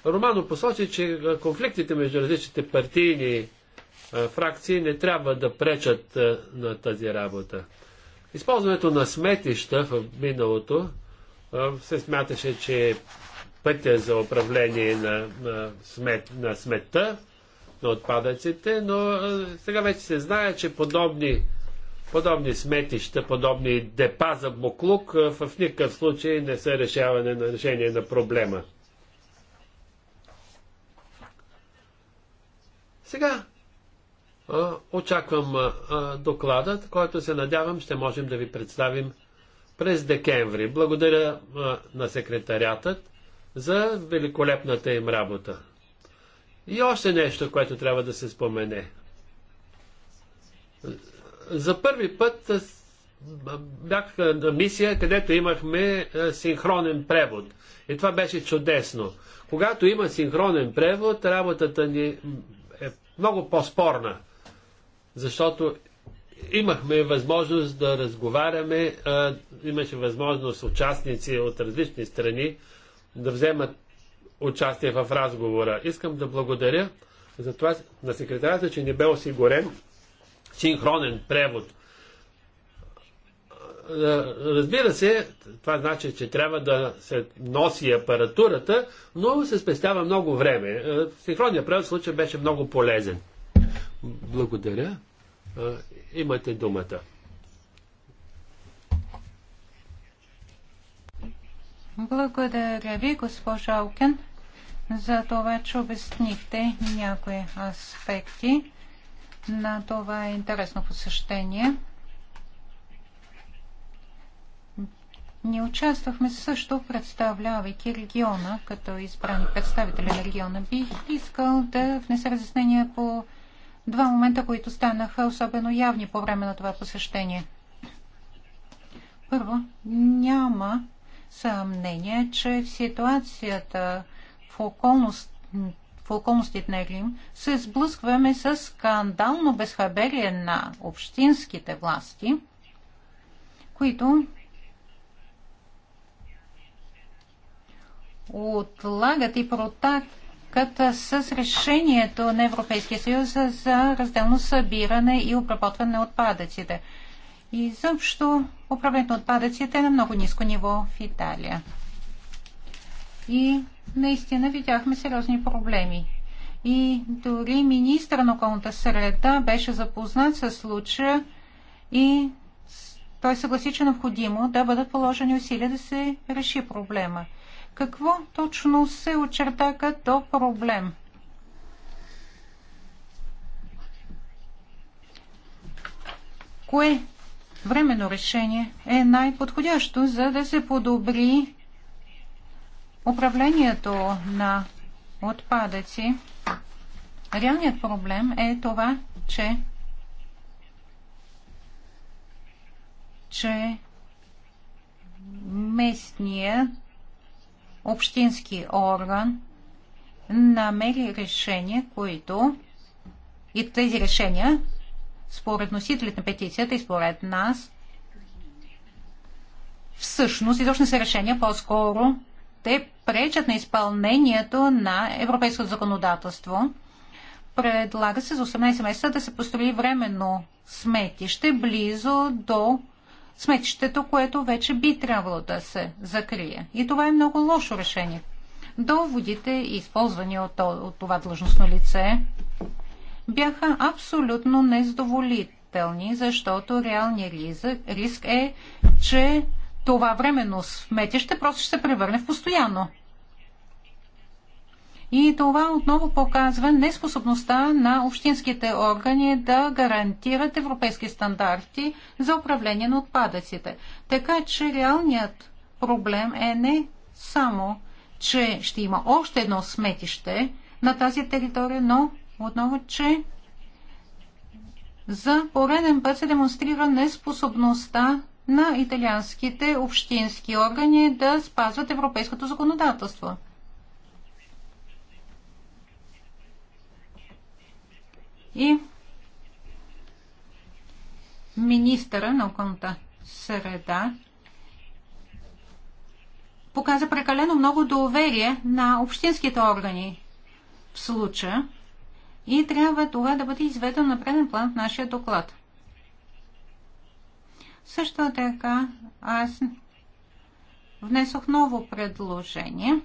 Романо посочи, че конфликтите между различните партийни фракции не трябва да пречат на тази работа. Използването на сметища в миналото се смяташе, че е пътя за управление на, на, смет, на смета, на отпадъците, но сега вече се знае, че подобни, подобни сметища, подобни депа за буклук в никакъв случай не са решаване на решение на проблема. Сега а, очаквам а, докладът, който се надявам ще можем да ви представим през декември. Благодаря а, на секретарятът за великолепната им работа. И още нещо, което трябва да се спомене. За първи път бях на мисия, където имахме синхронен превод. И това беше чудесно. Когато има синхронен превод, работата ни е много по-спорна, защото имахме възможност да разговаряме, имаше възможност участници от различни страни да вземат участие в разговора. Искам да благодаря за това на секретарята, че не бе осигурен синхронен превод. Разбира се, това значи, че трябва да се носи апаратурата, но се спестява много време. Е, синхронният превод в случай беше много полезен. Благодаря. Е, имате думата.
Благодаря ви, госпожа Алкен, за това, че обяснихте някои аспекти на това интересно посещение. Ние участвахме също, представлявайки региона, като избрани представители на региона. Бих искал да внеса разяснение по два момента, които станаха особено явни по време на това посещение. Първо, няма съмнение, че в ситуацията в, околност, в околностите на Рим се сблъскваме с скандално безхаберие на общинските власти, които отлагат и протакат с решението на Европейския съюз за разделно събиране и обработване на отпадъците. И Изобщо управлението на отпадъците е на много ниско ниво в Италия. И наистина видяхме сериозни проблеми. И дори министър на околната среда беше запознат с случая и той съгласи, че е необходимо да бъдат положени усилия да се реши проблема. Какво точно се очерта като проблем? Кое временно решение е най-подходящо, за да се подобри управлението на отпадъци. Реалният проблем е това, че, че местният общински орган намери решения, които и тези решения според носителите на петицията и според нас, всъщност изобщо не са решения, по-скоро те пречат на изпълнението на европейското законодателство. Предлага се за 18 месеца да се построи временно сметище близо до сметището, което вече би трябвало да се закрие. И това е много лошо решение. Доводите, използвани от това длъжностно лице, бяха абсолютно незадоволителни, защото реалният риск е, че това временно сметище просто ще се превърне в постоянно. И това отново показва неспособността на общинските органи да гарантират европейски стандарти за управление на отпадъците. Така че реалният проблем е не само, че ще има още едно сметище на тази територия, но отново, че за пореден път се демонстрира неспособността на италианските общински органи да спазват европейското законодателство. И министъра на околната среда показа прекалено много доверие на общинските органи в случая. И трябва това да бъде изведено на преден план в нашия доклад. Също така аз внесох ново предложение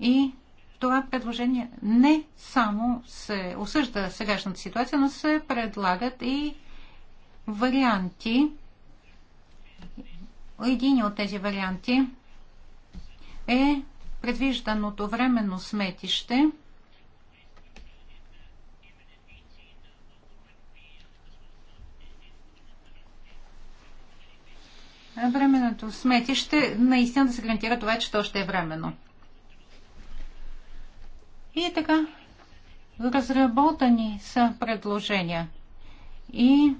и това предложение не само се осъжда сегашната ситуация, но се предлагат и варианти. Един от тези варианти е предвижданото временно сметище – временното сметище, наистина да се гарантира това, че то ще е временно. И така, разработани са предложения. И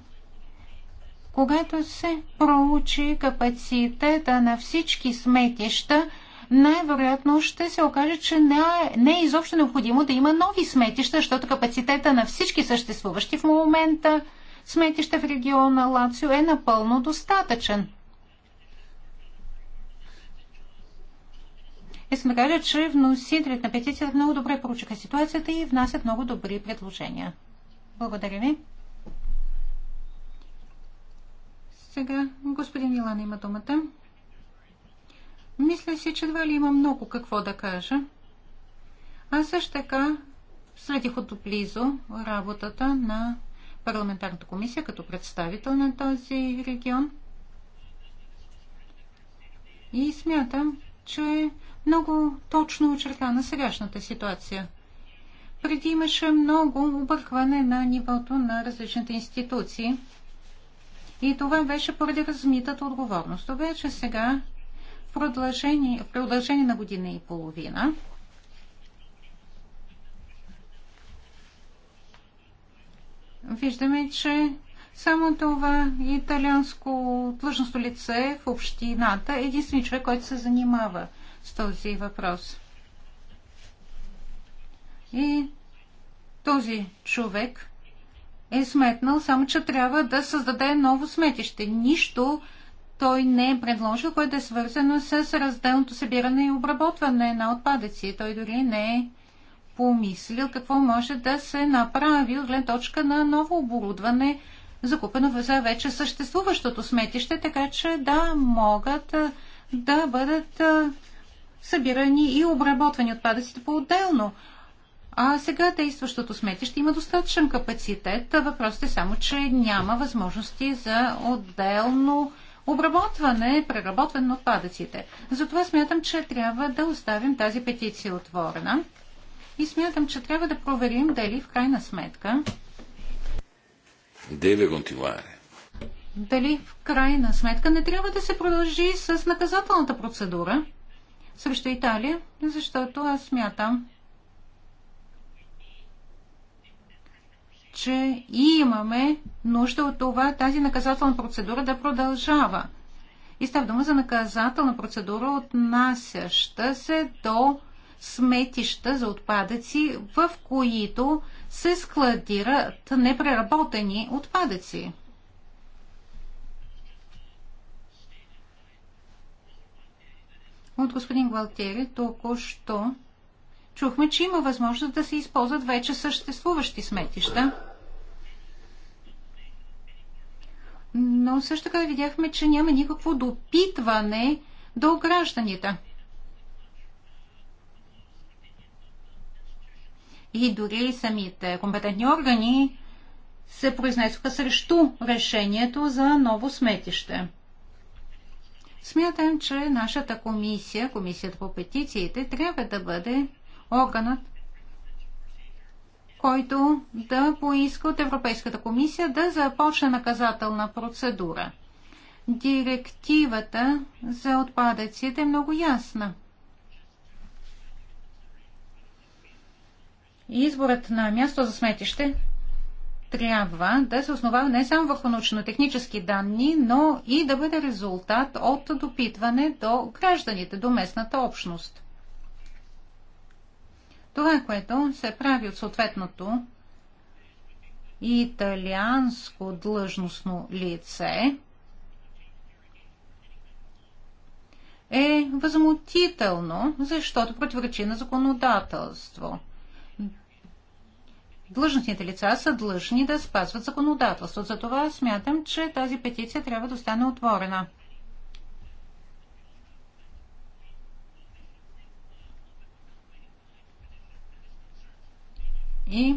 когато се проучи капацитета на всички сметища, най-вероятно ще се окаже, че не е, не е изобщо необходимо да има нови сметища, защото капацитета на всички съществуващи в момента сметища в региона Лацио е напълно достатъчен. Искам да кажа, че вносителите на петицията много добре проучиха ситуацията и внасят много добри предложения. Благодаря ви. Сега господин Илана, има думата. Мисля си, че едва ли има много какво да кажа. А също така следих от близо работата на парламентарната комисия като представител на този регион. И смятам, че много точно на сегашната ситуация. Преди имаше много объркване на нивото на различните институции и това беше поради размитата отговорност. Обаче сега, в продължение, в продължение на година и половина, виждаме, че само това италианско длъжностно лице в общината е единствен човек, който се занимава с този въпрос. И този човек е сметнал, само че трябва да създаде ново сметище. Нищо той не е предложил, което е свързано с разделното събиране и обработване на отпадъци. Той дори не е помислил какво може да се направи от гледна точка на ново оборудване, закупено за вече съществуващото сметище, така че да могат да бъдат събирани и обработвани отпадъците по-отделно. А сега действащото сметище има достатъчен капацитет. Въпросът е само, че няма възможности за отделно обработване, преработване на отпадъците. Затова смятам, че трябва да оставим тази петиция отворена и смятам, че трябва да проверим дали в крайна сметка
Деве continuare.
Дали в крайна сметка не трябва да се продължи с наказателната процедура? срещу Италия, защото аз смятам, че имаме нужда от това тази наказателна процедура да продължава. И става дума за наказателна процедура, отнасяща се до сметища за отпадъци, в които се складират непреработени отпадъци. от господин Гвалтери току-що чухме, че има възможност да се използват вече съществуващи сметища. Но също така видяхме, че няма никакво допитване до гражданите. И дори самите компетентни органи се произнесоха срещу решението за ново сметище. Смятам, че нашата комисия, комисията по петициите, трябва да бъде органът, който да поиска от Европейската комисия да започне наказателна процедура. Директивата за отпадъците е много ясна. Изборът на място за сметище трябва да се основава не само върху научно-технически данни, но и да бъде резултат от допитване до гражданите, до местната общност. Това, което се прави от съответното италианско длъжностно лице, е възмутително, защото противоречи на законодателство длъжностните лица са длъжни да спазват законодателство. Затова смятам, че тази петиция трябва да остане отворена. И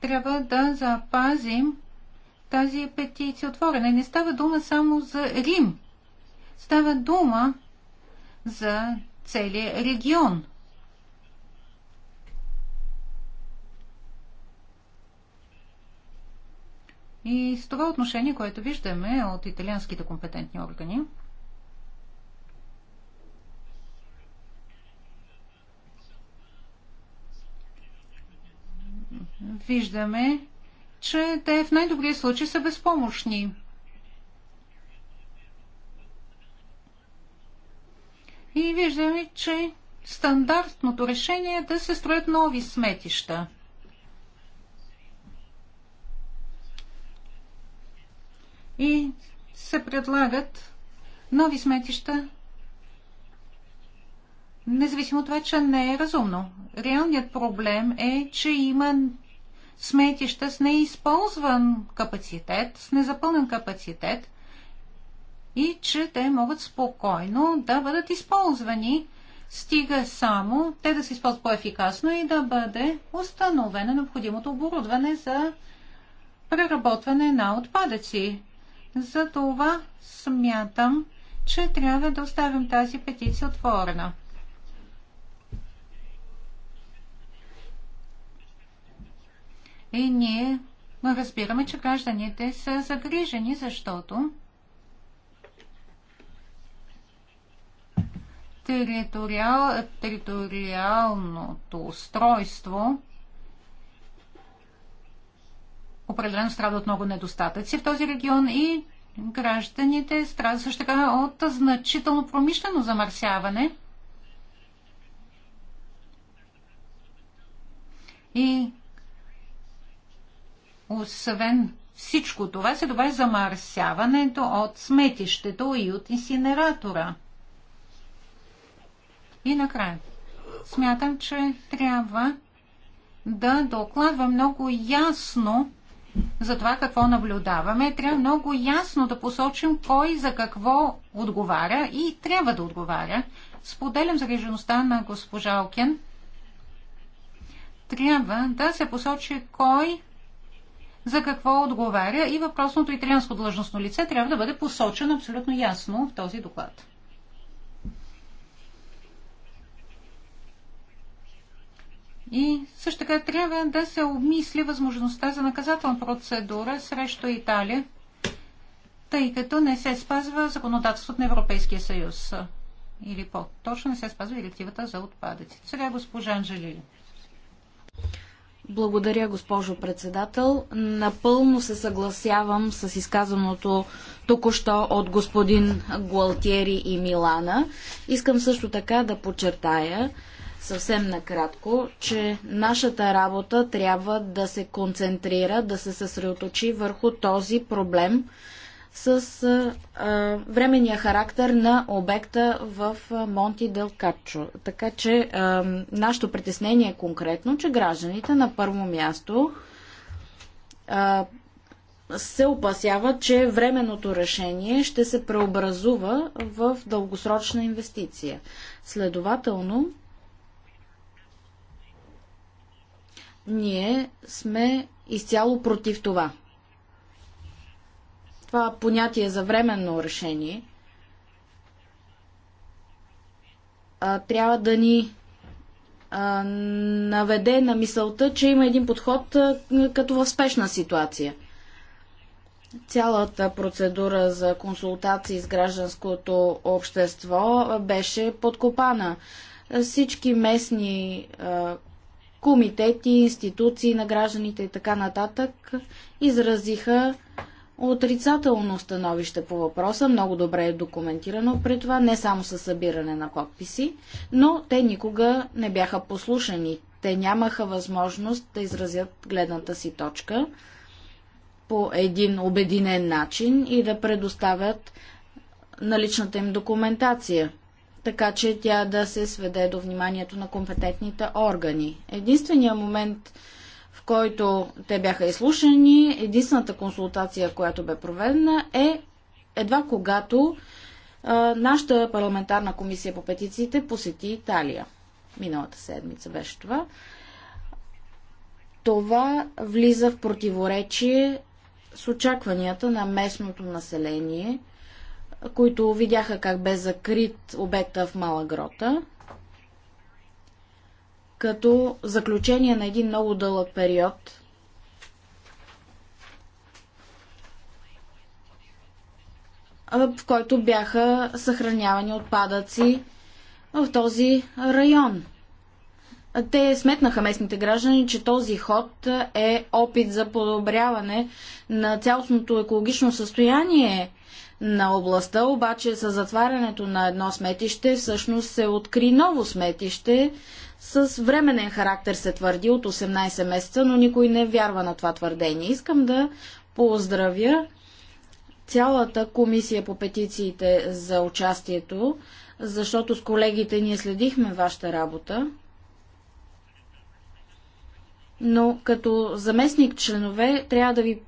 трябва да запазим тази петиция отворена. И не става дума само за Рим. Става дума за целия регион – И с това отношение, което виждаме от италианските компетентни органи, виждаме, че те в най-добрия случай са безпомощни. И виждаме, че стандартното решение е да се строят нови сметища – и се предлагат нови сметища, независимо от това, че не е разумно. Реалният проблем е, че има сметища с неизползван капацитет, с незапълнен капацитет и че те могат спокойно да бъдат използвани, стига само те да се използват по-ефикасно и да бъде установено необходимото оборудване за преработване на отпадъци. За това смятам, че трябва да оставим тази петиция отворена. И ние разбираме, че гражданите са загрижени, защото териториал, териториалното устройство определено страда от много недостатъци в този регион и гражданите страдат също така от значително промишлено замърсяване. И освен всичко това се добави замърсяването от сметището и от инсинератора. И накрая. Смятам, че трябва да докладва много ясно за това какво наблюдаваме, трябва много ясно да посочим кой за какво отговаря и трябва да отговаря. Споделям загрижеността на госпожа Окен. Трябва да се посочи кой за какво отговаря и въпросното италианско длъжностно лице трябва да бъде посочено абсолютно ясно в този доклад. И също така трябва да се обмисли възможността за наказателна процедура срещу Италия, тъй като не се спазва законодателството на Европейския съюз. Или по-точно не се спазва директивата за отпадъци. Сега госпожа Анжелили.
Благодаря, госпожо председател. Напълно се съгласявам с изказаното току-що от господин Гуалтери и Милана. Искам също така да подчертая, съвсем накратко, че нашата работа трябва да се концентрира, да се съсредоточи върху този проблем с а, временния характер на обекта в Монти Дел Качо. Така че а, нашето притеснение е конкретно, че гражданите на първо място а, се опасяват, че временното решение ще се преобразува в дългосрочна инвестиция. Следователно, Ние сме изцяло против това. Това понятие за временно решение а, трябва да ни а, наведе на мисълта, че има един подход а, като в спешна ситуация. Цялата процедура за консултации с гражданското общество беше подкопана. Всички местни а, комитети, институции на гражданите и така нататък изразиха отрицателно становище по въпроса, много добре е документирано при това, не само със събиране на подписи, но те никога не бяха послушани. Те нямаха възможност да изразят гледната си точка по един обединен начин и да предоставят наличната им документация така че тя да се сведе до вниманието на компетентните органи. Единственият момент, в който те бяха изслушани, единствената консултация, която бе проведена, е едва когато а, нашата парламентарна комисия по петициите посети Италия. Миналата седмица беше това. Това влиза в противоречие с очакванията на местното население – които видяха как бе закрит обекта в Мала Грота, като заключение на един много дълъг период. в който бяха съхранявани отпадъци в този район. Те сметнаха местните граждани, че този ход е опит за подобряване на цялостното екологично състояние на областта, обаче с затварянето на едно сметище всъщност се откри ново сметище с временен характер се твърди от 18 месеца, но никой не вярва на това твърдение. Искам да поздравя цялата комисия по петициите за участието, защото с колегите ние следихме вашата работа. Но като заместник членове трябва да ви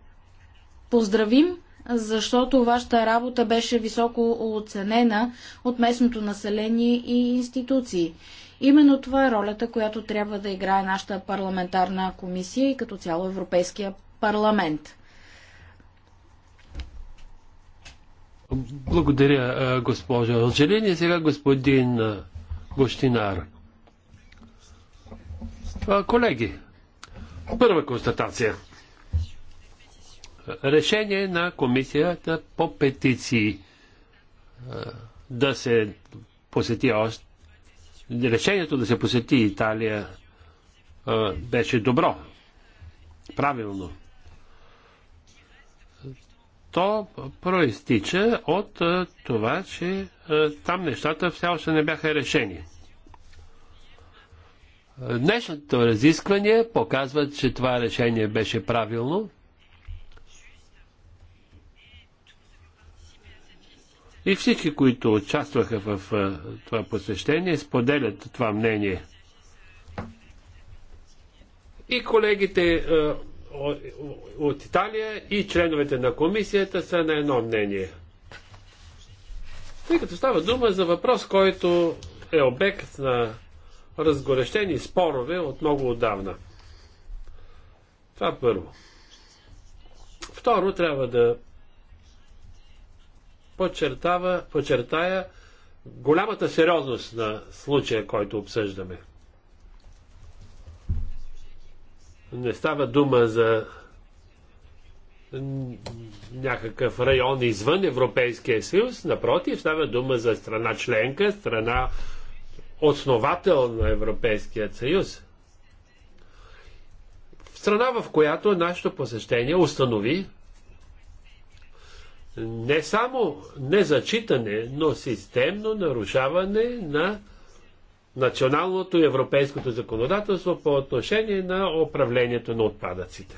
поздравим защото вашата работа беше високо оценена от местното население и институции. Именно това е ролята, която трябва да играе нашата парламентарна комисия и като цяло Европейския парламент.
Благодаря, госпожа Анжелин. И сега господин Гощинар. Колеги, първа констатация – решение на комисията по петиции да се посети още. Решението да се посети Италия беше добро. Правилно. То проистича от това, че там нещата все още не бяха решени. Днешното разискване показва, че това решение беше правилно И всички, които участваха в това посещение, споделят това мнение. И колегите от Италия и членовете на комисията са на едно мнение. Тъй като става дума за въпрос, който е обект на разгорещени спорове от много отдавна. Това първо. Второ, трябва да подчертава, подчертая голямата сериозност на случая, който обсъждаме. Не става дума за някакъв район извън Европейския съюз, напротив, става дума за страна членка, страна основател на Европейския съюз. Страна, в която нашето посещение установи, не само незачитане, но системно нарушаване на националното и европейското законодателство по отношение на управлението на отпадъците.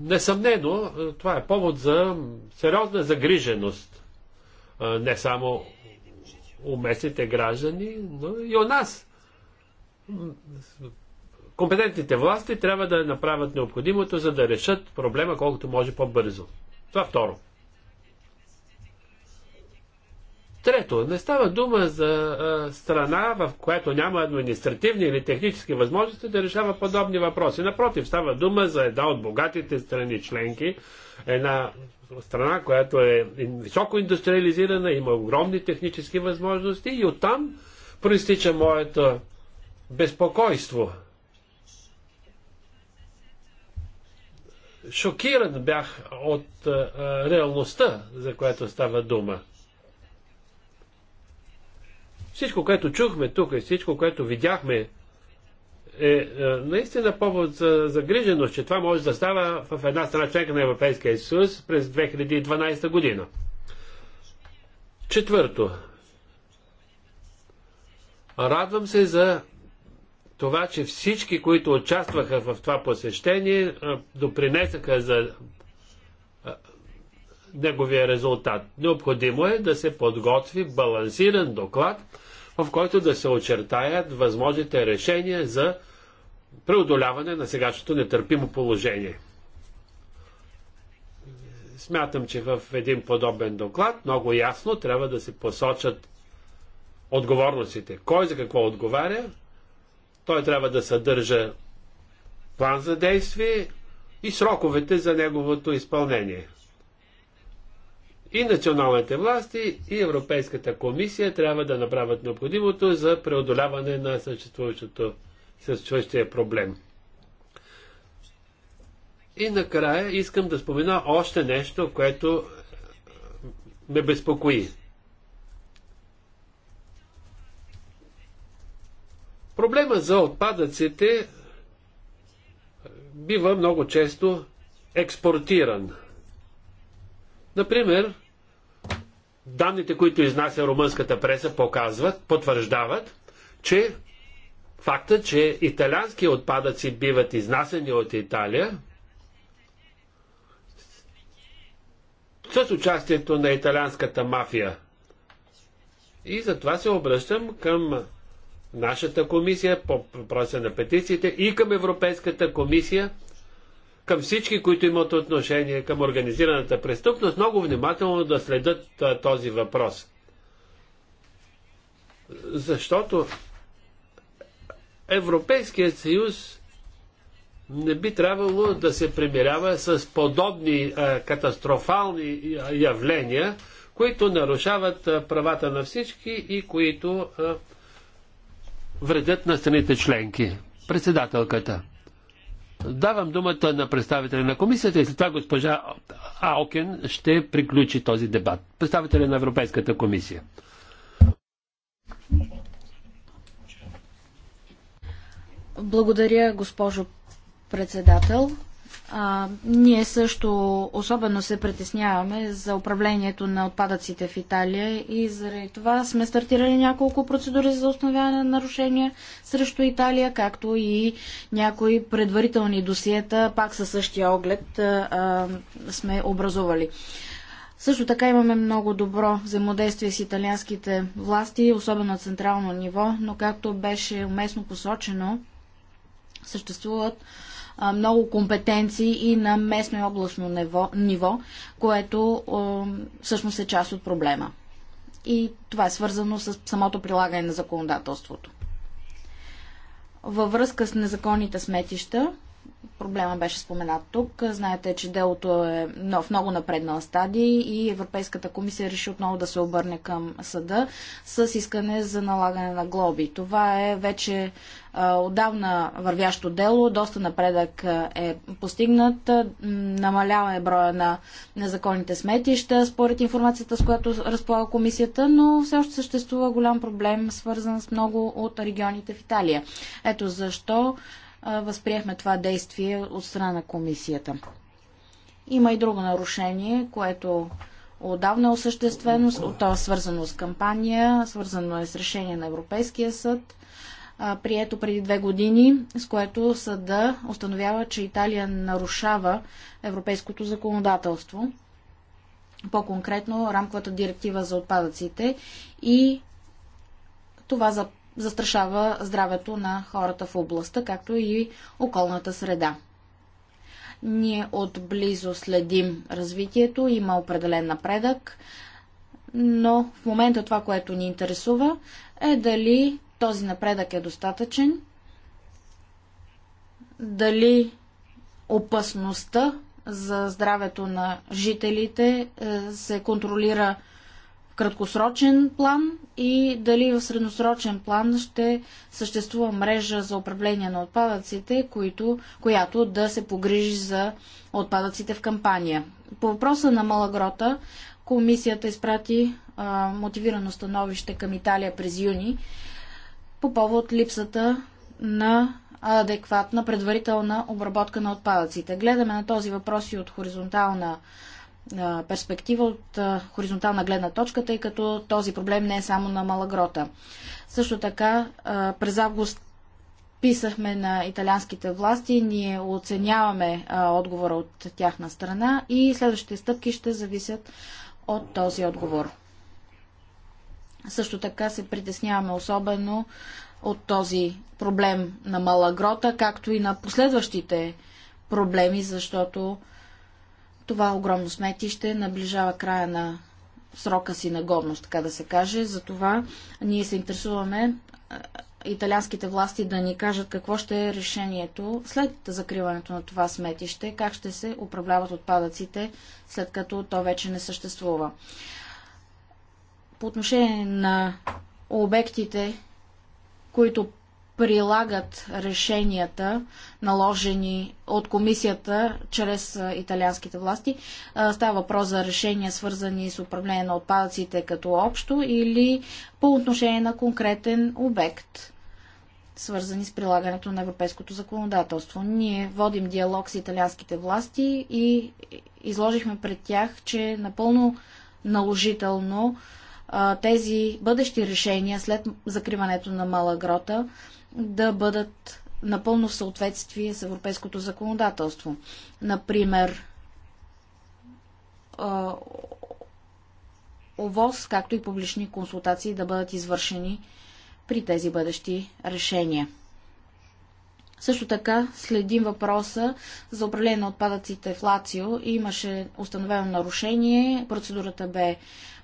Несъмнено, това е повод за сериозна загриженост не само у местните граждани, но и у нас компетентните власти трябва да направят необходимото, за да решат проблема колкото може по-бързо. Това второ. Трето, не става дума за а, страна, в която няма административни или технически възможности да решава подобни въпроси. Напротив, става дума за една от богатите страни членки, една страна, която е високо индустриализирана, има огромни технически възможности и оттам проистича моето безпокойство – шокиран бях от а, е, е, реалността, за която става дума. Всичко, което чухме тук и всичко, което видяхме, е а, е, наистина повод за загриженост, че това може да става в една страна членка на Европейския съюз през 2012 година. Четвърто. Радвам се за това, че всички, които участваха в това посещение, допринесаха за неговия резултат. Необходимо е да се подготви балансиран доклад, в който да се очертаят възможните решения за преодоляване на сегашното нетърпимо положение. Смятам, че в един подобен доклад много ясно трябва да се посочат отговорностите. Кой за какво отговаря, той трябва да съдържа план за действие и сроковете за неговото изпълнение. И националните власти, и Европейската комисия трябва да направят необходимото за преодоляване на съществуващия проблем. И накрая искам да спомена още нещо, което ме безпокои. Проблема за отпадъците е, бива много често експортиран. Например, данните, които изнася румънската преса, показват, потвърждават, че факта, че италянски отпадъци биват изнасени от Италия, с участието на италианската мафия. И затова се обръщам към нашата комисия по въпроса на петициите и към Европейската комисия, към всички, които имат отношение към организираната престъпност, много внимателно да следят този въпрос. Защото Европейският съюз не би трябвало да се примирява с подобни а, катастрофални явления, които нарушават а, правата на всички и които а, вредят на страните членки. Председателката. Давам думата на представителя на комисията и след това госпожа Аукен ще приключи този дебат. Представителя на Европейската комисия.
Благодаря, госпожо председател. А, ние също особено се притесняваме за управлението на отпадъците в Италия и заради това сме стартирали няколко процедури за установяване на нарушения срещу Италия, както и някои предварителни досиета, пак със същия оглед а, сме образували. Също така имаме много добро взаимодействие с италианските власти, особено на централно ниво, но както беше уместно посочено, съществуват много компетенции и на местно и областно ниво, ниво което всъщност е част от проблема. И това е свързано с самото прилагане на законодателството. Във връзка с незаконните сметища, Проблема беше споменат тук. Знаете, че делото е в много напреднала стадии и Европейската комисия реши отново да се обърне към съда с искане за налагане на глоби. Това е вече отдавна вървящо дело, доста напредък е постигнат, намалява е броя на незаконните сметища, според информацията, с която разполага комисията, но все още съществува голям проблем, свързан с много от регионите в Италия. Ето защо възприехме това действие от страна на комисията. Има и друго нарушение, което отдавна е осъществено, то е свързано с кампания, свързано е с решение на Европейския съд, прието преди две години, с което съда установява, че Италия нарушава европейското законодателство, по-конкретно рамковата директива за отпадъците и това за застрашава здравето на хората в областта, както и околната среда. Ние отблизо следим развитието, има определен напредък, но в момента това, което ни интересува е дали този напредък е достатъчен, дали опасността за здравето на жителите е, се контролира краткосрочен план и дали в средносрочен план ще съществува мрежа за управление на отпадъците, които, която да се погрижи за отпадъците в кампания. По въпроса на Малагрота, комисията изпрати а, мотивирано становище към Италия през юни по повод липсата на адекватна предварителна обработка на отпадъците. Гледаме на този въпрос и от хоризонтална перспектива от хоризонтална гледна точка, тъй като този проблем не е само на Малагрота. Също така, през август писахме на италианските власти, ние оценяваме отговора от тяхна страна и следващите стъпки ще зависят от този отговор. Също така се притесняваме особено от този проблем на Малагрота, както и на последващите проблеми, защото това огромно сметище наближава края на срока си на годност, така да се каже. Затова ние се интересуваме италианските власти да ни кажат какво ще е решението след закриването на това сметище, как ще се управляват отпадъците, след като то вече не съществува. По отношение на обектите, които прилагат решенията, наложени от комисията чрез италианските власти. Става въпрос за решения, свързани с управление на отпадъците като общо или по отношение на конкретен обект свързани с прилагането на европейското законодателство. Ние водим диалог с италианските власти и изложихме пред тях, че напълно наложително тези бъдещи решения след закриването на Малагрота да бъдат напълно в съответствие с европейското законодателство. Например, ОВОз, както и публични консултации да бъдат извършени при тези бъдещи решения. Също така следим въпроса за управление на отпадъците в Лацио. Имаше установено нарушение. Процедурата бе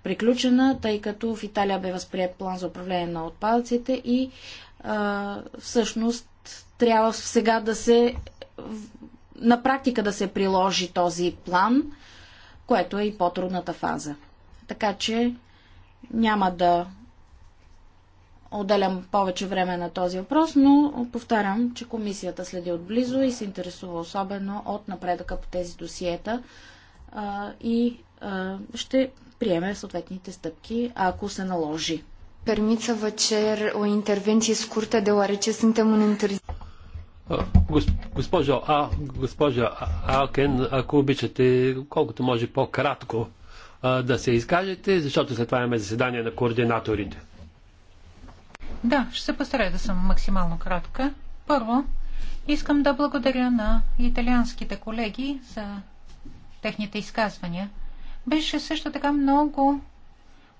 приключена, тъй като в Италия бе възприят план за управление на отпадъците и всъщност трябва сега да се на практика да се приложи този план, което е и по-трудната фаза. Така че няма да отделям повече време на този въпрос, но повтарям, че комисията следи отблизо и се интересува особено от напредъка по тези досиета а, и а, ще приеме съответните стъпки, ако се наложи.
Permit să vă cer o intervenție scurtă, deoarece suntem în întârziere.
Госпожо, а, госпожо Алкен, ако обичате, колкото може по-кратко да се изкажете, защото след това имаме заседание на координаторите.
Да, ще се постарая да съм максимално кратка. Първо, искам да благодаря на италианските колеги за техните изказвания. Беше също така много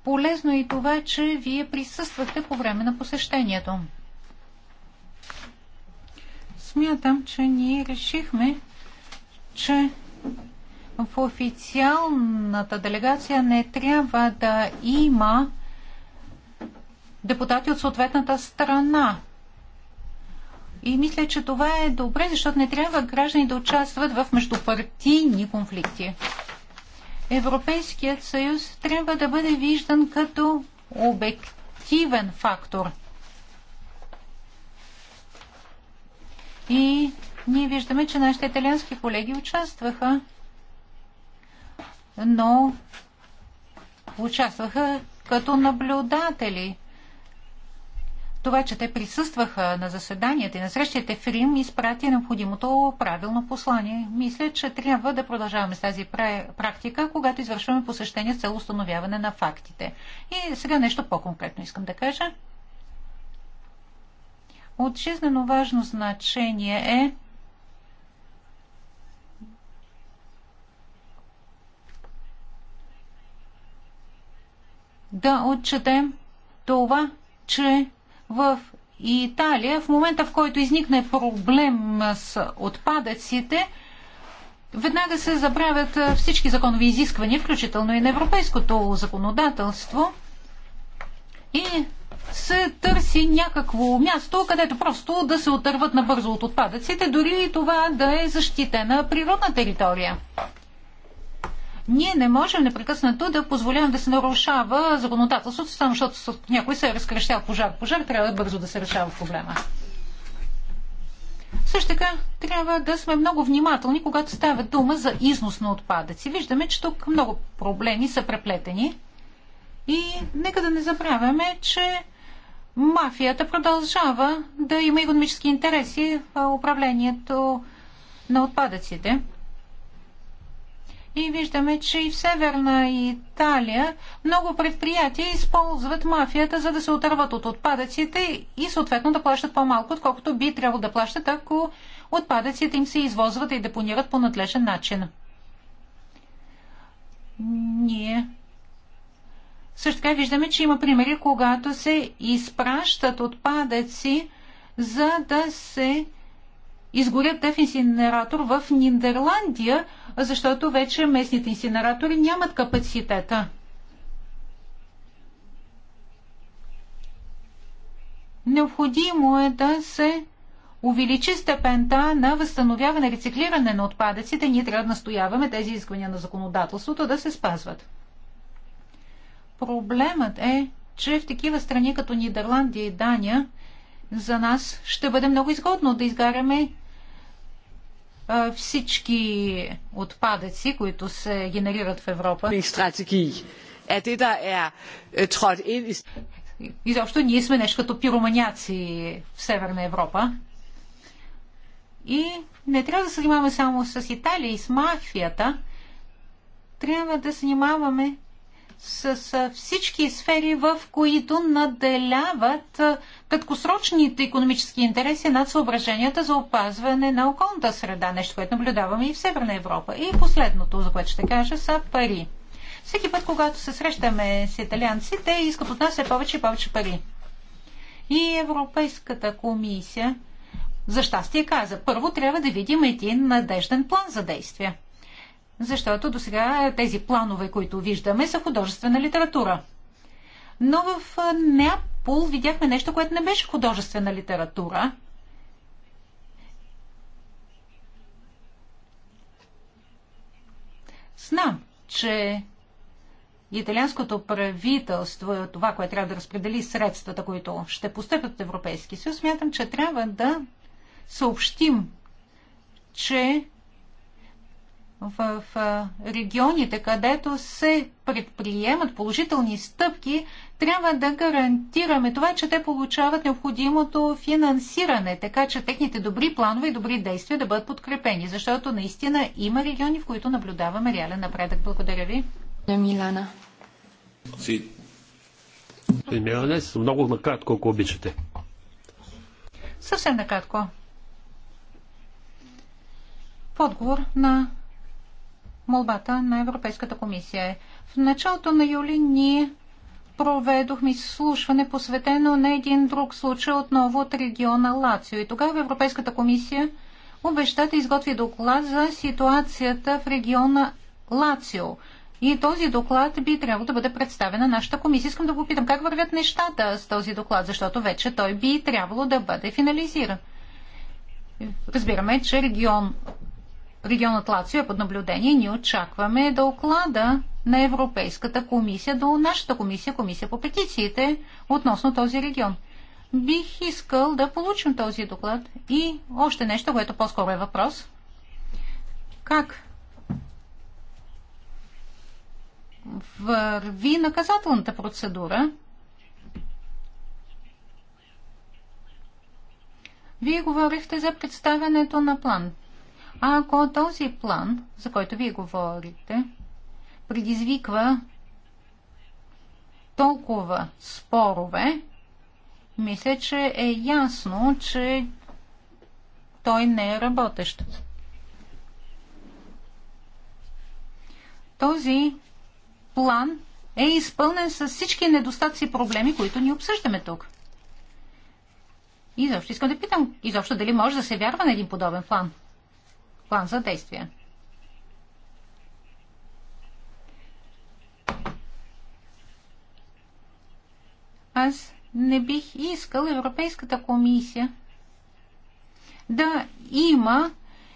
Полезно е и това, че вие присъствахте по време на посещението. Смятам, че ние решихме, че в официалната делегация не трябва да има депутати от съответната страна. И мисля, че това е добре, защото не трябва граждани да участват в междупартийни конфликти. Европейският съюз трябва да бъде виждан като обективен фактор. И ние виждаме, че нашите италиански колеги участваха, но участваха като наблюдатели това, че те присъстваха на заседанията и на срещите в Рим, изпрати необходимото правилно послание. Мисля, че трябва да продължаваме с тази практика, когато извършваме посещение с цел установяване на фактите. И сега нещо по-конкретно искам да кажа. От жизнено важно значение е да отчетем това, че в Италия, в момента в който изникне проблем с отпадъците, веднага се забравят всички законови изисквания, включително и на европейското законодателство. И се търси някакво място, където просто да се отърват набързо от отпадъците, дори и това да е защитена природна територия. Ние не можем непрекъснато да позволяваме да се нарушава законодателството, само защото някой се е разкрещял пожар. Пожар трябва бързо да се решава проблема. Също така трябва да сме много внимателни, когато става дума за износ на отпадъци. Виждаме, че тук много проблеми са преплетени. И нека да не забравяме, че мафията продължава да има економически интереси в управлението на отпадъците. И виждаме, че и в Северна Италия много предприятия използват мафията, за да се отърват от отпадъците и съответно да плащат по-малко, отколкото би трябвало да плащат, ако отпадъците им се извозват и депонират по надлежен начин. Ние също така виждаме, че има примери, когато се изпращат отпадъци, за да се изгорят те в инсинератор в Нидерландия – защото вече местните инсинератори нямат капацитета. Необходимо е да се увеличи степента на възстановяване, рециклиране на отпадъците. Ние трябва да настояваме тези изисквания на законодателството да се спазват. Проблемът е, че в такива страни като Нидерландия и Дания за нас ще бъде много изгодно да изгаряме всички отпадъци, които се генерират в Европа. Er er, øh, Изобщо ние сме нещо като пироманяци в Северна Европа. И не трябва да се занимаваме само с Италия и с мафията. Трябва да се занимаваме с всички сфери, в които наделяват краткосрочните економически интереси над съображенията за опазване на околната среда, нещо, което наблюдаваме и в Северна Европа. И последното, за което ще кажа, са пари. Всеки път, когато се срещаме с италианци, те искат от нас все повече и повече пари. И Европейската комисия за щастие каза, първо трябва да видим един надежден план за действие защото до сега тези планове, които виждаме, са художествена литература. Но в Неапол видяхме нещо, което не беше художествена литература. Знам, че италианското правителство е това, което трябва да разпредели средствата, които ще постъпят от Европейски съюз, смятам, че трябва да съобщим, че в регионите, където се предприемат положителни стъпки, трябва да гарантираме това, че те получават необходимото финансиране, така че техните добри планове и добри действия да бъдат подкрепени, защото наистина има региони, в които наблюдаваме реален напредък. Благодаря ви. Милана.
Си. много накратко, ако обичате.
Съвсем накратко. Подговор на молбата на Европейската комисия. В началото на юли ние проведохме изслушване, посветено на един друг случай отново от региона Лацио. И тогава Европейската комисия обеща да изготви доклад за ситуацията в региона Лацио. И този доклад би трябвало да бъде представен на нашата комисия. Искам да го питам как вървят нещата с този доклад, защото вече той би трябвало да бъде финализиран. Разбираме, че регион регионът Лацио е под наблюдение. Ние очакваме доклада на Европейската комисия до нашата комисия, комисия по петициите относно този регион. Бих искал да получим този доклад и още нещо, което по-скоро е въпрос. Как върви наказателната процедура? Вие говорихте за представянето на план. Ако този план, за който вие говорите, предизвиква толкова спорове, мисля, че е ясно, че той не е работещ. Този план е изпълнен с всички недостатъци и проблеми, които ни обсъждаме тук. И защо искам да питам, изобщо дали може да се вярва на един подобен план? план за действие. Аз не бих искал Европейската комисия да има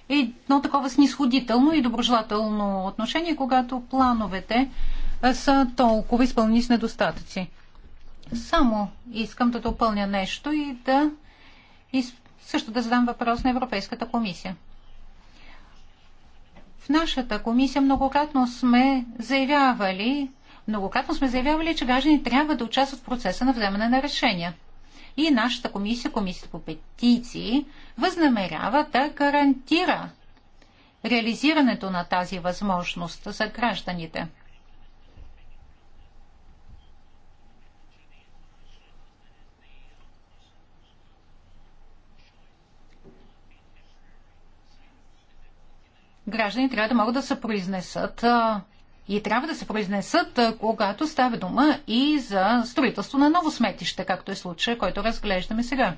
едно такова снисходително и доброжелателно отношение, когато плановете са толкова изпълнени с недостатъци. Само искам да допълня нещо и да и също да задам въпрос на Европейската комисия. В нашата комисия многократно сме заявявали, многократно сме заявявали, че граждани трябва да участват в процеса на вземане на решения. И нашата комисия, комисията по петиции, възнамерява да гарантира реализирането на тази възможност за гражданите – граждани трябва да могат да се произнесат и трябва да се произнесат, когато става дума и за строителство на ново сметище, както е случая, който разглеждаме сега.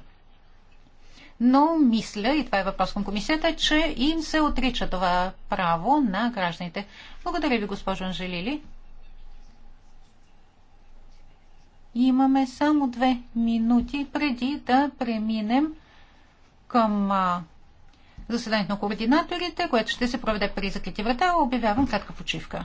Но мисля, и това е въпрос към комисията, че им се отрича това право на гражданите. Благодаря ви, госпожо Анжелили. Имаме само две минути преди да преминем към заседанието на координаторите, което ще се проведе при закрити врата. Обявявам кратка почивка.